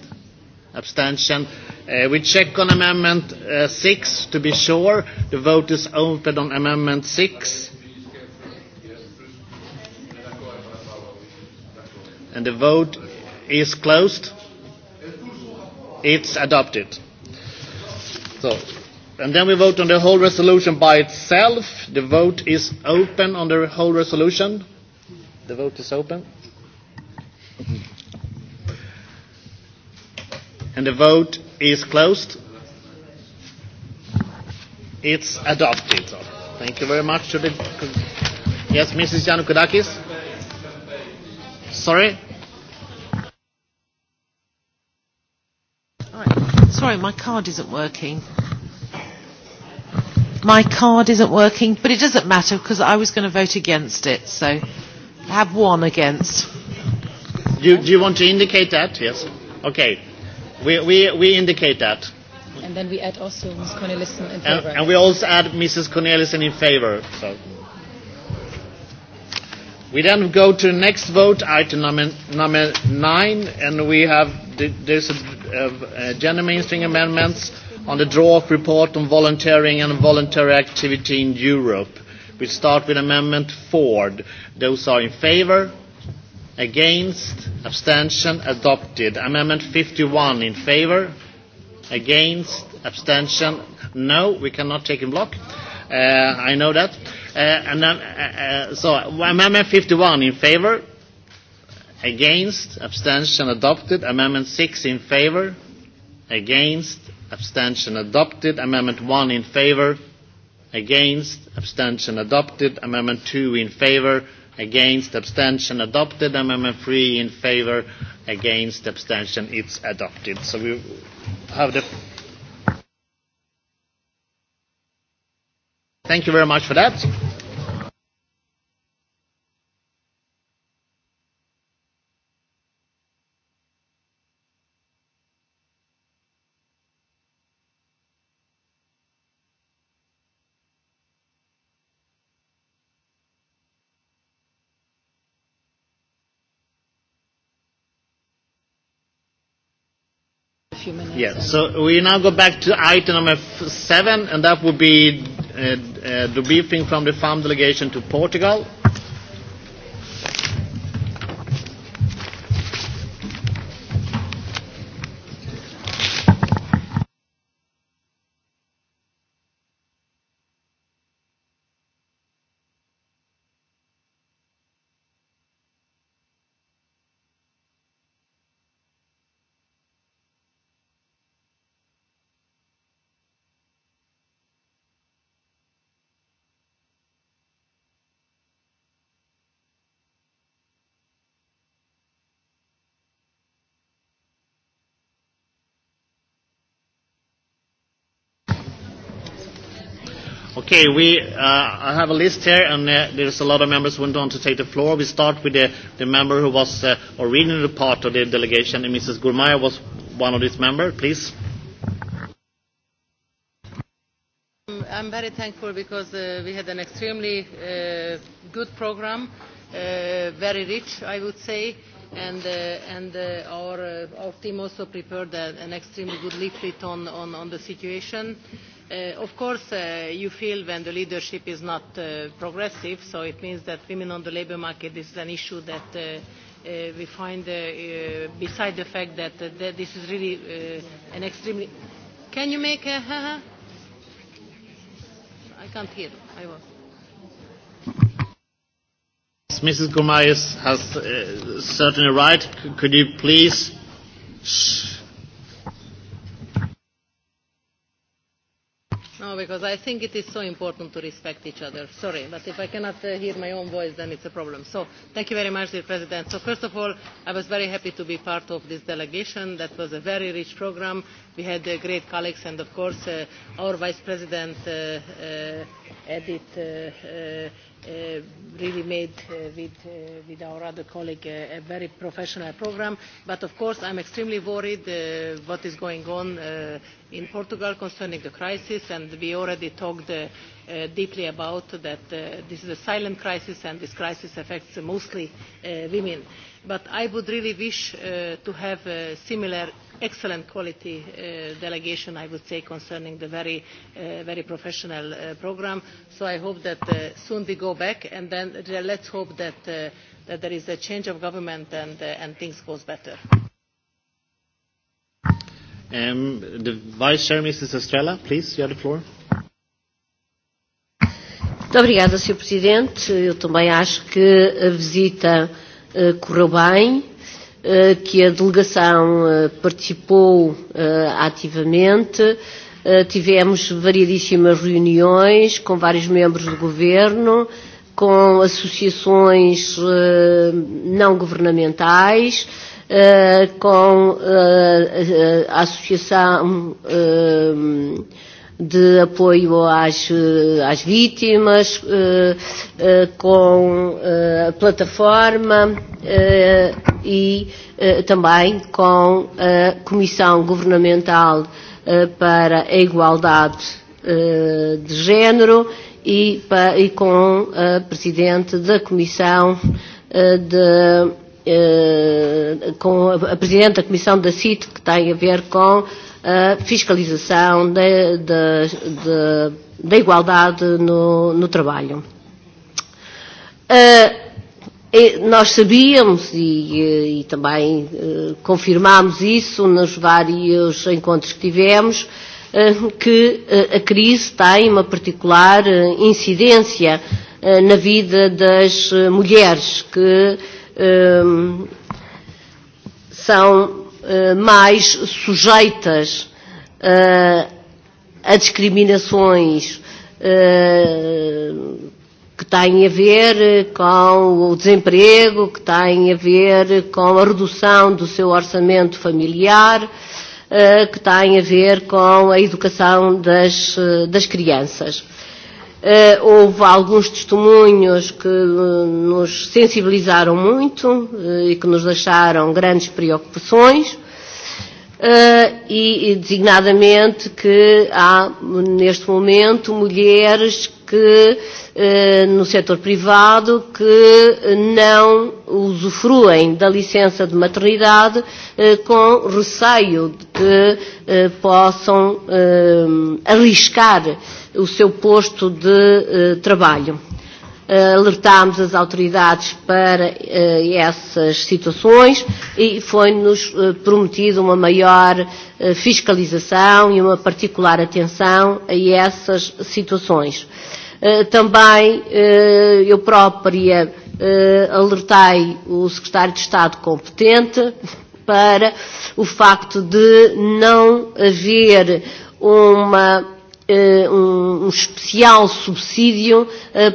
abstention, Uh, we check on amendment uh, 6 to be sure. The vote is open on amendment 6. And the vote is closed. It's adopted. So, and then we vote on the whole resolution by itself. The vote is open on the whole resolution. The vote is open. And the vote is closed. It's adopted. Thank you very much to the. Yes, Mrs. Yanukodakis? Sorry? Sorry, my card isn't working. My card isn't working, but it doesn't matter because I was going to vote against it, so I have one against. Do, do you want to indicate that? Yes. Okay. We, we, we indicate that. And then we add also Ms. Cornelissen in favor. And, and we also add Mrs. Cornelissen in favor. So. We then go to the next vote, item number, number nine, and we have there's this uh, uh gender mainstream amendments on the of report on volunteering and voluntary activity in Europe. We start with amendment four. Those are in favor, Against. Abstention. Adopted. Amendment fifty one in favour? Against. Abstention. No, we cannot take in block. Uh, I know that. Uh, and then, uh, uh, so Amendment fifty one in favour? Against. Abstention. Adopted. Amendment six in favour? Against. Abstention. Adopted. Amendment one in favour? Against. Abstention. Adopted. Amendment two in favour against abstention adopted amendment 3 in favor against abstention it's adopted so we have the thank you very much for that Yes. So we now go back to item number f seven, and that would be uh, uh, the briefing from the farm delegation to Portugal. Okay, we, uh, I have a list here, and uh, there's a lot of members who went on to take the floor. We start with the, the member who was uh, originally part of the delegation, and Mrs. Gurmaya was one of these members. Please. I'm very thankful because uh, we had an extremely uh, good program, uh, very rich, I would say, and, uh, and uh, our, uh, our team also prepared a, uh, an extremely good leaflet on, on, on the situation. Uh, Uh, of course, uh, you feel when the leadership is not uh, progressive, so it means that women on the labour market is an issue that uh, uh, we find, uh, uh, beside the fact that, uh, that this is really uh, an extremely... Can you make a... ha-ha? I can't hear. I was. Mrs. Gomez has uh, certainly right. C- Could you please... because I think it is so important to respect each other. Sorry, but if I cannot uh, hear my own voice, then it's a problem. So thank you very much, dear President. So first of all, I was very happy to be part of this delegation. That was a very rich program. We had uh, great colleagues and, of course, uh, our Vice President, uh, uh, Edith, uh, uh, uh, really made uh, with, uh, with our other colleague uh, a very professional program. But of course, I'm extremely worried uh, what is going on uh, in Portugal concerning the crisis, and we already talked uh, uh, deeply about that uh, this is a silent crisis, and this crisis affects mostly uh, women. Uh, but I would really wish uh, to have a similar excellent quality uh, delegation, I would say, concerning the very, uh, very professional programme. So I hope that soon we go back, and then let's hope that, there is a change of government and, and things go better. Um, the Vice Chair, Mrs. Estrella, please, you have the floor. Muito obrigada, Sr. Presidente. Eu também acho que a visita Eh, correu bem, eh, que a delegação eh, participou ativamente, tivemos variedíssimas reuniões com vários membros do governo, com associações não governamentais, com a Associação de apoio às, às vítimas, eh, eh, com eh, a plataforma e também com a Comissão Governamental para a Igualdade de Género e, e com a Presidente da Comissão de. com a, Presidente da Comissão da CIT, que tem a ver com a eh, fiscalização de, de, de, da igualdade no, no trabalho. Uh, Nós sabíamos e, eh, e também uh, confirmámos isso nos vários encontros que tivemos, uh, que uh, a crise tem uma particular incidência na vida das mulheres, que são E, mais sujeitas e, a discriminações e, que têm a ver com o desemprego, que têm a ver com a redução do seu orçamento familiar, que têm a ver com a educação das, das crianças. Uh, houve alguns testemunhos que uh, nos sensibilizaram muito uh, e que nos deixaram grandes preocupações, uh, e, e designadamente que há, neste momento, mulheres que eh, no setor privado que eh, não usufruem da licença de maternidade eh, com receio de que possam arriscar o seu posto de trabalho. Alertámos as autoridades para essas situações e foi-nos prometido uma maior fiscalização e uma particular atenção a essas situações. Eh, também eh, eu própria eh, alertei o secretário de Estado competente para o facto de não haver uma um, um especial subsídio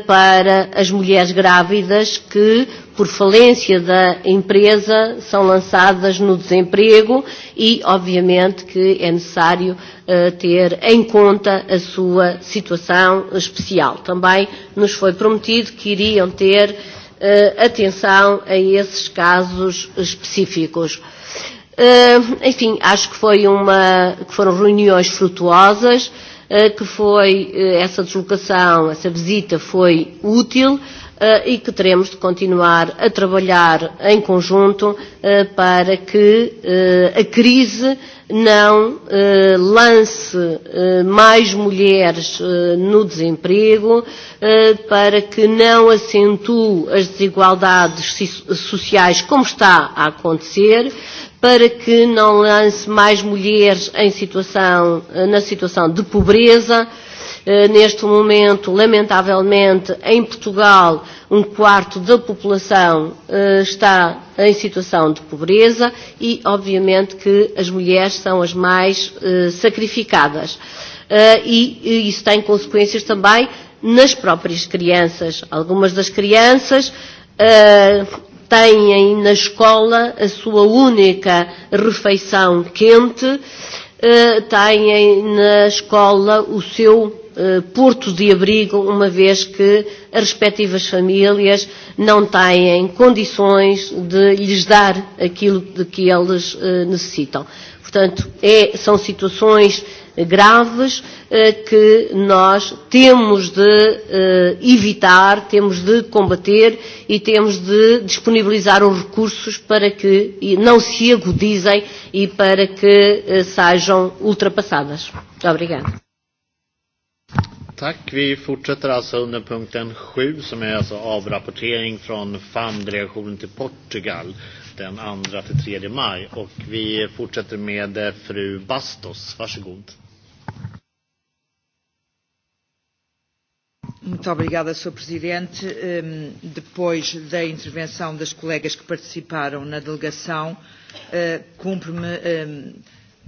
para as mulheres grávidas que por falência da empresa são lançadas no desemprego e, obviamente, que é necessário uh, ter em conta a sua situação especial. Também nos foi prometido que iriam ter uh, atenção a esses casos específicos. Uh, enfim, acho que, foi uma, que foram reuniões frutuosas, uh, que foi uh, essa deslocação, essa visita foi útil. Eh, e que teremos de continuar a trabalhar em conjunto eh, para que eh, a crise não lance mais mulheres no desemprego, para que não acentue as desigualdades sociais como está a acontecer, para que não lance mais mulheres em situação, na situação de pobreza, Eh, neste momento, lamentavelmente, em Portugal, um quarto da população eh, está em situação de pobreza e, obviamente, que as mulheres são as mais eh, sacrificadas. E, e isso tem consequências também nas próprias crianças. Algumas das crianças têm na escola a sua única refeição quente, têm na escola o seu Eh, porto de abrigo, uma vez que as respectivas famílias não têm condições de lhes dar aquilo de que eles eh, necessitam. Portanto, é, são situações graves eh, que nós temos de evitar, temos de combater e temos de disponibilizar os recursos para que e não se agudizem e para que sejam ultrapassadas. Muito obrigada. Tack. Vi fortsätter alltså under punkten 7 som är alltså avrapportering från FAM-delegationen till Portugal den 2-3 maj. Och vi fortsätter med eh, fru Bastos. Varsågod. Muito obrigada, Sr. Presidente. Ehm, depois da intervenção das colegas que participaram na delegação, eh, cumpre-me ehm,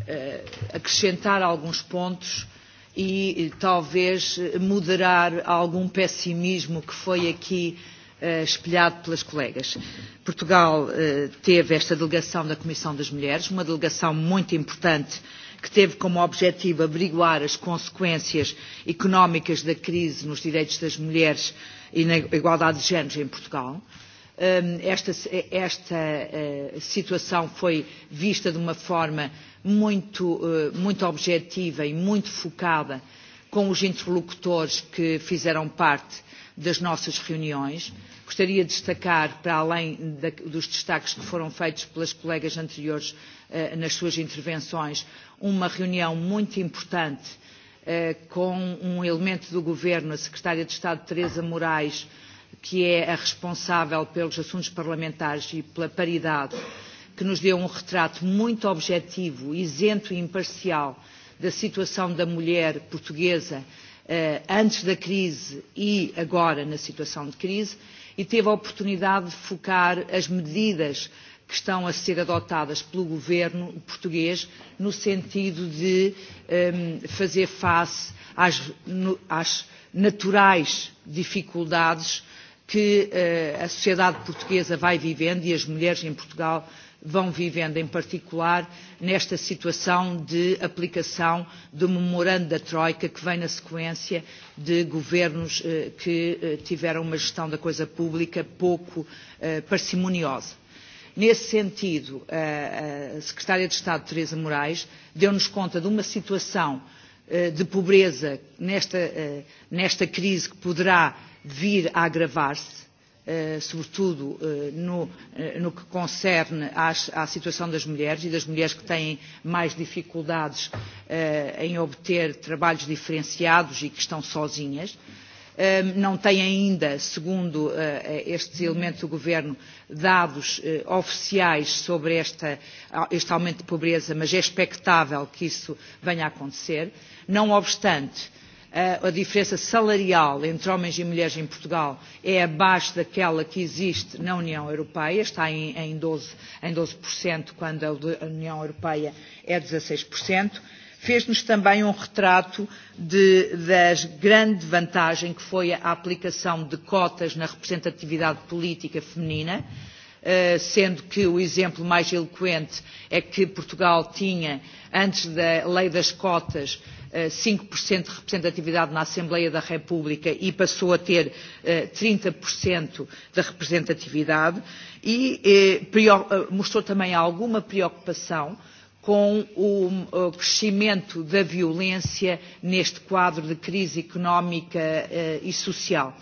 eh, acrescentar alguns pontos E, e talvez moderar algum pessimismo que foi aqui uh, espelhado pelas colegas. Portugal uh, teve esta delegação da Comissão das Mulheres, uma delegação muito importante que teve como objetivo averiguar as consequências económicas da crise nos direitos das mulheres e na igualdade de géneros em Portugal. Ehm, esta, esta eh, situação foi vista de uma forma muito, eh, muito objetiva e muito focada com os interlocutores que fizeram parte das nossas reuniões. Gostaria de destacar, para além da, dos destaques que foram feitos pelas colegas anteriores eh, nas suas intervenções, uma reunião muito importante eh, com um elemento do Governo, a Secretária de Estado Teresa Moraes, que é a responsável pelos assuntos parlamentares e pela paridade, que nos deu um retrato muito objetivo, isento e imparcial da situação da mulher portuguesa eh, antes da crise e agora na situação de crise, e teve a oportunidade de focar as medidas que estão a ser adotadas pelo governo português no sentido de um, fazer face às, no, às naturais dificuldades que uh, a sociedade portuguesa vai vivendo e as mulheres em Portugal vão vivendo, em particular nesta situação de aplicação do memorando da Troika, que vem na sequência de governos eh, que eh, tiveram uma gestão da coisa pública pouco eh, parcimoniosa. Nesse sentido, a Secretária de Estado, Teresa Moraes, deu-nos conta de uma situação eh, de pobreza nesta, eh, nesta crise que poderá vir a agravar-se, Eh, sobretudo eh, no, eh, no que concerne às, à situação das mulheres e das mulheres que têm mais dificuldades em obter trabalhos diferenciados e que estão sozinhas não tem ainda, segundo estes elementos do Governo, dados oficiais sobre esta, este aumento de pobreza, mas é expectável que isso venha a acontecer. Não obstante, a diferença salarial entre homens e mulheres em Portugal é abaixo daquela que existe na União Europeia, está em, em, 12, em 12%, quando a União Europeia é 16%. Fez-nos também um retrato de, das grande vantagem que foi a aplicação de cotas na representatividade política feminina, eh, sendo que o exemplo mais eloquente é que Portugal tinha, antes da lei das cotas, 5% de representatividade na Assembleia da República e passou a ter 30% eh, de representatividade e eh, eh, mostrou também alguma preocupação com o crescimento da violência neste quadro de crise económica e social.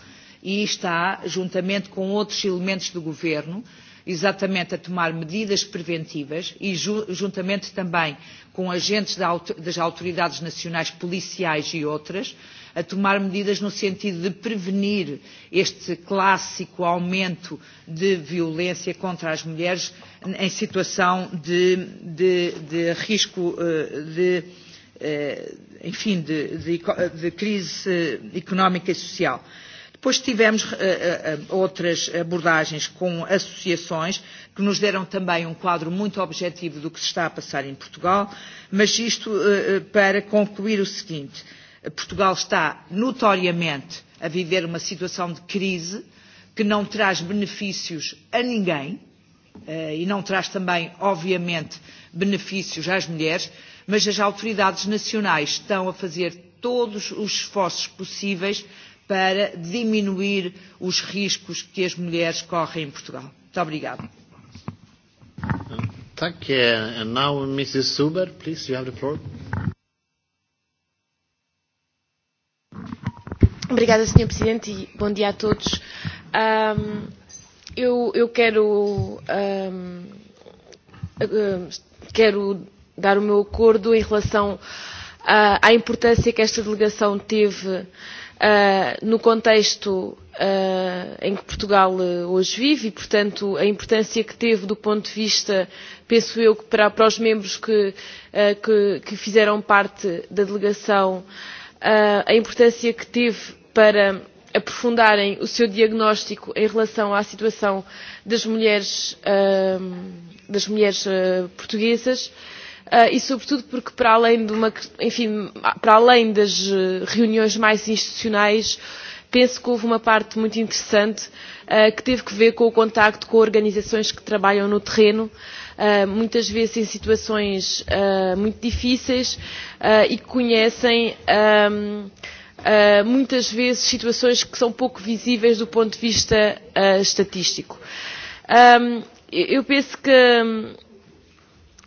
E está, juntamente com outros elementos do governo, exatamente a tomar medidas preventivas e ju juntamente também com agentes da, das autoridades nacionais policiais e outras, a tomar medidas no sentido de prevenir este clássico aumento de violência contra as mulheres em situação de, de, de risco eh, de, eh, enfim, de, de, de crise eh, económica e social. Depois tivemos uh, uh, outras abordagens com associações que nos deram também um quadro muito objetivo do que se está a passar em Portugal, mas isto uh, para concluir o seguinte. Portugal está notoriamente a viver uma situação de crise que não traz benefícios a ninguém e não traz também, obviamente, benefícios às mulheres, mas as autoridades nacionais estão a fazer todos os esforços possíveis para diminuir os riscos que as mulheres correm em Portugal. Muito obrigada. you. And now Mrs. Suber, please, you have the floor. Obrigada, Sr. Presidente, e bom dia a todos. Um, eu, eu quero, um, quero dar o meu acordo em relação à, ah, à importância que esta delegação teve uh, Uh, no contexto uh, em que Portugal eh, hoje vive e, portanto, a importância que teve do ponto de vista, penso eu, para, para os membros que, que, que fizeram parte da delegação, a importância que teve para aprofundarem o seu diagnóstico em relação à situação das mulheres, das mulheres portuguesas. Uh, Uh, e sobretudo porque para além de uma enfim para além das eh, reuniões mais institucionais penso que houve uma parte muito interessante uh, que teve que ver com o contacto com organizações que trabalham no terreno uh, muitas vezes em situações muito difíceis e que conhecem um, Uh, muitas vezes situações que são pouco visíveis do ponto de vista uh, estatístico. Um, eu penso que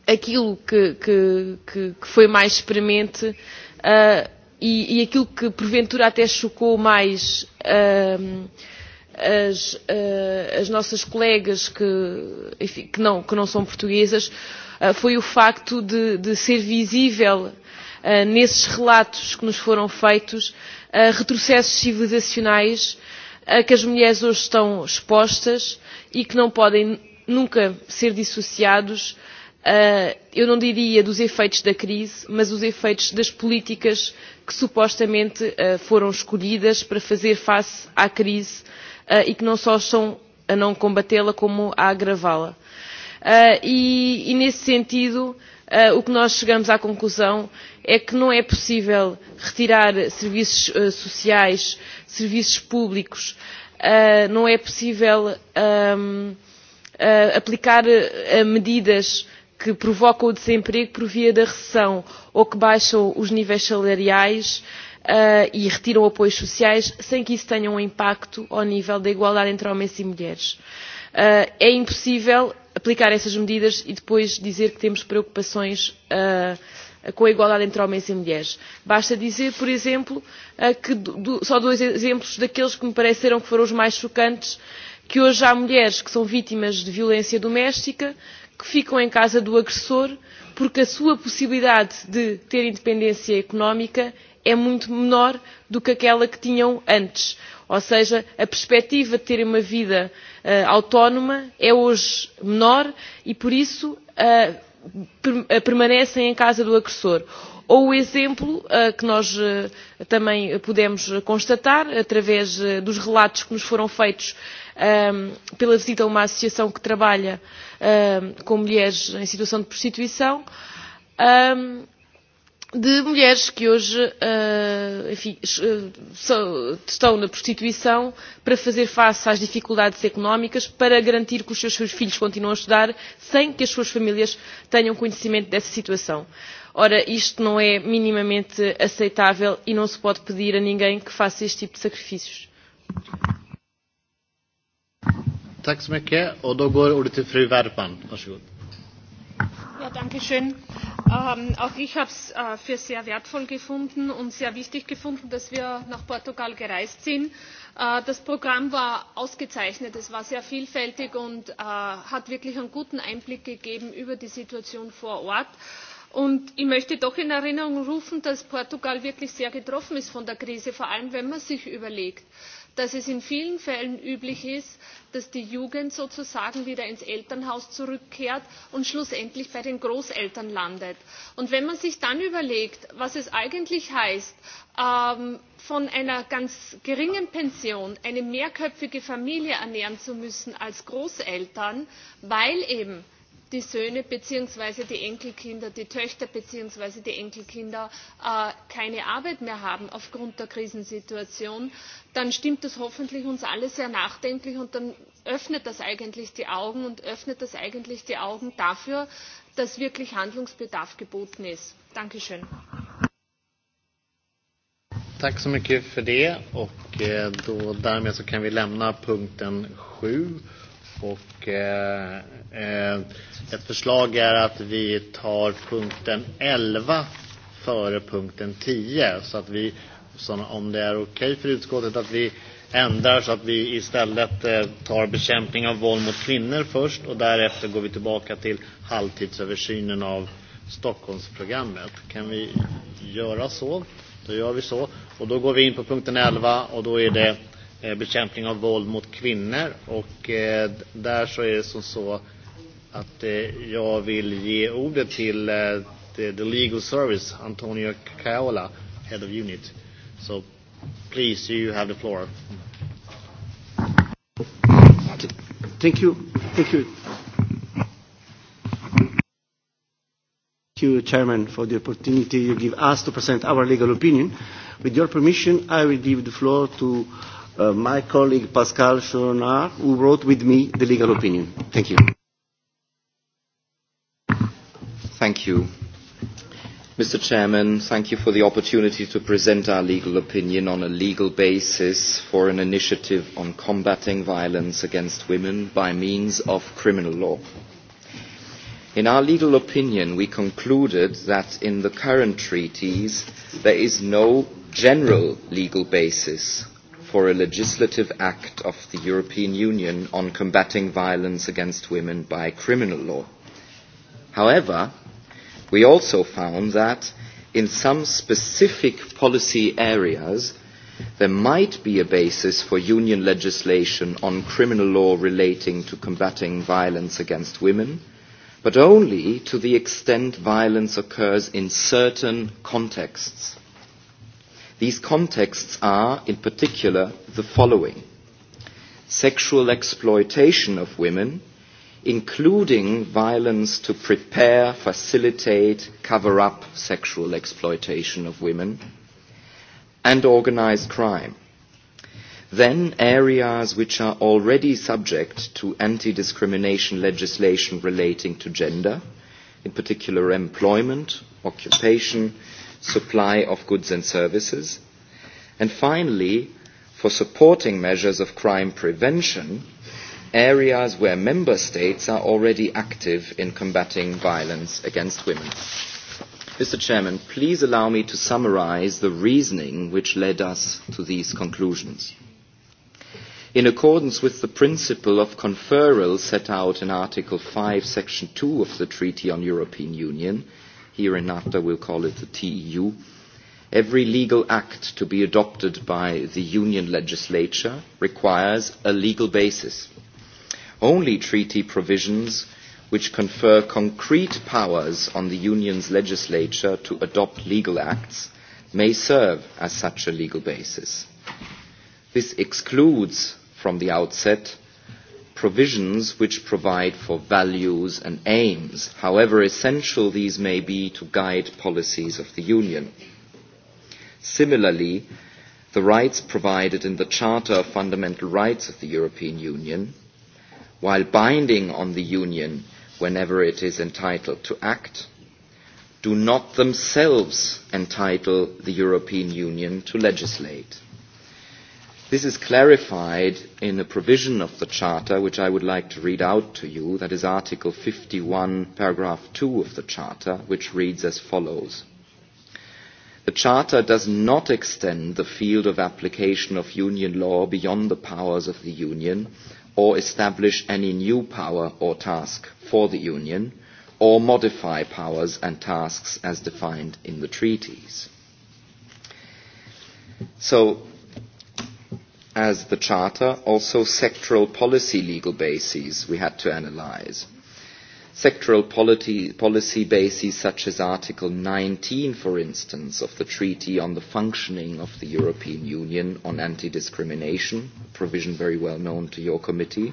aquilo que, que, que, que foi mais experimente uh, e, e aquilo que porventura até chocou mais uh, as, uh, as nossas colegas que, enfim, que, não, que não são portuguesas uh, foi o facto de, de ser visível uh, nesses relatos que nos foram feitos uh, retrocessos civilizacionais a que as mulheres hoje estão expostas e que não podem nunca ser dissociados uh, eu não diria dos efeitos da crise, mas os efeitos das políticas que supostamente foram escolhidas para fazer face à crise e que não só estão a não combatê-la, como a agravá-la. E, e nesse sentido, o que nós chegamos à conclusão é que não é possível retirar serviços sociais, serviços públicos, não é possível aplicar medidas que provocam o desemprego por via da recessão ou que baixam os níveis salariais uh, e retiram apoios sociais sem que isso tenha um impacto ao nível da igualdade entre homens e mulheres. Uh, é impossível aplicar essas medidas e depois dizer que temos preocupações uh, com a igualdade entre homens e mulheres. Basta dizer, por exemplo, que só dois exemplos daqueles que me pareceram que foram os mais chocantes, que hoje há mulheres que são vítimas de violência doméstica que ficam em casa do agressor porque a sua possibilidade de ter independência económica é muito menor do que aquela que tinham antes. Ou seja, a perspectiva de ter uma vida uh, autónoma é hoje menor e, por isso, uh, per eh, permanecem em casa do agressor ou o exemplo que nós também pudemos constatar através dos relatos que nos foram feitos pela visita a uma associação que trabalha uh, com mulheres em situação de prostituição, de mulheres que hoje ah, enfim, ah, estão na prostituição para fazer face às dificuldades económicas, para garantir que os seus filhos continuam a estudar sem que as suas famílias tenham conhecimento dessa situação. Ora, isto não é minimamente aceitável e não se pode pedir a ninguém que faça este tipo de sacrifícios. Tack så mycket. Och då går ordet till fru Werpan. Varsågod. Ja, danke schön. Ähm, auch ich habe es äh, für sehr wertvoll gefunden und sehr wichtig gefunden, dass wir nach Portugal gereist sind. Äh, das Programm war ausgezeichnet, es war sehr vielfältig und äh, hat wirklich einen guten Einblick gegeben über die Situation vor Ort. Und ich möchte doch in Erinnerung rufen, dass Portugal wirklich sehr getroffen ist von der Krise, vor allem wenn man sich überlegt, dass es in vielen fällen üblich ist dass die jugend sozusagen wieder ins elternhaus zurückkehrt und schlussendlich bei den großeltern landet. wenn man sich dann überlegt was es eigentlich heißt ähm, von einer ganz geringen pension eine mehrköpfige familie ernähren zu müssen als großeltern weil eben die Söhne bzw. die Enkelkinder, die Töchter bzw. die Enkelkinder äh, keine Arbeit mehr haben aufgrund der Krisensituation, dann stimmt das hoffentlich uns alle sehr nachdenklich und dann öffnet das eigentlich die Augen und öffnet das eigentlich die Augen dafür, dass wirklich Handlungsbedarf geboten ist. Danke Tack så mycket för det och eh, då därmed så kan vi lämna punkten 7 Och, eh, eh, ett förslag är att vi tar punkten 11 före punkten 10 så att vi, så om det är okej okay för utskottet, att vi ändrar så att vi istället eh, tar bekämpning av våld mot kvinnor först och därefter går vi tillbaka till halvtidsöversynen av Stockholmsprogrammet. Kan vi göra så? Då gör vi så. Och då går vi in på punkten 11 och då är det Eh, bekämpning av våld mot kvinnor och eh, där så är det som så att eh, jag vill ge ordet till the, the legal service, Antonio Caola, head of unit. So please, you have the floor. Thank you. Thank you. Thank you, Chairman, for the opportunity you give us to present our legal opinion. With your permission, I will give the floor to uh, uh, my colleague Pascal Chouinard, who wrote with me the legal opinion. Thank you. Thank you. Mr. Chairman, thank you for the opportunity to present our legal opinion on a legal basis for an initiative on combating violence against women by means of criminal law. In our legal opinion, we concluded that in the current treaties there is no general legal basis for a legislative act of the European Union on combating violence against women by criminal law. However, we also found that in some specific policy areas, there might be a basis for union legislation on criminal law relating to combating violence against women, but only to the extent violence occurs in certain contexts. These contexts are, in particular, the following. Sexual exploitation of women, including violence to prepare, facilitate, cover up sexual exploitation of women, and organized crime. Then areas which are already subject to anti-discrimination legislation relating to gender, in particular employment, occupation, supply of goods and services. And finally, for supporting measures of crime prevention, areas where member states are already active in combating violence against women. Mr. Chairman, please allow me to summarize the reasoning which led us to these conclusions. In accordance with the principle of conferral set out in Article 5, Section 2 of the Treaty on European Union, hereinafter we'll call it the TEU, every legal act to be adopted by the Union legislature requires a legal basis. Only treaty provisions which confer concrete powers on the Union's legislature to adopt legal acts may serve as such a legal basis. This excludes from the outset provisions which provide for values and aims, however essential these may be to guide policies of the Union. Similarly, the rights provided in the Charter of Fundamental Rights of the European Union, while binding on the Union whenever it is entitled to act, do not themselves entitle the European Union to legislate. This is clarified in a provision of the Charter, which I would like to read out to you. That is Article 51, paragraph 2 of the Charter, which reads as follows. The Charter does not extend the field of application of Union law beyond the powers of the Union or establish any new power or task for the Union or modify powers and tasks as defined in the treaties. So as the Charter, also sectoral policy legal bases we had to analyse. Sectoral policy bases such as Article 19, for instance, of the Treaty on the Functioning of the European Union on Anti-Discrimination, a provision very well known to your committee,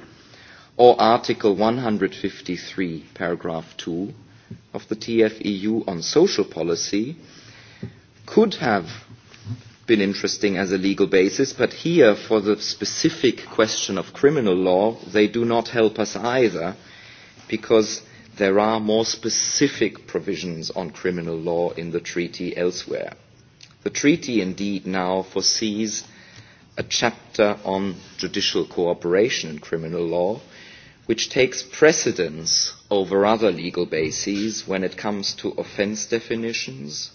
or Article 153, paragraph 2 of the TFEU on social policy, could have been interesting as a legal basis, but here, for the specific question of criminal law, they do not help us either, because there are more specific provisions on criminal law in the treaty elsewhere. The treaty indeed now foresees a chapter on judicial cooperation in criminal law, which takes precedence over other legal bases when it comes to offence definitions,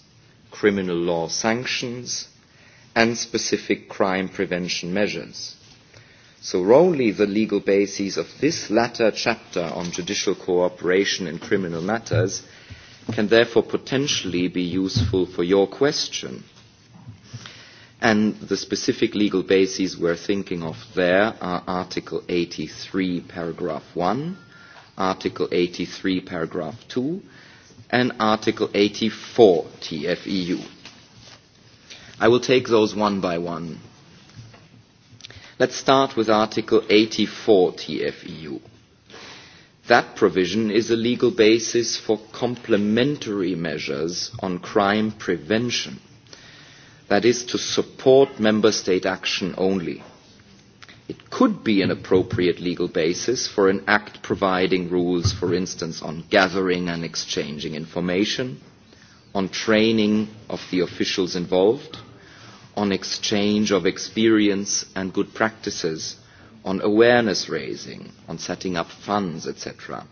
criminal law sanctions, and specific crime prevention measures. So only the legal basis of this latter chapter on judicial cooperation in criminal matters can therefore potentially be useful for your question. And the specific legal bases we're thinking of there are Article 83, paragraph 1, Article 83, paragraph 2, and Article 84 TFEU. I will take those one by one. Let's start with Article 84 TFEU. That provision is a legal basis for complementary measures on crime prevention, that is, to support member state action only. It could be an appropriate legal basis for an act providing rules, for instance, on gathering and exchanging information, on training of the officials involved, on exchange of experience and good practices, on awareness raising, on setting up funds, etc.,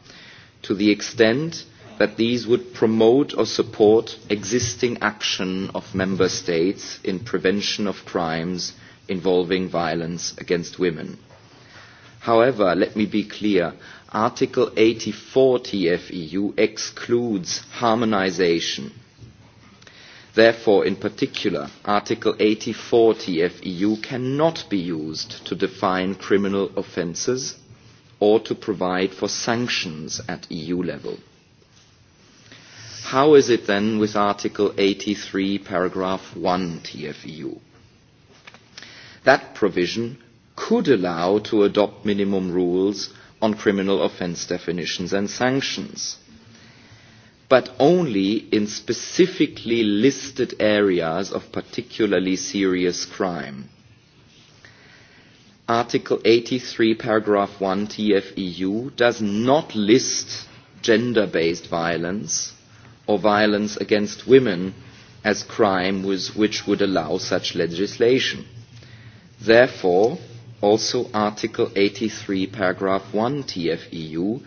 to the extent that these would promote or support existing action of member states in prevention of crimes involving violence against women. However, let me be clear, Article 84 TFEU excludes harmonization Therefore, in particular, Article 84 TFEU cannot be used to define criminal offences or to provide for sanctions at EU level. How is it then with Article 83, paragraph 1 TFEU? That provision could allow to adopt minimum rules on criminal offence definitions and sanctions but only in specifically listed areas of particularly serious crime. Article 83, paragraph 1 TFEU does not list gender-based violence or violence against women as crime with which would allow such legislation. Therefore, also Article 83, paragraph 1 TFEU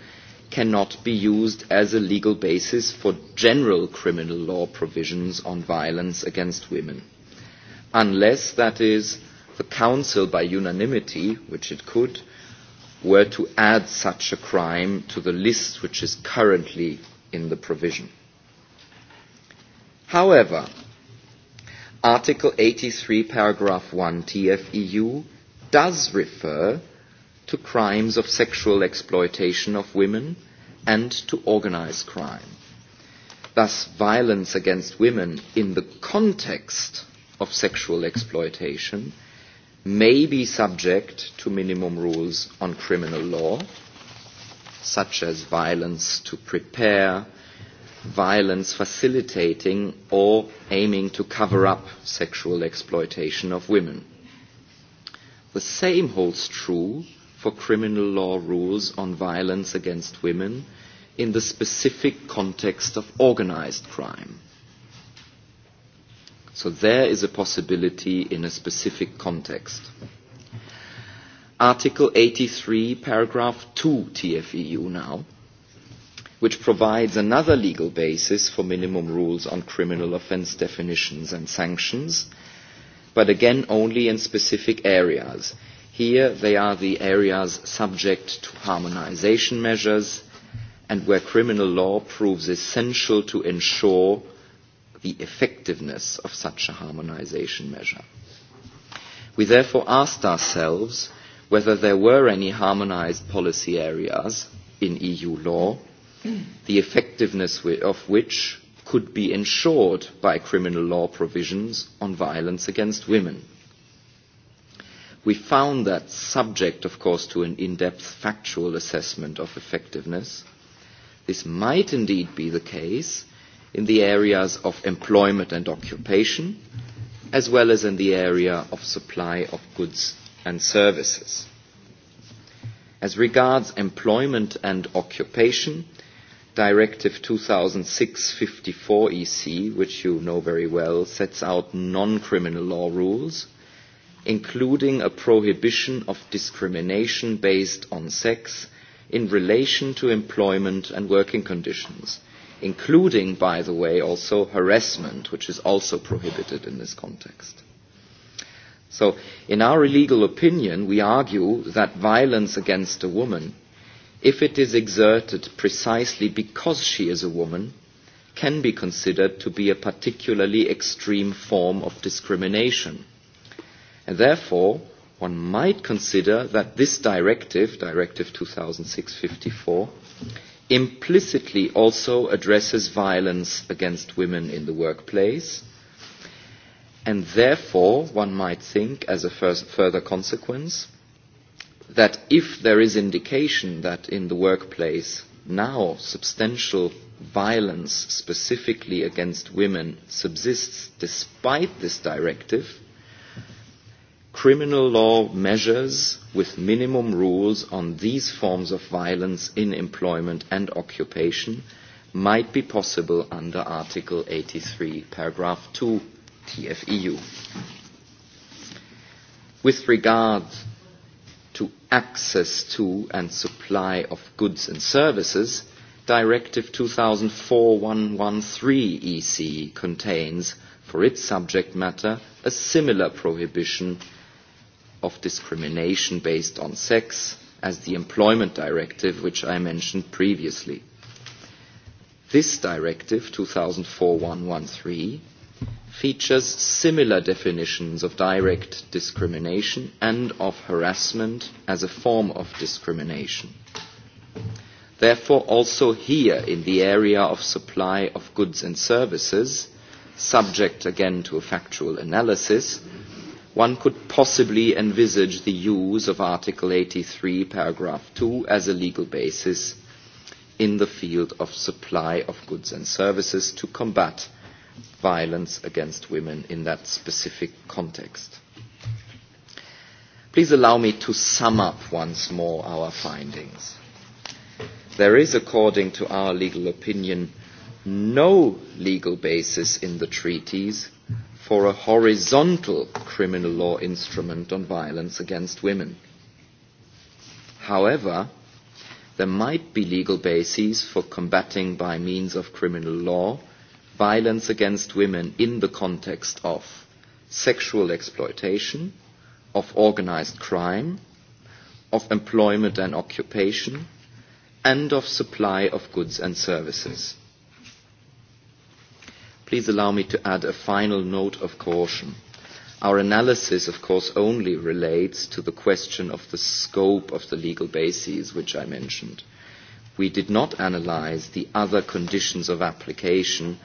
cannot be used as a legal basis for general criminal law provisions on violence against women, unless, that is, the Council, by unanimity, which it could, were to add such a crime to the list which is currently in the provision. However, Article 83, paragraph 1 TFEU does refer to crimes of sexual exploitation of women and to organized crime. Thus, violence against women in the context of sexual exploitation may be subject to minimum rules on criminal law, such as violence to prepare, violence facilitating or aiming to cover up sexual exploitation of women. The same holds true for criminal law rules on violence against women in the specific context of organized crime. So there is a possibility in a specific context. Article 83, paragraph 2 TFEU now, which provides another legal basis for minimum rules on criminal offence definitions and sanctions, but again only in specific areas. Here they are the areas subject to harmonization measures and where criminal law proves essential to ensure the effectiveness of such a harmonization measure. We therefore asked ourselves whether there were any harmonized policy areas in EU law, the effectiveness of which could be ensured by criminal law provisions on violence against women. We found that subject, of course, to an in-depth factual assessment of effectiveness. This might indeed be the case in the areas of employment and occupation, as well as in the area of supply of goods and services. As regards employment and occupation, Directive 2006-54 EC, which you know very well, sets out non-criminal law rules including a prohibition of discrimination based on sex in relation to employment and working conditions, including, by the way, also harassment, which is also prohibited in this context. So, in our legal opinion, we argue that violence against a woman, if it is exerted precisely because she is a woman, can be considered to be a particularly extreme form of discrimination And therefore, one might consider that this directive, Directive 2006-54, implicitly also addresses violence against women in the workplace. And therefore, one might think, as a first, further consequence, that if there is indication that in the workplace now substantial violence specifically against women subsists despite this directive, criminal law measures with minimum rules on these forms of violence in employment and occupation might be possible under Article 83, paragraph 2 TFEU. With regard to access to and supply of goods and services, Directive 2004-113 EC contains, for its subject matter, a similar prohibition of discrimination based on sex as the employment directive which I mentioned previously. This directive, 2004-113, features similar definitions of direct discrimination and of harassment as a form of discrimination. Therefore, also here in the area of supply of goods and services, subject again to a factual analysis, one could possibly envisage the use of Article 83, paragraph 2, as a legal basis in the field of supply of goods and services to combat violence against women in that specific context. Please allow me to sum up once more our findings. There is, according to our legal opinion, no legal basis in the treaties for a horizontal criminal law instrument on violence against women. However, there might be legal bases for combating by means of criminal law violence against women in the context of sexual exploitation, of organized crime, of employment and occupation, and of supply of goods and services please allow me to add a final note of caution. Our analysis, of course, only relates to the question of the scope of the legal bases which I mentioned. We did not analyse the other conditions of application,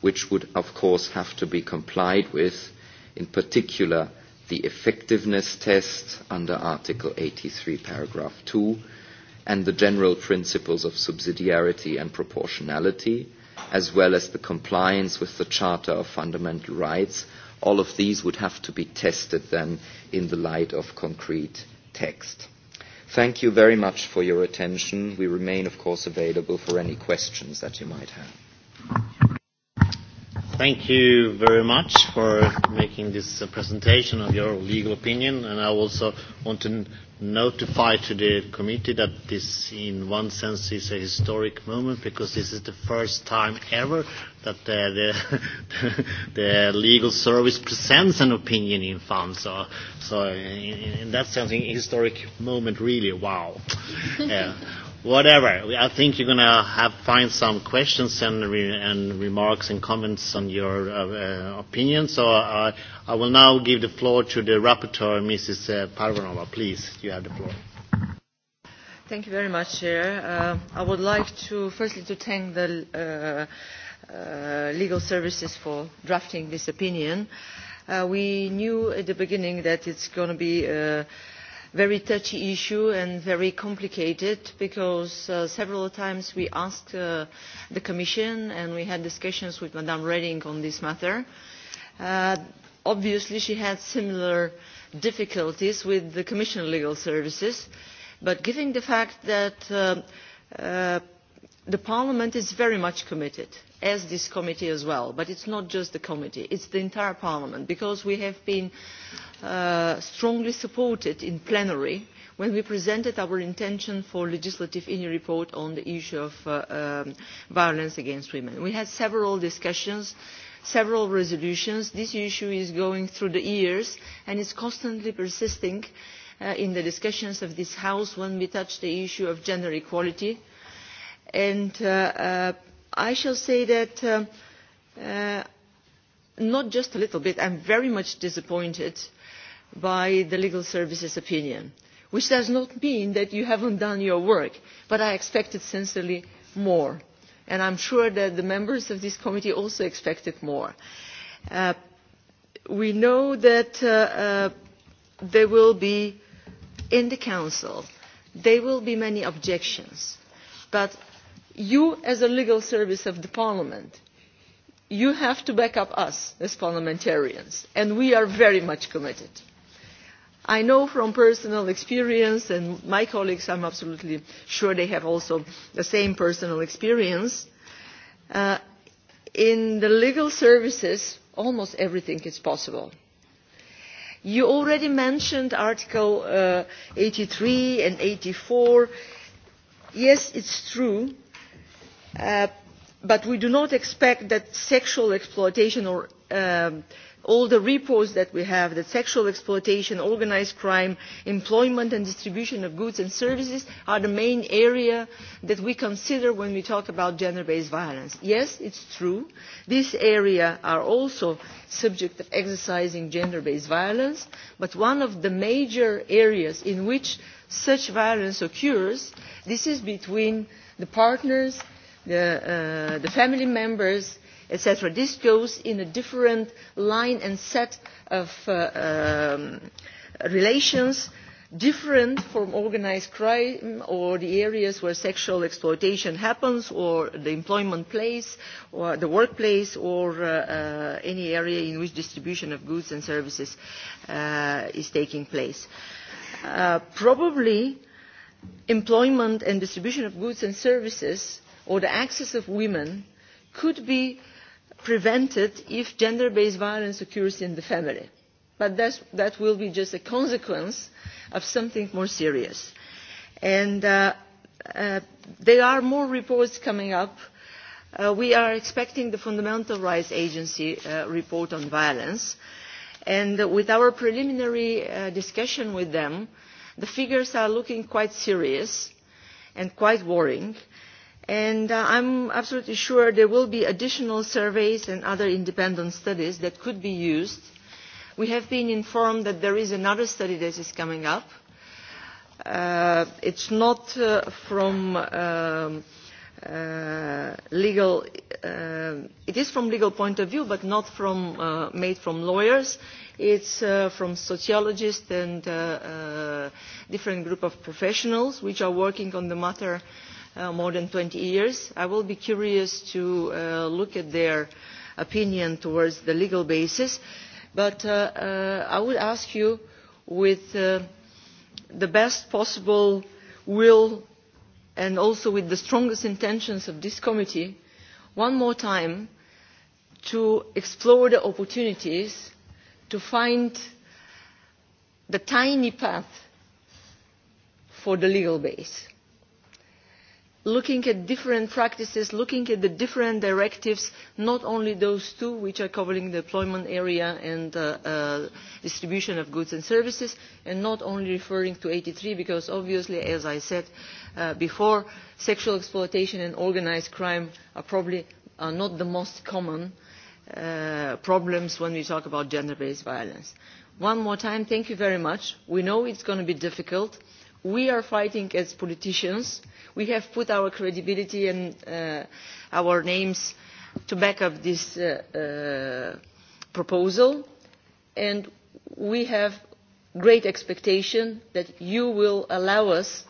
which would, of course, have to be complied with, in particular the effectiveness test under Article 83, paragraph 2, and the general principles of subsidiarity and proportionality, as well as the compliance with the Charter of Fundamental Rights. All of these would have to be tested then in the light of concrete text. Thank you very much for your attention. We remain, of course, available for any questions that you might have. Thank you very much for making this presentation of your legal opinion, and I also want to notify to the committee that this, in one sense, is a historic moment because this is the first time ever that the, the, the legal service presents an opinion in funds. So, so in, in that sense, a historic moment, really, wow. yeah whatever. I think you're going to have find some questions and, re, and remarks and comments on your uh, uh, opinion. So uh, I will now give the floor to the rapporteur, Mrs. Uh, Parvanova. Please, you have the floor. Thank you very much, Chair. Uh, I would like to firstly to thank the uh, uh, legal services for drafting this opinion. Uh, we knew at the beginning that it's going to be uh, very touchy issue and very complicated because uh, several times we asked uh, the Commission and we had discussions with Madame Reding on this matter. Uh, obviously, she had similar difficulties with the Commission legal services, but given the fact that uh, uh, the parliament is very much committed as this committee as well but it is not just the committee it is the entire parliament because we have been uh, strongly supported in plenary when we presented our intention for a legislative ini report on the issue of uh, um, violence against women. we had several discussions several resolutions. this issue is going through the years and is constantly persisting uh, in the discussions of this house when we touch the issue of gender equality And uh, uh, I shall say that uh, uh, not just a little bit, I'm very much disappointed by the legal services opinion, which does not mean that you haven't done your work, but I expected sincerely more. And I'm sure that the members of this committee also expected more. Uh, we know that uh, uh, there will be in the council there will be many objections but you as a legal service of the parliament you have to back up us as parliamentarians and we are very much committed. i know from personal experience and my colleagues i am absolutely sure they have also the same personal experience uh, in the legal services almost everything is possible. you already mentioned article eighty uh, three and eighty four yes it is true Uh, but we do not expect that sexual exploitation or um, all the reports that we have that sexual exploitation organised crime employment and distribution of goods and services are the main area that we consider when we talk about gender based violence. yes it is true these areas are also subject to exercising gender based violence but one of the major areas in which such violence occurs this is between the partners Uh, the, family members, etc. This goes in a different line and set of uh, um, relations different from organised crime or the areas where sexual exploitation happens or the employment place or the workplace or uh, any area in which distribution of goods and services is taking place. probably employment and distribution of goods and services or the access of women could be prevented if gender based violence occurs in the family but that will be just a consequence of something more serious. And, uh, uh, there are more reports coming up. Uh, we are expecting the fundamental rights agency uh, report on violence and with our preliminary uh, discussion with them the figures are looking quite serious and quite worrying And uh, I'm absolutely sure there will be additional surveys and other independent studies that could be used. We have been informed that there is another study that is coming up. Uh, it's not uh, from um, uh, legal, uh, it is from legal point of view, but not from, uh, made from lawyers. It's uh, from sociologists and uh, uh, different group of professionals which are working on the matter uh, uh, more than 20 years. I will be curious to uh, look at their opinion towards the legal basis, but uh, uh, I would ask you with uh, the best possible will and also with the strongest intentions of this committee one more time to explore the opportunities to find the tiny path for the legal base looking at different practices looking at the different directives not only those two which are covering the employment area and uh, uh, distribution of goods and services and not only referring to eighty three because obviously as i said uh, before sexual exploitation and organised crime are probably are not the most common uh, problems when we talk about gender based violence. one more time thank you very much. we know it is going to be difficult we are fighting as politicians we have put our credibility and uh, our names to back up this uh, uh, proposal and we have great expectation that you will allow us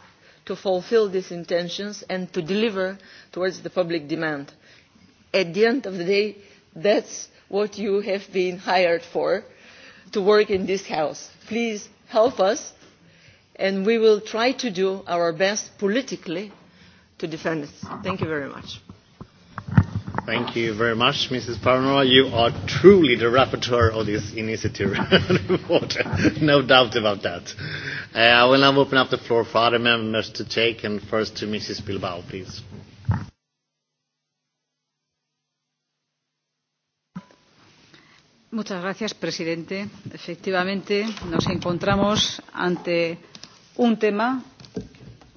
to fulfil these intentions and to deliver towards the public demand. at the end of the day that is what you have been hired for to work in this house. please help us and we will try to do our best politically to defend it. Thank you very much. Thank you very much, Mrs. Paranoa. You are truly the rapporteur of this initiative report. no doubt about that. Uh, I will now open up the floor for other members to take, and first to Mrs. Bilbao, please. Muchas gracias, presidente. Efectivamente, nos encontramos ante un tema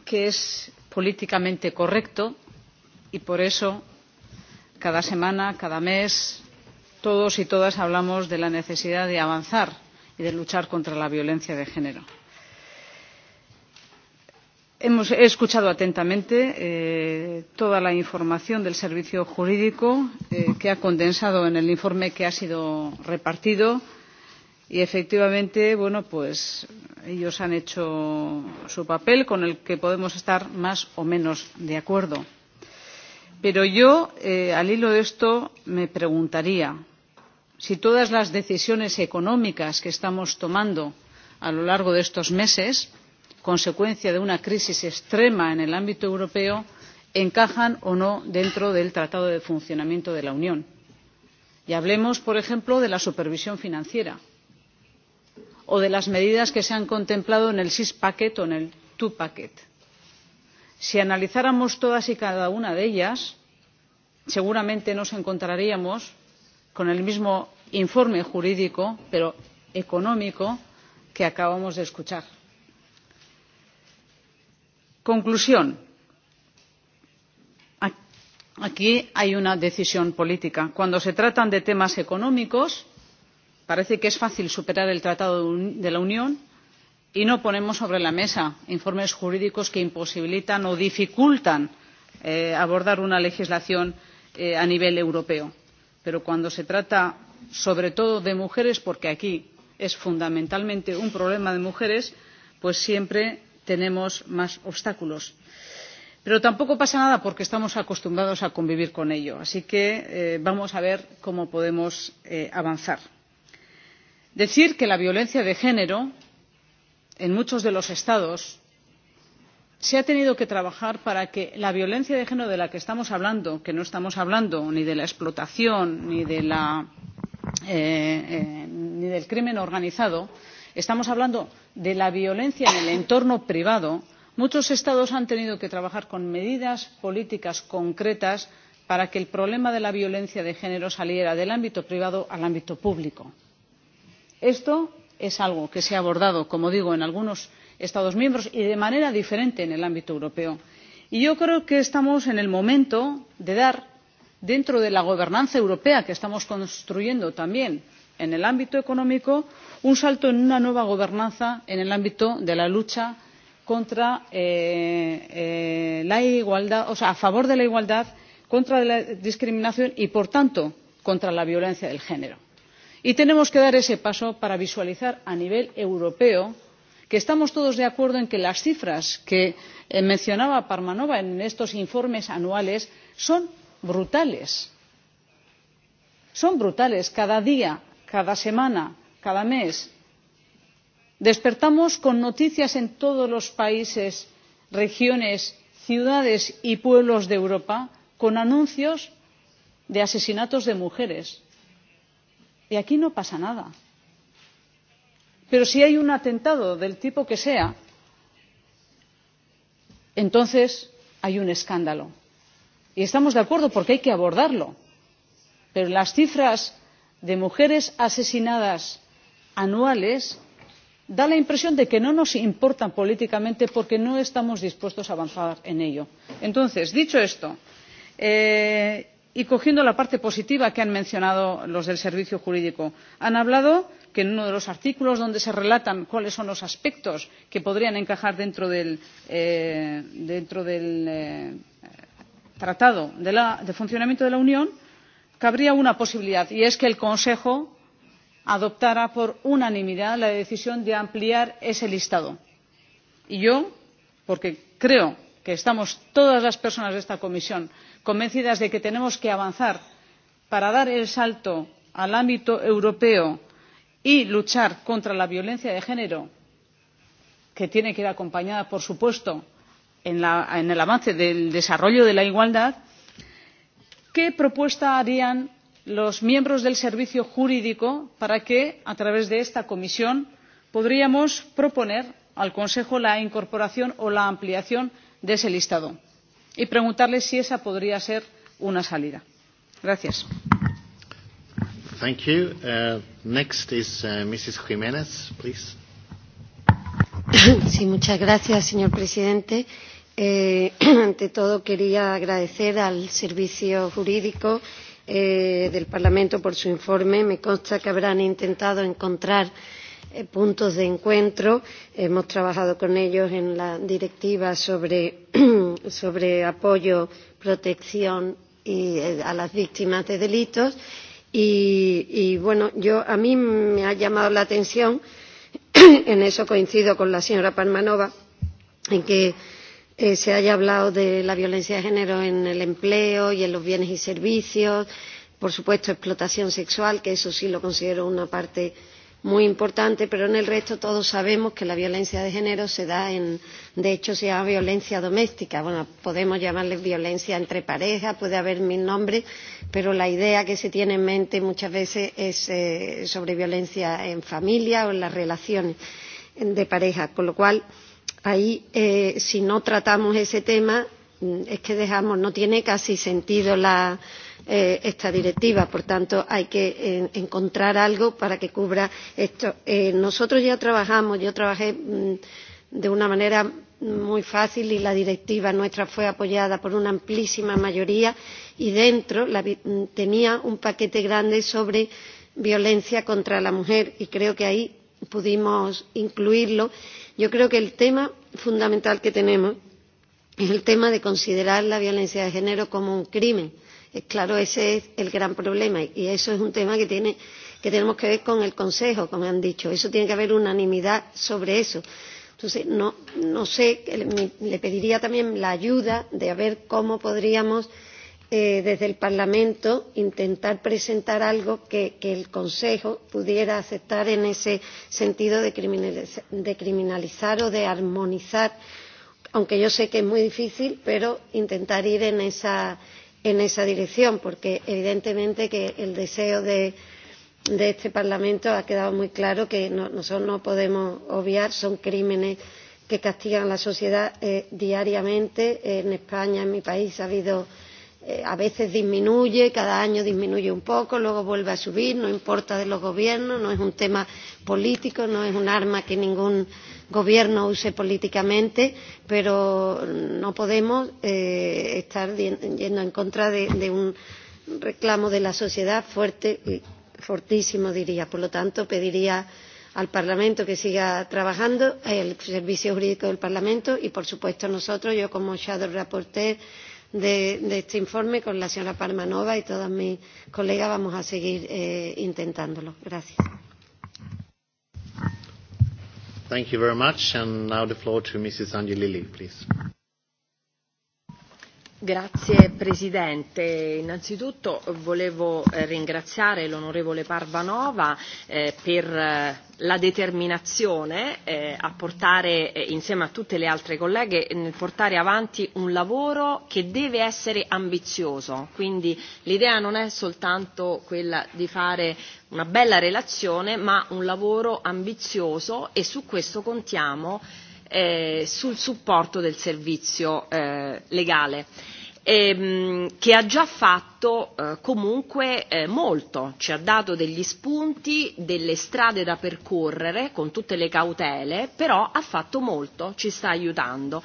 que es políticamente correcto y por eso cada semana cada mes todos y todas hablamos de la necesidad de avanzar y de luchar contra la violencia de género. Hemos, he escuchado atentamente eh, toda la información del servicio jurídico eh, que ha condensado en el informe que ha sido repartido y efectivamente bueno pues ellos han hecho su papel con el que podemos estar más o menos de acuerdo pero yo eh, al hilo de esto me preguntaría si todas las decisiones económicas que estamos tomando a lo largo de estos meses consecuencia de una crisis extrema en el ámbito europeo encajan o no dentro del tratado de funcionamiento de la unión y hablemos por ejemplo de la supervisión financiera o de las medidas que se han contemplado en el six pack o en el two pack. si analizáramos todas y cada una de ellas seguramente nos encontraríamos con el mismo informe jurídico pero económico que acabamos de escuchar. conclusión aquí hay una decisión política. cuando se tratan de temas económicos parece que es fácil superar el tratado de la unión y no ponemos sobre la mesa informes jurídicos que imposibilitan o dificultan eh, abordar una legislación eh, a nivel europeo pero cuando se trata sobre todo de mujeres porque aquí es fundamentalmente un problema de mujeres pues siempre tenemos más obstáculos. pero tampoco pasa nada porque estamos acostumbrados a convivir con ello así que eh, vamos a ver cómo podemos avanzar decir que la violencia de género en muchos de los estados se ha tenido que trabajar para que la violencia de género de la que estamos hablando que no estamos hablando ni de la explotación ni, eh, eh, ni del crimen organizado estamos hablando de la violencia en el entorno privado muchos estados han tenido que trabajar con medidas políticas concretas para que el problema de la violencia de género saliera del ámbito privado al ámbito público esto es algo que se ha abordado como digo en algunos estados miembros y de manera diferente en el ámbito europeo y yo creo que estamos en el momento de dar dentro de la gobernanza europea que estamos construyendo también en el ámbito económico un salto en una nueva gobernanza en el ámbito de la lucha contra eh, eh, la igualdad, o sea, a favor de la igualdad contra la discriminación y por tanto contra la violencia de género y tenemos que dar ese paso para visualizar a nivel europeo que estamos todos de acuerdo en que las cifras que eh, mencionaba parvanova en estos informes anuales son brutales son brutales cada día cada semana cada mes. despertamos con noticias en todos los países regiones ciudades y pueblos de europa con anuncios de asesinatos de mujeres y aquí no pasa nada. pero si hay un atentado del tipo que sea entonces hay un escándalo y estamos de acuerdo porque hay que abordarlo pero las cifras de mujeres asesinadas anuales dan la impresión de que no nos importan políticamente porque no estamos dispuestos a avanzar en ello. entonces dicho esto eh, y cogiendo la parte positiva que han mencionado los del servicio jurídico han hablado de que en uno de los artículos donde se relatan cuáles son los aspectos que podrían encajar dentro del, eh, eh, tratado de, de funcionamiento de la unión cabría una posibilidad y es que el consejo adoptara por unanimidad la decisión de ampliar ese listado. y yo porque creo que estamos todas las personas de esta comisión convencidas de que tenemos que avanzar para dar el salto al ámbito europeo y luchar contra la violencia de género que tiene que ir acompañada por supuesto en, en el avance del desarrollo de la igualdad qué propuesta harían los miembros del servicio jurídico para que a través de esta comisión podríamos proponer al consejo la incorporación o la ampliación de ese listado? y preguntarle si esa podría ser una salida. Gracias. Thank you. Uh, next is uh, Mrs. Jiménez, please. Sí, muchas gracias, señor presidente. Eh, ante todo, quería agradecer al Servicio Jurídico eh, del Parlamento por su informe. Me consta que habrán intentado encontrar Eh, puntos de encuentro. Hemos trabajado con ellos en la directiva sobre, sobre apoyo, protección y, eh, a las víctimas de delitos. Y, y bueno, yo, a mí me ha llamado la atención, en eso coincido con la señora Palmanova, en que eh, se haya hablado de la violencia de género en el empleo y en los bienes y servicios, por supuesto explotación sexual, que eso sí lo considero una parte muy importante pero en el resto todos sabemos que la violencia de género se da en de hecho se llama violencia doméstica bueno podemos llamarle violencia entre parejas puede haber mil nombres pero la idea que se tiene en mente muchas veces es eh, sobre violencia en familia o en las relaciones de pareja con lo cual ahí eh, si no tratamos ese tema mm, es que dejamos no tiene casi sentido la Eh, esta directiva. Por tanto, hay que eh, encontrar algo para que cubra esto. Eh, nosotros ya trabajamos, yo trabajé mmm, de una manera muy fácil y la directiva nuestra fue apoyada por una amplísima mayoría y dentro la, mm, tenía un paquete grande sobre violencia contra la mujer y creo que ahí pudimos incluirlo. Yo creo que el tema fundamental que tenemos es el tema de considerar la violencia de género como un crimen Eh, claro, ese es el gran problema y eso es un tema que, tiene, que tenemos que ver con el Consejo, como han dicho. Eso tiene que haber unanimidad sobre eso. Entonces, no, no sé, le pediría también la ayuda de a ver cómo podríamos eh, desde el Parlamento intentar presentar algo que, que el Consejo pudiera aceptar en ese sentido de criminalizar, de criminalizar o de armonizar, aunque yo sé que es muy difícil, pero intentar ir en esa en esa dirección porque evidentemente que el deseo de, de este parlamento ha quedado muy claro que no, nosotros no podemos obviar son crímenes que castigan a la sociedad eh, diariamente en españa en mi país ha habido Eh, a veces disminuye, cada año disminuye un poco, luego vuelve a subir, no importa de los gobiernos, no es un tema político, no es un arma que ningún gobierno use políticamente, pero no podemos eh, estar yendo en contra de, de un reclamo de la sociedad fuerte y fortísimo, diría. Por lo tanto, pediría al Parlamento que siga trabajando, al Servicio Jurídico del Parlamento y, por supuesto, nosotros, yo como Shadow Rapporteur, de, este informe con la señora parvanova y todas mis colegas vamos a seguir eh, intentándolo. Gracias. Thank you very much. And now the floor to Mrs. Angelilli, please. Signor Presidente, innanzitutto volevo eh, ringraziare l'onorevole Parvanova eh, per eh, la determinazione a portare, insieme a tutte le altre colleghe, nel portare avanti un lavoro che deve essere ambizioso. Quindi l'idea non è soltanto quella di fare una bella relazione, ma un lavoro ambizioso e su questo contiamo Eh, sul supporto del servizio eh, legale ehm, che ha già fatto eh, comunque eh, molto, ci ha dato degli spunti, delle strade da percorrere con tutte le cautele, però ha fatto molto, ci sta aiutando.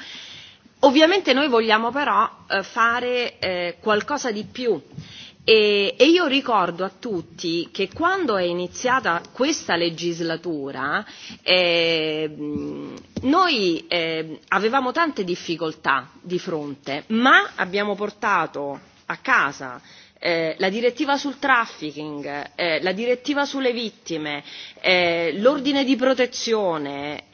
Ovviamente noi vogliamo però eh, fare eh, qualcosa di più E, e io ricordo a tutti che quando è iniziata questa legislatura eh, noi eh, avevamo tante difficoltà di fronte, ma abbiamo portato a casa Eh, la direttiva sul trafficking, eh, la direttiva sulle vittime, eh, l'ordine di protezione,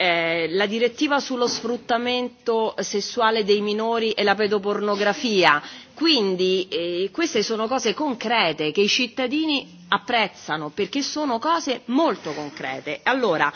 la direttiva sullo sfruttamento sessuale dei minori e la pedopornografia. Quindi queste sono cose concrete che i cittadini apprezzano perché sono cose molto concrete. Allora,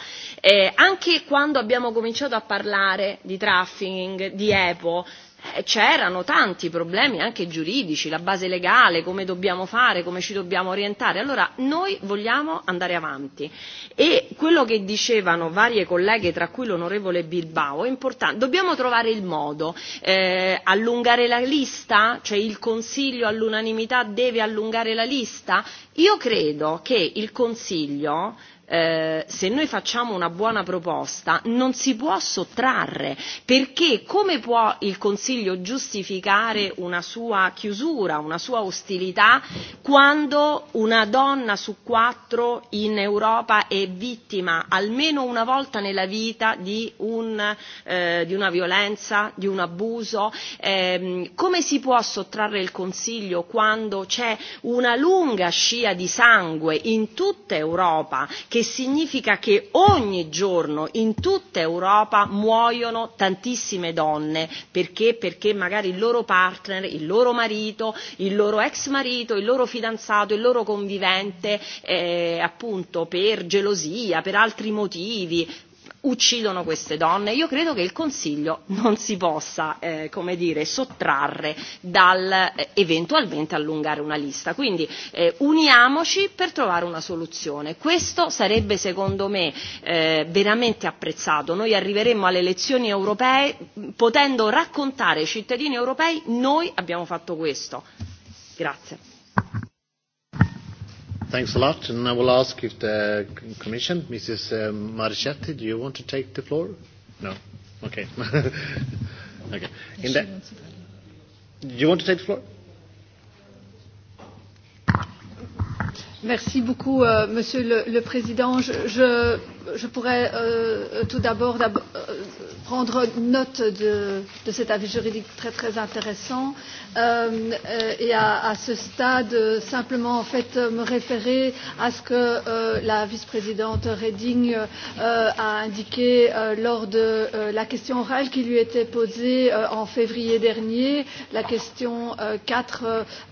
anche quando abbiamo cominciato a parlare di trafficking, di EPO, Eh, c'erano tanti problemi anche giuridici, la base legale, come dobbiamo fare, come ci dobbiamo orientare. Allora noi vogliamo andare avanti e quello che dicevano varie colleghe, tra cui l'onorevole Bilbao, è importante. Dobbiamo trovare il modo, eh, allungare la lista, cioè il Consiglio all'unanimità deve allungare la lista. Io credo che il Consiglio Eh, se noi facciamo una buona proposta non si può sottrarre perché come può il Consiglio giustificare una sua chiusura, una sua ostilità quando una donna su quattro in Europa è vittima almeno una volta nella vita di, un, eh, di una violenza, di un abuso? Eh, come si può sottrarre il Consiglio quando c'è una lunga scia di sangue in tutta Europa che significa che ogni giorno in tutta Europa muoiono tantissime donne perché? perché magari il loro partner, il loro marito, il loro ex marito, il loro fidanzato, il loro convivente eh, appunto per gelosia, per altri motivi uccidono queste donne io credo che il consiglio non si possa eh, come dire sottrarre dal eh, eventualmente allungare una lista quindi eh, uniamoci per trovare una soluzione questo sarebbe secondo me eh, veramente apprezzato noi arriveremmo alle elezioni europee potendo raccontare ai cittadini europei noi abbiamo fatto questo grazie Thanks a lot. And I will ask if the Commission, Mrs. Uh, Marchetti, do you want to take the floor? No. Okay. okay. In that, do you want to take the floor? Merci beaucoup, euh, Monsieur le, le Président. Je, je, je pourrais euh, tout d'abord euh, prendre note de, de cet avis juridique très très intéressant euh, et à, à ce stade simplement en fait me référer à ce que euh, la vice-présidente Reding euh, a indiqué euh, lors de euh, la question orale qui lui était posée euh, en février dernier, la question euh, 4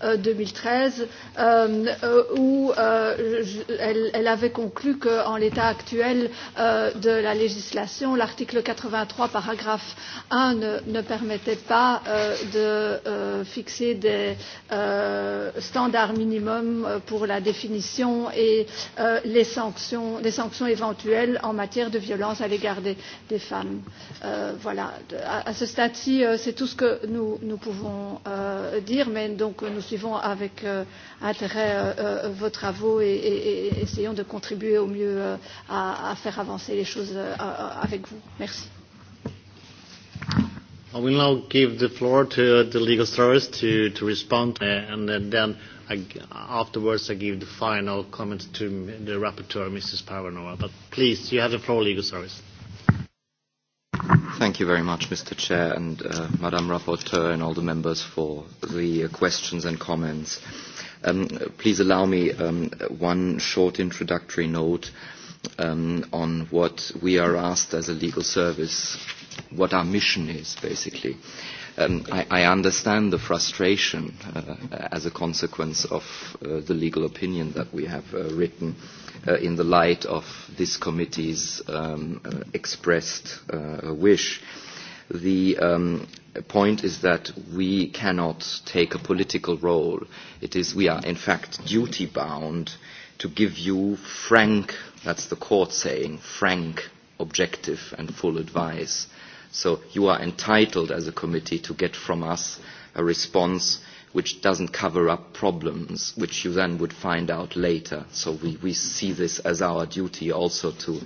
euh, 2013, euh, euh, où euh, je, elle, elle avait conclu qu'en l'état actuel euh, de la législation, l'article 83 trois paragraphe un ne, ne permettait pas euh, de euh, fixer des euh, standards minimums euh, pour la définition et euh, les, sanctions, les sanctions éventuelles en matière de violence à l'égard des, des femmes. Euh, voilà. À, à ce stade-ci, euh, c'est tout ce que nous, nous pouvons euh, dire, mais donc euh, nous suivons avec euh, intérêt euh, euh vos travaux et, et, et essayons de contribuer au mieux euh, à, à faire avancer les choses euh, avec vous. Merci. I will now give the floor to the legal service to, to respond, uh, and then, then I, afterwards I give the final comments to the rapporteur, Mrs. Paranova. But please, you have the floor, legal service. Thank you very much, Mr. Chair and uh, Madam Rapporteur and all the members for the uh, questions and comments. Um, please allow me um, one short introductory note um, on what we are asked as a legal service what our mission is, basically. Um, I, I understand the frustration uh, as a consequence of uh, the legal opinion that we have uh, written uh, in the light of this committee's um, uh, expressed uh, wish. The um, point is that we cannot take a political role. It is we are in fact duty bound to give you frank, that's the court saying, frank, objective and full advice so you are entitled as a committee to get from us a response which doesn't cover up problems, which you then would find out later. So we, we see this as our duty also to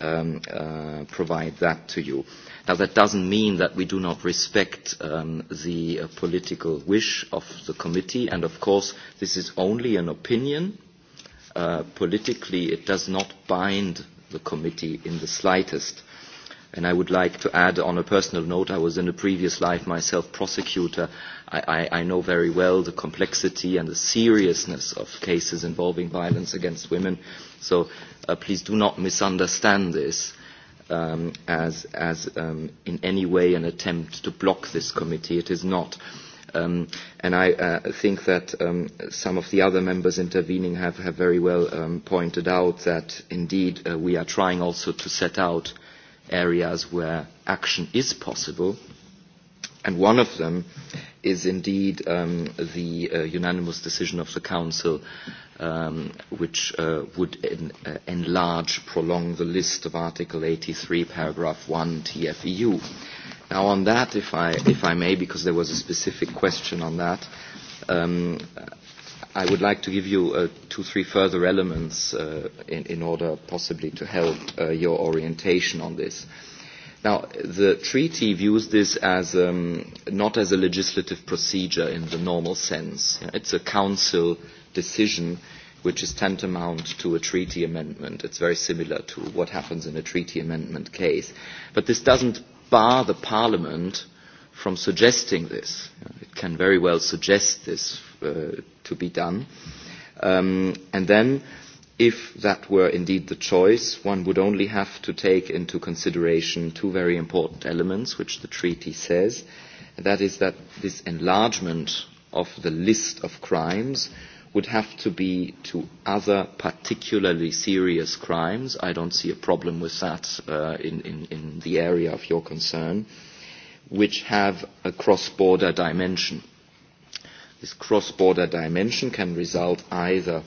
um, uh, provide that to you. Now that doesn't mean that we do not respect um, the uh, political wish of the committee, and of course this is only an opinion. Uh, politically it does not bind the committee in the slightest. And I would like to add on a personal note, I was in a previous life myself prosecutor. I, I, I know very well the complexity and the seriousness of cases involving violence against women. So uh, please do not misunderstand this um, as, as um, in any way an attempt to block this committee. It is not. Um, and I uh, think that um, some of the other members intervening have, have very well um, pointed out that indeed uh, we are trying also to set out uh, areas where action is possible. And one of them is indeed um, the uh, unanimous decision of the Council, um, which uh, would en- uh, enlarge, prolong the list of Article 83, paragraph 1, TFEU. Now, on that, if I, if I may, because there was a specific question on that, um, i would like to give you uh, two, three further elements uh, in, in order possibly to help uh, your orientation on this. Now, the treaty views this as um, not as a legislative procedure in the normal sense. It's a council decision which is tantamount to a treaty amendment. It's very similar to what happens in a treaty amendment case. But this doesn't bar the parliament from suggesting this. It can very well suggest this uh, to be done. Um, and then, if that were indeed the choice, one would only have to take into consideration two very important elements which the treaty says. And that is that this enlargement of the list of crimes would have to be to other particularly serious crimes. I don't see a problem with that uh, in, in, in the area of your concern, which have a cross-border dimension. This cross-border dimension can result either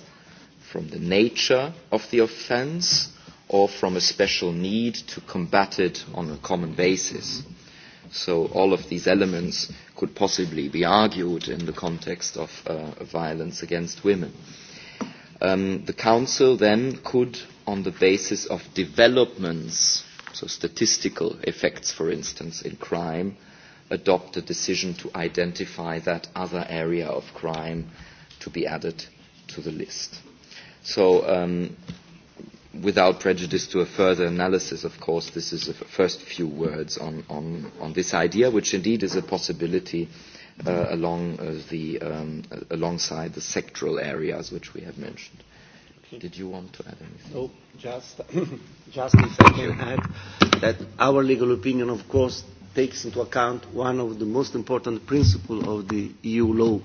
from the nature of the offence or from a special need to combat it on a common basis. So all of these elements could possibly be argued in the context of uh, violence against women. Um, the Council then could, on the basis of developments, so statistical effects, for instance, in crime, uh, adopt a decision to identify that other area of crime to be added to the list. So um, without prejudice to a further analysis, of course, this is the first few words on, on, on this idea, which indeed is a possibility uh, along uh, the, um, uh, alongside the sectoral areas which we have mentioned. Did you want to add anything? No, just, just if I can add that our legal opinion, of course, takes into account one of the most important principles of the EU law,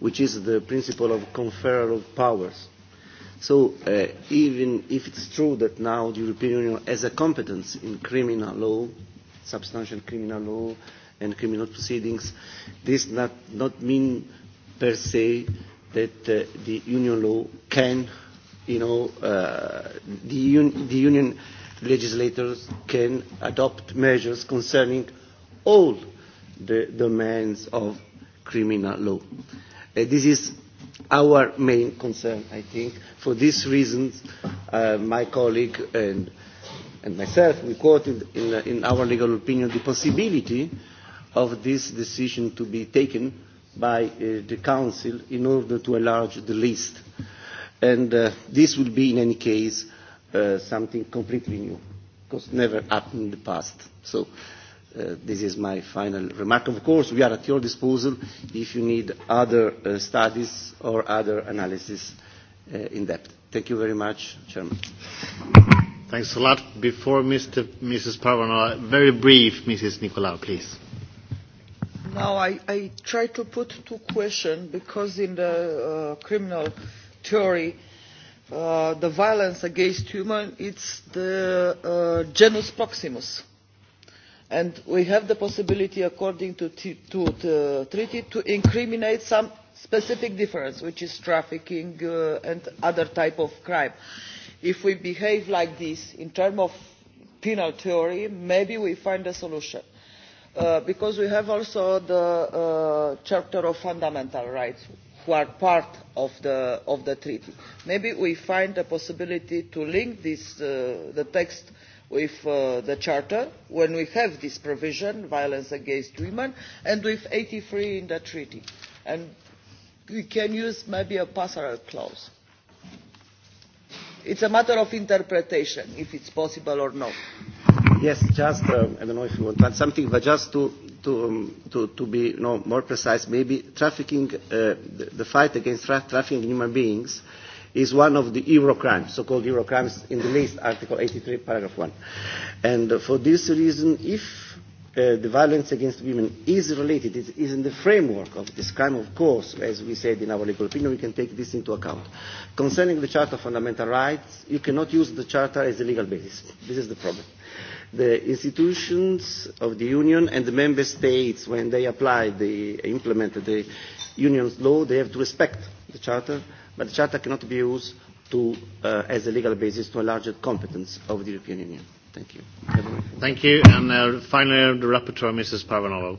which is the principle of conferral of powers. So uh, even if it's true that now the European Union has a competence in criminal law, substantial criminal law and criminal proceedings, this does not, not mean per se that uh, the union law can, you know, uh, the, un- the union legislators can adopt measures concerning all the domains of criminal law. Uh, this is our main concern, I think. For these reasons, uh, my colleague and, and myself, we quoted in, uh, in our legal opinion the possibility of this decision to be taken by uh, the Council in order to enlarge the list. And uh, this will be, in any case, uh, Uh, something completely new, because never happened in the past. So uh, this is my final remark. Of course, we are at your disposal if you need other uh, studies or other analysis uh, in depth. Thank you very much, Chairman. Thanks a lot. Before Mr. Mrs. Parvano, very brief, Mrs. Nicolau, please. Now, I, I try to put two questions because in the uh, criminal theory, uh, Uh, the violence against humans is the uh, genus proximus and we have the possibility according to, t to the treaty to incriminate some specific difference which is trafficking uh, and other type of crime. if we behave like this in terms of penal theory maybe we find a solution. Uh, because we have also the uh, chapter of fundamental rights who are part of the, of the treaty. Maybe we find a possibility to link this, uh, the text with uh, the Charter when we have this provision, violence against women, and with 83 in the treaty. And we can use maybe a passerelle clause. It's a matter of interpretation, if it's possible or not. Yes, just, uh, I don't know if you want to add something, but just to to, um, to, to be you know, more precise, maybe trafficking, uh, the, the fight against tra- trafficking human beings is one of the euro crimes, so-called euro crimes in the list, Article 83, paragraph 1. And uh, for this reason, if uh, the violence against women is related, it is in the framework of this crime, of course, as we said in our legal opinion, we can take this into account. Concerning the Charter of Fundamental Rights, you cannot use the Charter as a legal basis. This is the problem. The institutions of the Union and the Member States, when they apply, the implement the Union's law, they have to respect the Charter, but the Charter cannot be used to, uh, as a legal basis to enlarge the competence of the European Union. Thank you. Thank you. And uh, finally, the rapporteur, Mrs. Parvanova.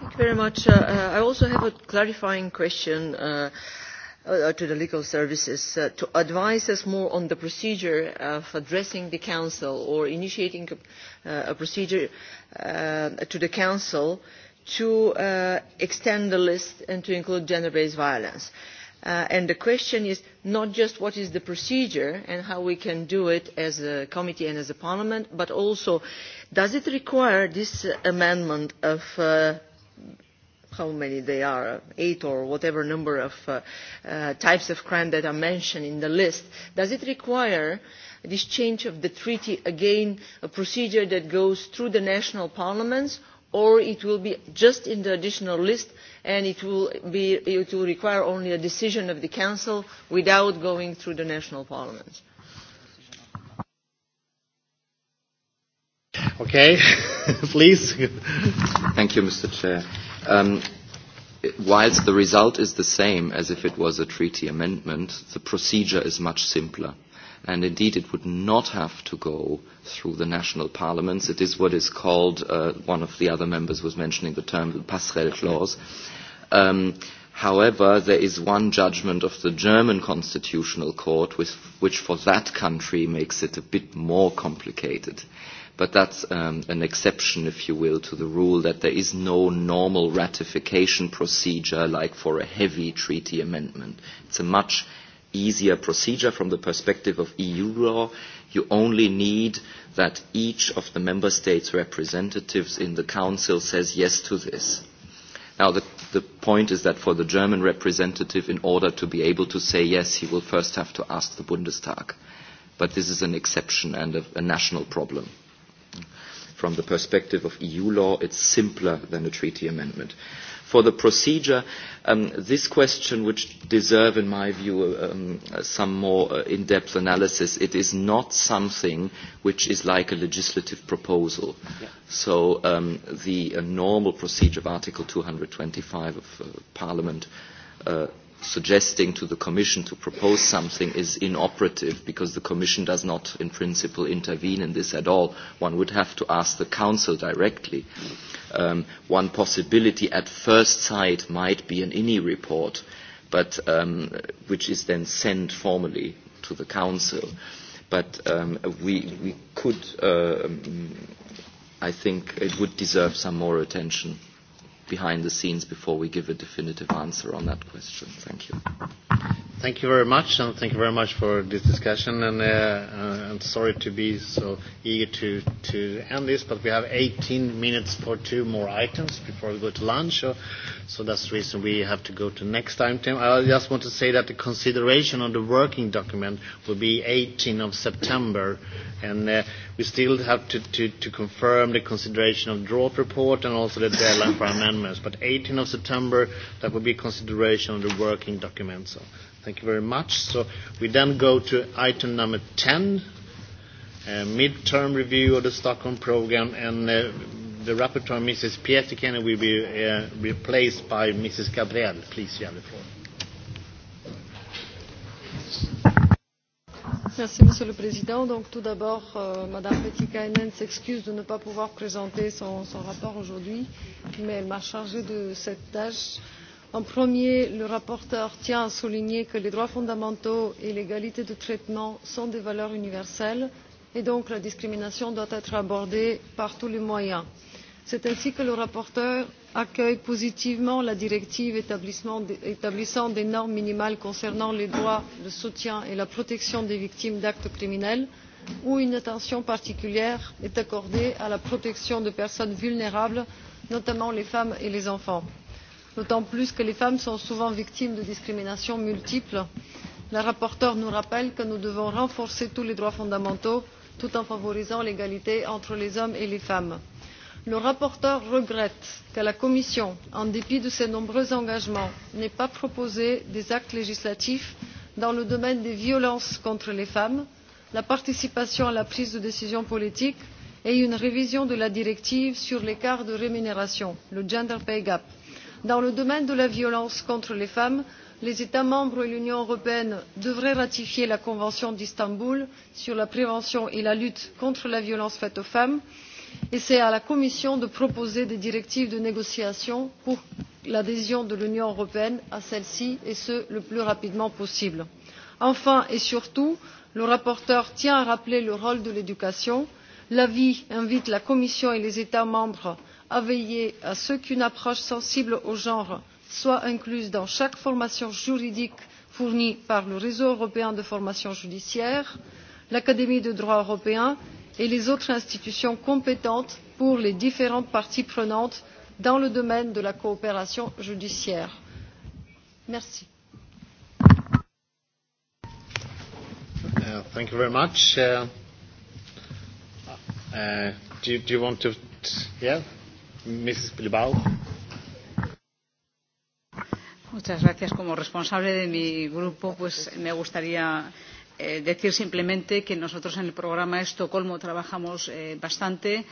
Thank you very much. Uh, uh, I also have a clarifying question. Uh, uh, to the legal services uh, to advise us more on the procedure of addressing the council or initiating a, uh, a procedure uh, to the council to uh, extend the list and to include gender-based violence. Uh, Uh, and the question is not just what is the procedure and how we can do it as a committee and as a parliament but also does it require this amendment of uh, how many there are eight or whatever number of uh, types of crime that are mentioned in the list does it require this change of the treaty again a procedure that goes through the national parliaments or it will be just in the additional list and it will, be, it will require only a decision of the council without going through the national parliaments. Okay, please. Thank you, Mr. Chair. Um, whilst the result is the same as if it was a treaty amendment, the procedure is much simpler and indeed it would not have to go through the national parliaments. It is what is called, uh, one of the other members was mentioning the term the passerelle clause. Um, however, there is one judgment of the German constitutional court with, which for that country makes it a bit more complicated. But that's um, an exception, if you will, to the rule that there is no normal ratification procedure like for a heavy treaty amendment. It's a much easier procedure from the perspective of EU law. You only need that each of the member states' representatives in the council says yes to this. Now, the, the point is that for the German representative, in order to be able to say yes, he will first have to ask the Bundestag. But this is an exception and a, a national problem. From the perspective of EU law, it's simpler than a treaty amendment for the procedure, um, this question, which deserves in my view, um, uh, some more uh, in-depth analysis, it is not something which is like a legislative proposal. Yeah. So um, the uh, normal procedure of Article 225 of uh, Parliament uh, suggesting to the Commission to propose something is inoperative because the Commission does not, in principle, intervene in this at all. One would have to ask the Council directly. Um, one possibility at first sight might be an INI report, but, um, which is then sent formally to the Council. But um, we, we could, uh, um, I think it would deserve some more attention behind the scenes before we give a definitive answer on that question. Thank you. Thank you very much, and thank you very much for this discussion. And uh, uh, I'm sorry to be so eager to, to end this, but we have 18 minutes for two more items before we go to lunch. So, so that's the reason we have to go to next time. I just want to say that the consideration on the working document will be 18 of September, and uh, we still have to, to, to confirm the consideration of the draft report and also the deadline for amendments. But 18 of September, that will be consideration of the working document. So. Thank you very much. So we then go to item number 10, uh, midterm review of the Stockholm program, and uh, the rapporteur, Mrs. Pietikene, will be uh, replaced by Mrs. Gabriel. Please, you have the floor. Merci, Monsieur le Président. Donc, tout d'abord, euh, Madame Petit-Kainen s'excuse de ne pas pouvoir présenter son, son rapport aujourd'hui, mais elle m'a chargée de cette tâche. Euh, en premier le rapporteur tient à souligner que les droits fondamentaux et l'égalité de traitement sont des valeurs universelles et donc la discrimination doit être abordée par tous les moyens. c'est ainsi que le rapporteur accueille positivement la directive établissant des normes minimales concernant les droits le soutien et la protection des victimes d'actes criminels où une attention particulière est accordée à la protection des personnes vulnérables notamment les femmes et les enfants d'autant plus que les femmes sont souvent victimes de discriminations multiples. la rapporteure nous rappelle que nous devons renforcer tous les droits fondamentaux tout en favorisant l'égalité entre les hommes et les femmes. le rapporteur regrette que la commission en dépit de ses nombreux engagements n'ait pas proposé des actes législatifs dans le domaine des violences contre les femmes la participation à la prise de décision politique et une révision de la directive sur l'écart de rémunération le gender pay gap dans le domaine de la violence contre les femmes les états membres et l'union européenne devraient ratifier la convention d'istanbul sur la prévention et la lutte contre la violence faite aux femmes et c'est à la commission de proposer des directives de négociation pour l'adhésion de l'union européenne à celle ci et ce le plus rapidement possible. enfin et surtout le rapporteur tient à rappeler le rôle de l'éducation. l'avis invite la commission et les états membres à veiller à ce qu'une approche sensible au genre soit incluse dans chaque formation juridique fournie par le réseau européen de formation judiciaire l'académie de droit européen et les autres institutions compétentes pour les différentes parties prenantes dans le domaine de la coopération judiciaire. Merci. Uh, Mrs. Bilbao. Muchas gracias. Como responsable de mi grupo, pues me gustaría eh, decir simplemente que nosotros en el programa Estocolmo trabajamos eh, bastante.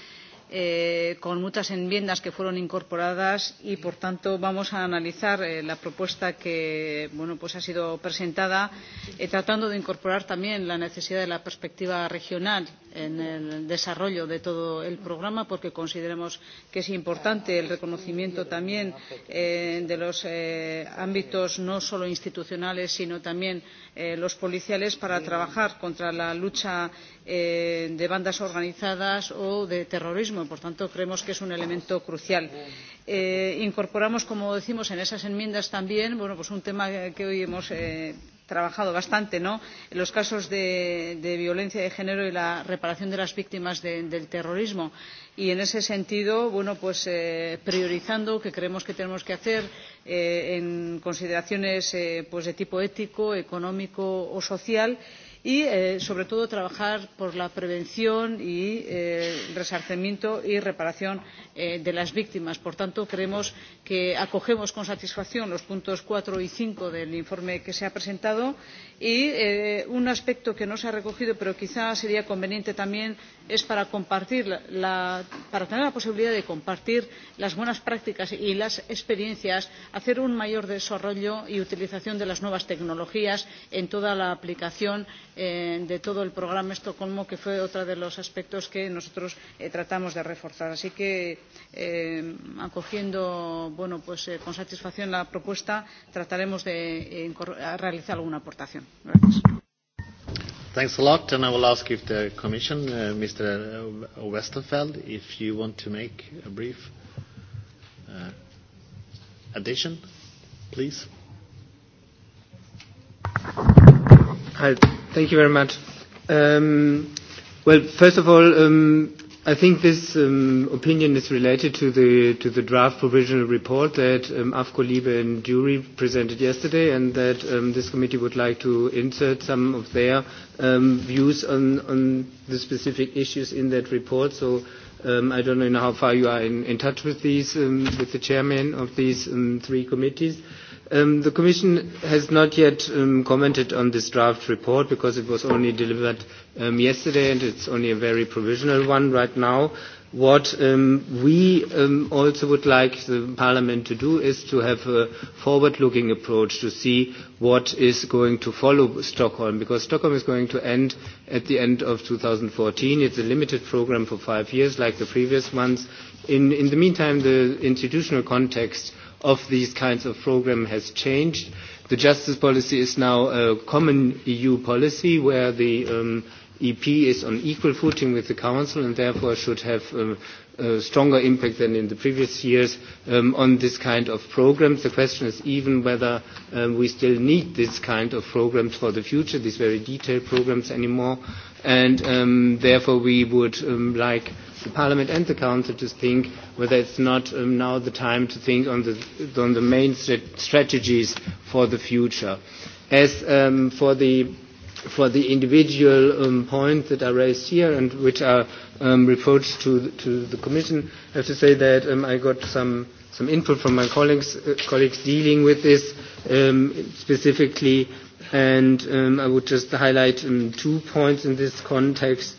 Eh, con muchas enmiendas que fueron incorporadas y por tanto vamos a analizar eh, la propuesta que bueno, pues ha sido presentada eh, tratando de incorporar también la necesidad de la perspectiva regional en el desarrollo de todo el programa porque consideramos que es importante el reconocimiento también eh, de los eh, ámbitos no solo institucionales sino también eh, los policiales para trabajar contra la lucha de bandas organizadas o de terrorismo. por tanto creemos que es un elemento crucial. incorporamos como decimos en esas enmiendas también un tema que hoy hemos trabajado bastante ¿no? en los casos de, violencia de género y la reparación de las víctimas del terrorismo y en ese sentido bueno, pues, eh, priorizando que creemos que tenemos que hacer eh, en consideraciones eh, de tipo ético económico o social y y eh, sobre todo trabajar por la prevención y el eh, resarcimiento y reparación eh, de las víctimas. por tanto creemos que acogemos con satisfacción los puntos cuatro y cinco del informe que se ha presentado y y eh, un aspecto que no se ha recogido pero quizá sería conveniente también es para, para tener la posibilidad de compartir las buenas prácticas y las experiencias hacer un mayor desarrollo y utilización de las nuevas tecnologías en toda la aplicación eh, de todo el programa estocolmo que fue otro de los aspectos que nosotros eh, tratamos de reforzar. así que acogiendo con satisfacción la propuesta trataremos de realizar alguna aportación very Thanks a lot, and I will ask if the Commission, uh, Mr. Westerfeld, if you want to make a brief uh, addition, please. Hi, thank you very much. Um, well, first of all, um, i think this um, opinion is related to the to the draft provisional report that um, AFCO, Liebe and Jury presented yesterday, and that um, this committee would like to insert some of their um, views on on the specific issues in that report. So um, I don't know how far you are in, in touch with these um, with the chairman of these um, three committees. Um, the Commission has not yet um, commented on this draft report because it was only delivered um, yesterday and it's only a very provisional one right now. What um, we um, also would like the Parliament to do is to have a forward-looking approach to see what is going to follow Stockholm, because Stockholm is going to end at the end of 2014. It's a limited program for five years, like the previous ones. In, in the meantime, the institutional context of these kinds of programs has changed. The justice policy is now a common EU policy where the um, EP is on equal footing with the Council and therefore should have um, a stronger impact than in the previous years um, on this kind of programs. The question is even whether um, we still need this kind of programs for the future, these very detailed programs anymore, and um, therefore we would um, like the Parliament and the Council to think whether it's not um, now the time to think on the, on the main st strategies for the future. As um, for the for the individual um, points that are raised here and which are um, reproached to the, to the Commission, I have to say that um, I got some, some input from my colleagues, uh, colleagues dealing with this um, specifically, and um, I would just highlight um, two points in this context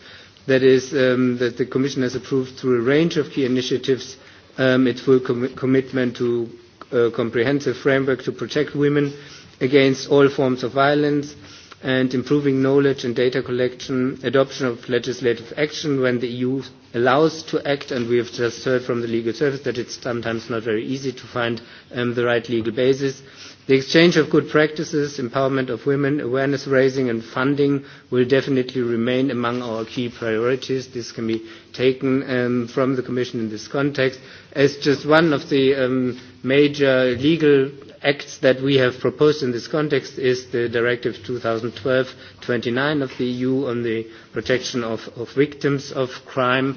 that is um, that the Commission has approved through a range of key initiatives um, its full com commitment to a uh, comprehensive framework to protect women against all forms of violence and improving knowledge and data collection, adoption of legislative action when the EU allows to act, and we have just heard from the legal service that it's sometimes not very easy to find um, the right legal basis, The exchange of good practices, empowerment of women, awareness raising and funding will definitely remain among our key priorities. This can be taken um, from the Commission in this context as just one of the um, major legal acts that we have proposed in this context is the Directive 2012-29 of the EU on the protection of, of victims of crime.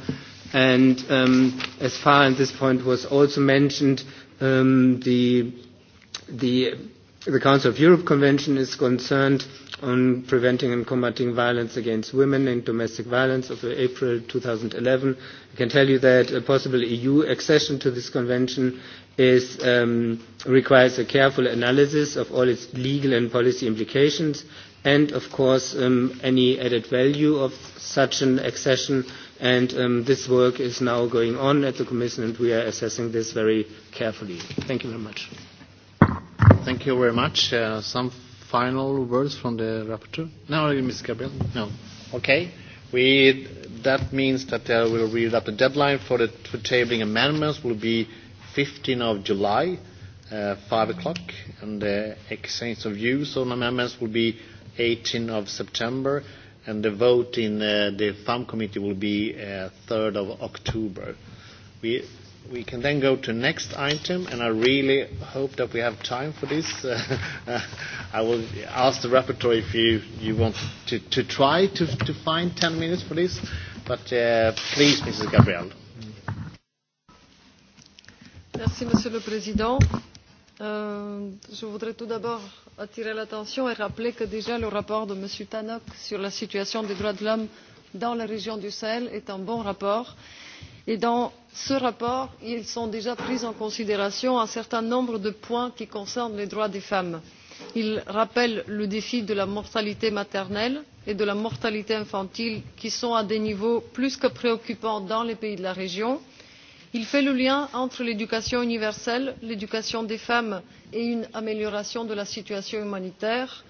And um, as far as this point was also mentioned, um, the the, the Council of Europe Convention is concerned on preventing and combating violence against women and domestic violence of April 2011. I can tell you that a possible EU accession to this convention is, um, requires a careful analysis of all its legal and policy implications and, of course, um, any added value of such an accession. And um, this work is now going on at the Commission, and we are assessing this very carefully. Thank you very much. Thank you very much. Uh, some final words from the rapporteur? No, Ms. Gabriel? No. Okay. We, that means that uh, we'll read up the deadline for the for tabling amendments will be 15th of July, uh, 5 o'clock, and the exchange of views on amendments will be 18th of September, and the vote in uh, the farm committee will be uh, 3rd of October. We we can then go to next item, and I really hope that we have time for this. Uh, I will ask the rapporteur if you, you want to, to try to, to find 10 minutes for this, but uh, please, Mrs. Gabriel. Merci, Monsieur le Président. Euh, je voudrais tout d'abord attirer l'attention et rappeler que déjà le rapport de Monsieur Tannock sur la situation des droits de l'homme dans la région du Sahel est un bon rapport. Euh, et dans ce rapport sont déjà pris en considération un certain nombre de points qui concernent les droits des femmes. il rappelle le défi de la mortalité maternelle et de la mortalité infantile qui sont à des niveaux plus que préoccupants dans les pays de la région. il fait le lien entre l'éducation universelle l'éducation des femmes et une amélioration de la situation humanitaire.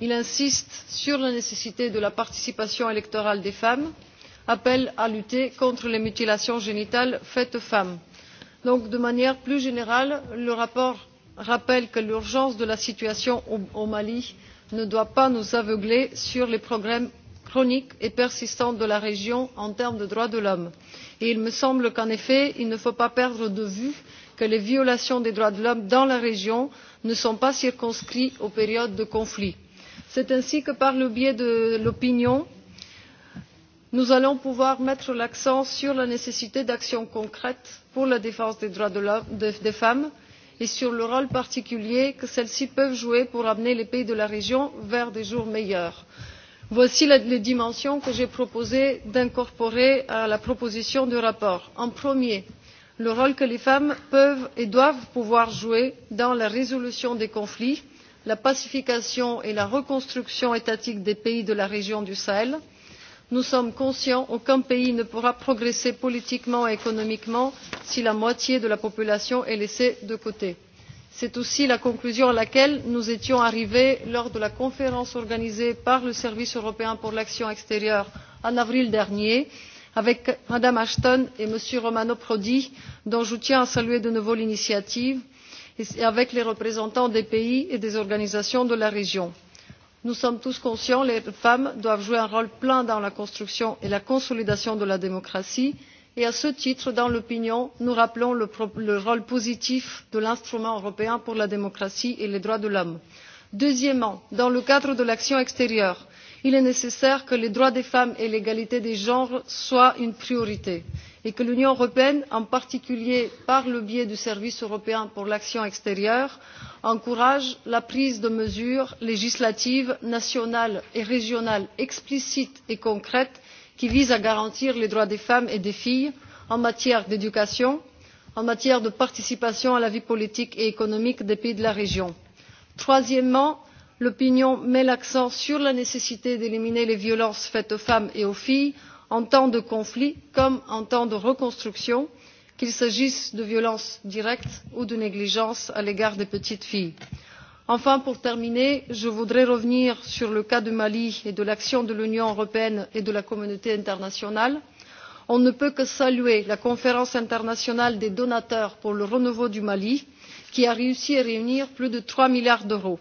il insiste sur la nécessité de la participation électorale des femmes et appelle à lutter contre les mutilations génitales faites aux femmes. Donc, de manière plus générale le rapport rappelle que l'urgence de la situation au mali ne doit pas nous aveugler sur les problèmes chroniques et persistants de la région en termes de droits de l'homme et il me semble qu'en effet il ne faut pas perdre de vue que les violations des droits de l'homme dans la région ne sont pas circonscrites aux périodes de conflit. c'est ainsi que par le biais de l'opinion nous allons pouvoir mettre l'accent sur la nécessité d'actions concrètes pour la défense des droits des femmes et sur le rôle particulier que celles ci peuvent jouer pour amener les pays de la région vers des jours meilleurs. voici les dimensions que j'ai proposé d'incorporer à la proposition de rapport. en premier le rôle que les femmes peuvent et doivent pouvoir jouer dans la résolution des conflits la pacification et la reconstruction étatique des pays de la région du sahel; nous sommes conscients qu'aucun pays ne pourra progresser politiquement et économiquement si la moitié de la population est laissée de côté. c'est aussi la conclusion à laquelle nous étions arrivés lors de la conférence organisée par le service européen pour l'action extérieure en avril dernier avec mme ashton et m. romano prodi dont je tiens à saluer de nouveau l'initiative et avec les représentants des pays et des organisations de la région nous sommes tous conscients que les femmes doivent jouer un rôle plein dans la construction et la consolidation de la démocratie et à ce titre dans l'opinion nous rappelons le, rôle positif de l'instrument européen pour la démocratie et les droits de l'homme. deuxièmement dans le cadre de l'action extérieure il est nécessaire que les droits des femmes et l'égalité des genres soient une priorité et que l'union européenne en particulier par le biais du service européen pour l'action extérieure encourage la prise de mesures législatives nationales et régionales explicites et concrètes qui visent à garantir les droits des femmes et des filles en matière d'éducation en matière de participation à la vie politique et économique des pays de la région. troisièmement l'opinion met l'accent sur la nécessité d'éliminer les violences faites aux femmes et aux filles en temps de conflit comme en temps de reconstruction qu'il s'agisse de violences directes ou de négligence à l'égard des petites filles. enfin pour terminer je voudrais revenir sur le cas du mali et de l'action de l'union européenne et de la communauté internationale. on ne peut que saluer la conférence internationale des donateurs pour le renouveau du mali qui a réussi à réunir plus de trois milliards d'euros.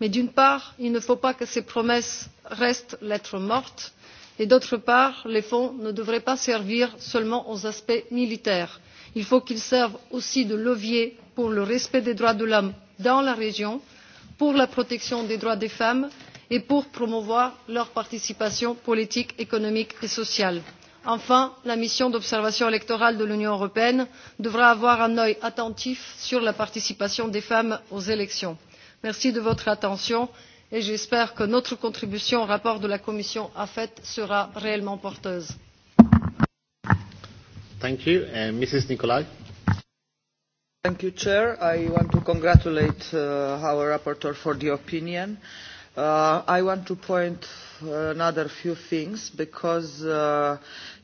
mais d'une part il ne faut pas que ces promesses restent lettre morte et d'autre part les fonds ne devraient pas servir seulement aux aspects militaires il faut qu'ils servent aussi de levier pour le respect des droits de l'homme dans la région pour la protection des droits des femmes et pour promouvoir leur participation politique économique et sociale. enfin la mission d'observation électorale de l'union européenne devra avoir un œil attentif sur la participation des femmes aux élections. merci de votre attention et et j'espère que notre contribution au rapport de la commission afet sera réellement porteuse. Thank Nicolai. Chair. I want to congratulate uh, our rapporteur for the opinion. Uh, I want to point out uh, another few things because uh,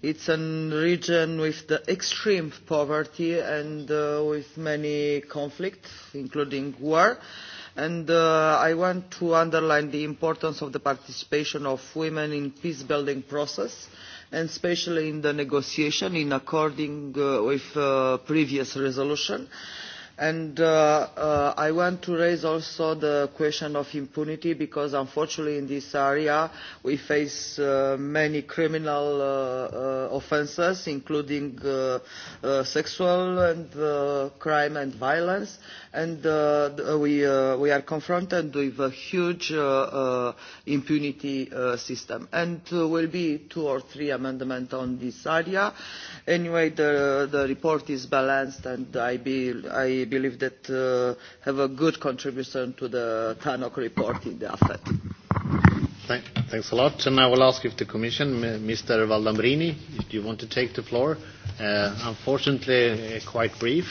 it's a region with extreme poverty and with many conflicts, including war and uh, I want to underline the importance of the participation of women in peace building process and especially in the negotiation in according uh, with uh, previous resolution. Uh, And uh, uh, I want to raise also the question of impunity because unfortunately in this area we face uh, many criminal uh, uh, offences including uh, uh, sexual and uh, crime and violence and uh, uh, we, uh, we are confronted with a huge uh, uh, impunity uh, system. And uh, will be two or three amendments on this area. Anyway, the, the report is balanced and I, be, I believe that uh, have a good contribution to the TANOC report in the AFET. Thank, thanks a lot. And I will ask if the Commission, Mr. Valdambrini, do you want to take the floor? Uh, unfortunately, uh, quite brief.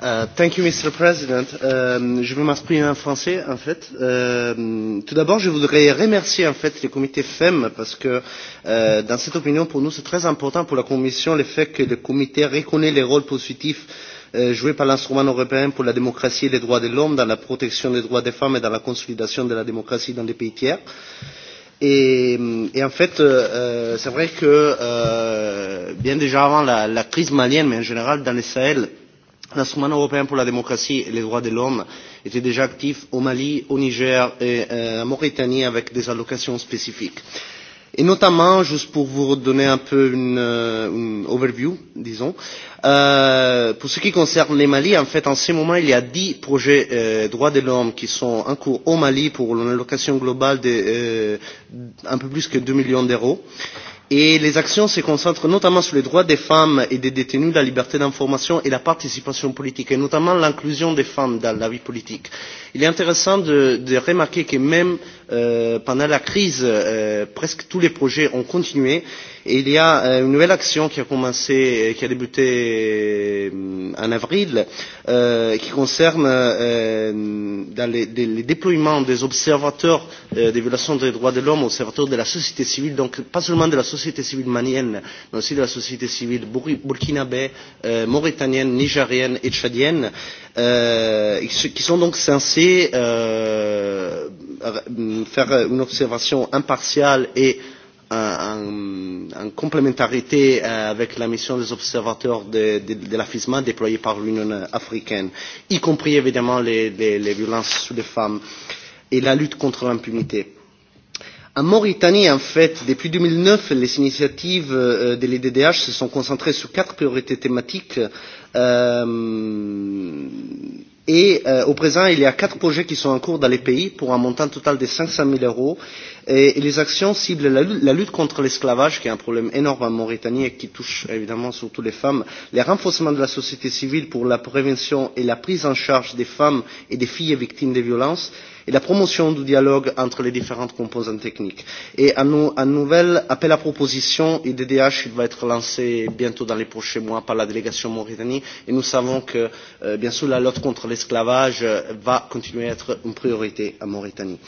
Uh, thank you, Mr. President. Euh, je vais m'exprimer en français, en fait. Euh, tout d'abord, je voudrais remercier en fait le comité FEM parce que euh, dans cette opinion, pour nous, c'est très important pour la Commission le fait que le comité reconnaît les rôles positifs Euh, joué par l'instrument européen pour la démocratie et les droits de l'homme dans la protection des droits des femmes et dans la consolidation de la démocratie dans les pays tiers. Et, euh, et en fait, euh, euh, c'est vrai que euh, bien déjà avant la, la crise malienne, mais en général dans les Sahel, l'instrument européen pour la démocratie et les droits de l'homme était déjà actif au Mali, au Niger et euh, en Mauritanie avec des allocations spécifiques. Et notamment, juste pour vous redonner un peu une, euh, une overview, disons, euh, pour ce qui concerne les Mali, en fait, en ce moment, il y a dix projets euh, droits de l'homme qui sont en cours au Mali pour une allocation globale d'un euh, peu plus que 2 millions d'euros. Euh, Et les actions se concentrent notamment sur les droits des femmes et des détenus, la liberté d'information et la participation politique, et notamment l'inclusion des femmes dans la vie politique. Il est intéressant de, de remarquer que même euh, pendant la crise, euh, presque tous les projets ont continué Et il y a euh, une nouvelle action qui a commencé, euh, qui a débuté euh, en avril, euh, qui concerne euh, dans les, les, les déploiements des observateurs euh, des violations des droits de l'homme, observateurs de la société civile, donc pas seulement de la société civile manienne, mais aussi de la société civile burkinabé, euh, mauritanienne, nigérienne et tchadienne, euh, qui sont donc censés euh, faire une observation impartiale et euh, en, en complémentarité euh, avec la mission des observateurs de, de, de la FISMA déployée par l'Union africaine, y compris évidemment les, les, les violences sur les femmes et la lutte contre l'impunité. En Mauritanie, en fait, depuis 2009, les initiatives euh, de l'EDDH se sont concentrées sur quatre priorités thématiques euh, Et euh, au présent, il y a quatre projets qui sont en cours dans les pays pour un montant total de 500 000 euros. Et, et les actions ciblent la, la lutte contre l'esclavage, qui est un problème énorme en Mauritanie et qui touche évidemment surtout les femmes, le renforcement de la société civile pour la prévention et la prise en charge des femmes et des filles victimes de violences, et la promotion du dialogue entre les différentes composantes techniques. Et un, nou, un nouvel appel à proposition IDDH va être lancé bientôt dans les prochains mois par la délégation Mauritanie et nous savons que euh, bien sûr la lutte contre l'esclavage euh, va continuer à être une priorité en Mauritanie.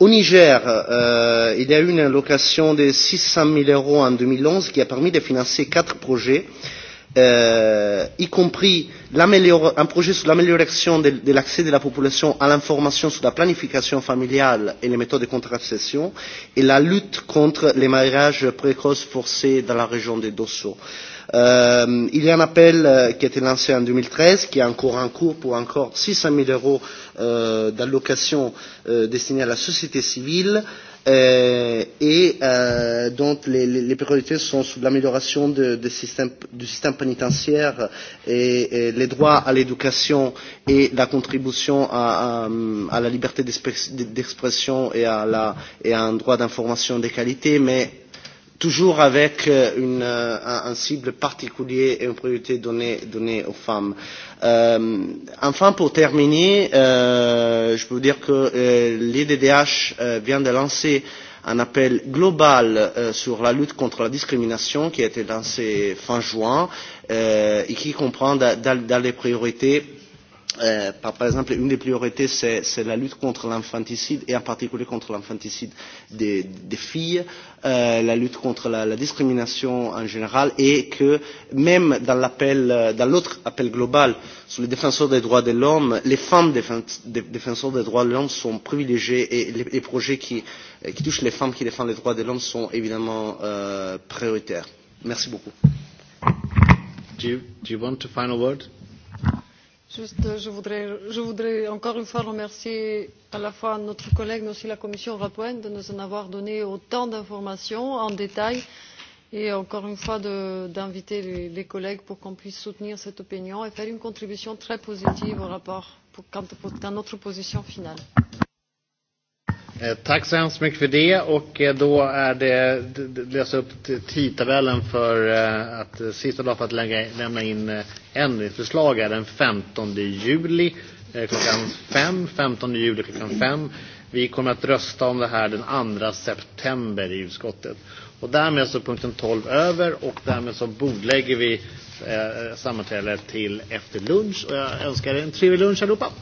Au Niger, euh, il y a eu une allocation de 600 000 euros en 2011 qui a permis de financer quatre projets euh, y compris un projet sur l'amélioration de, de l'accès de la population à l'information sur la planification familiale et les méthodes de contraception et la lutte contre les mariages précoces forcés dans la région de Dosso. Euh, il y a un appel euh, qui a été lancé en 2013, qui est encore en cours pour encore 600 000 euros euh, d'allocations euh, destinées à la société civile. Euh, euh, et euh, dont les, les, les priorités sont l'amélioration de, de système, du système pénitentiaire et, et les droits à l'éducation et la contribution à, à, à la liberté d'expression et, à la, et à un droit d'information de qualité, mais toujours avec euh, une, euh, un cible particulier et une priorité donnée, donnée aux femmes. Euh, enfin, pour terminer, euh, je peux vous dire que euh, l'IDDH euh, vient de lancer un appel global euh, sur la lutte contre la discrimination qui a été lancé fin juin euh, et qui comprend dans, dans les priorités Euh, par, par exemple, une des priorités, c'est, la lutte contre l'infanticide et en particulier contre l'infanticide des, des filles, euh, la lutte contre la, la discrimination en général et que même dans, l'appel, euh, dans l'autre appel global sur les défenseurs des droits de l'homme, les femmes défenseurs des droits de l'homme sont privilégiées et les, les projets qui, euh, qui touchent les femmes qui défendent les droits de l'homme sont évidemment euh, prioritaires. Merci beaucoup. Do you, do you want a final word? Juste, je voudrais, je voudrais encore une fois remercier à la fois notre collègue mais aussi la Commission européenne de nous en avoir donné autant d'informations en détail et encore une fois d'inviter les, les collègues pour qu'on puisse soutenir cette opinion et faire une contribution très positive au rapport pour, quant, à notre position finale. Eh, tack så hemskt mycket för det. Och eh, då är det, läsa upp tidtabellen för eh, att sista dag för att lägga, lämna in ändringsförslag är den 15 juli klockan 5. 15 juli klockan 5. Vi kommer att rösta om det här den 2 september i utskottet. Och därmed så punkten 12 över och därmed så bordlägger vi eh, sammanträdet till efter lunch. Och jag önskar er en trevlig lunch allihopa.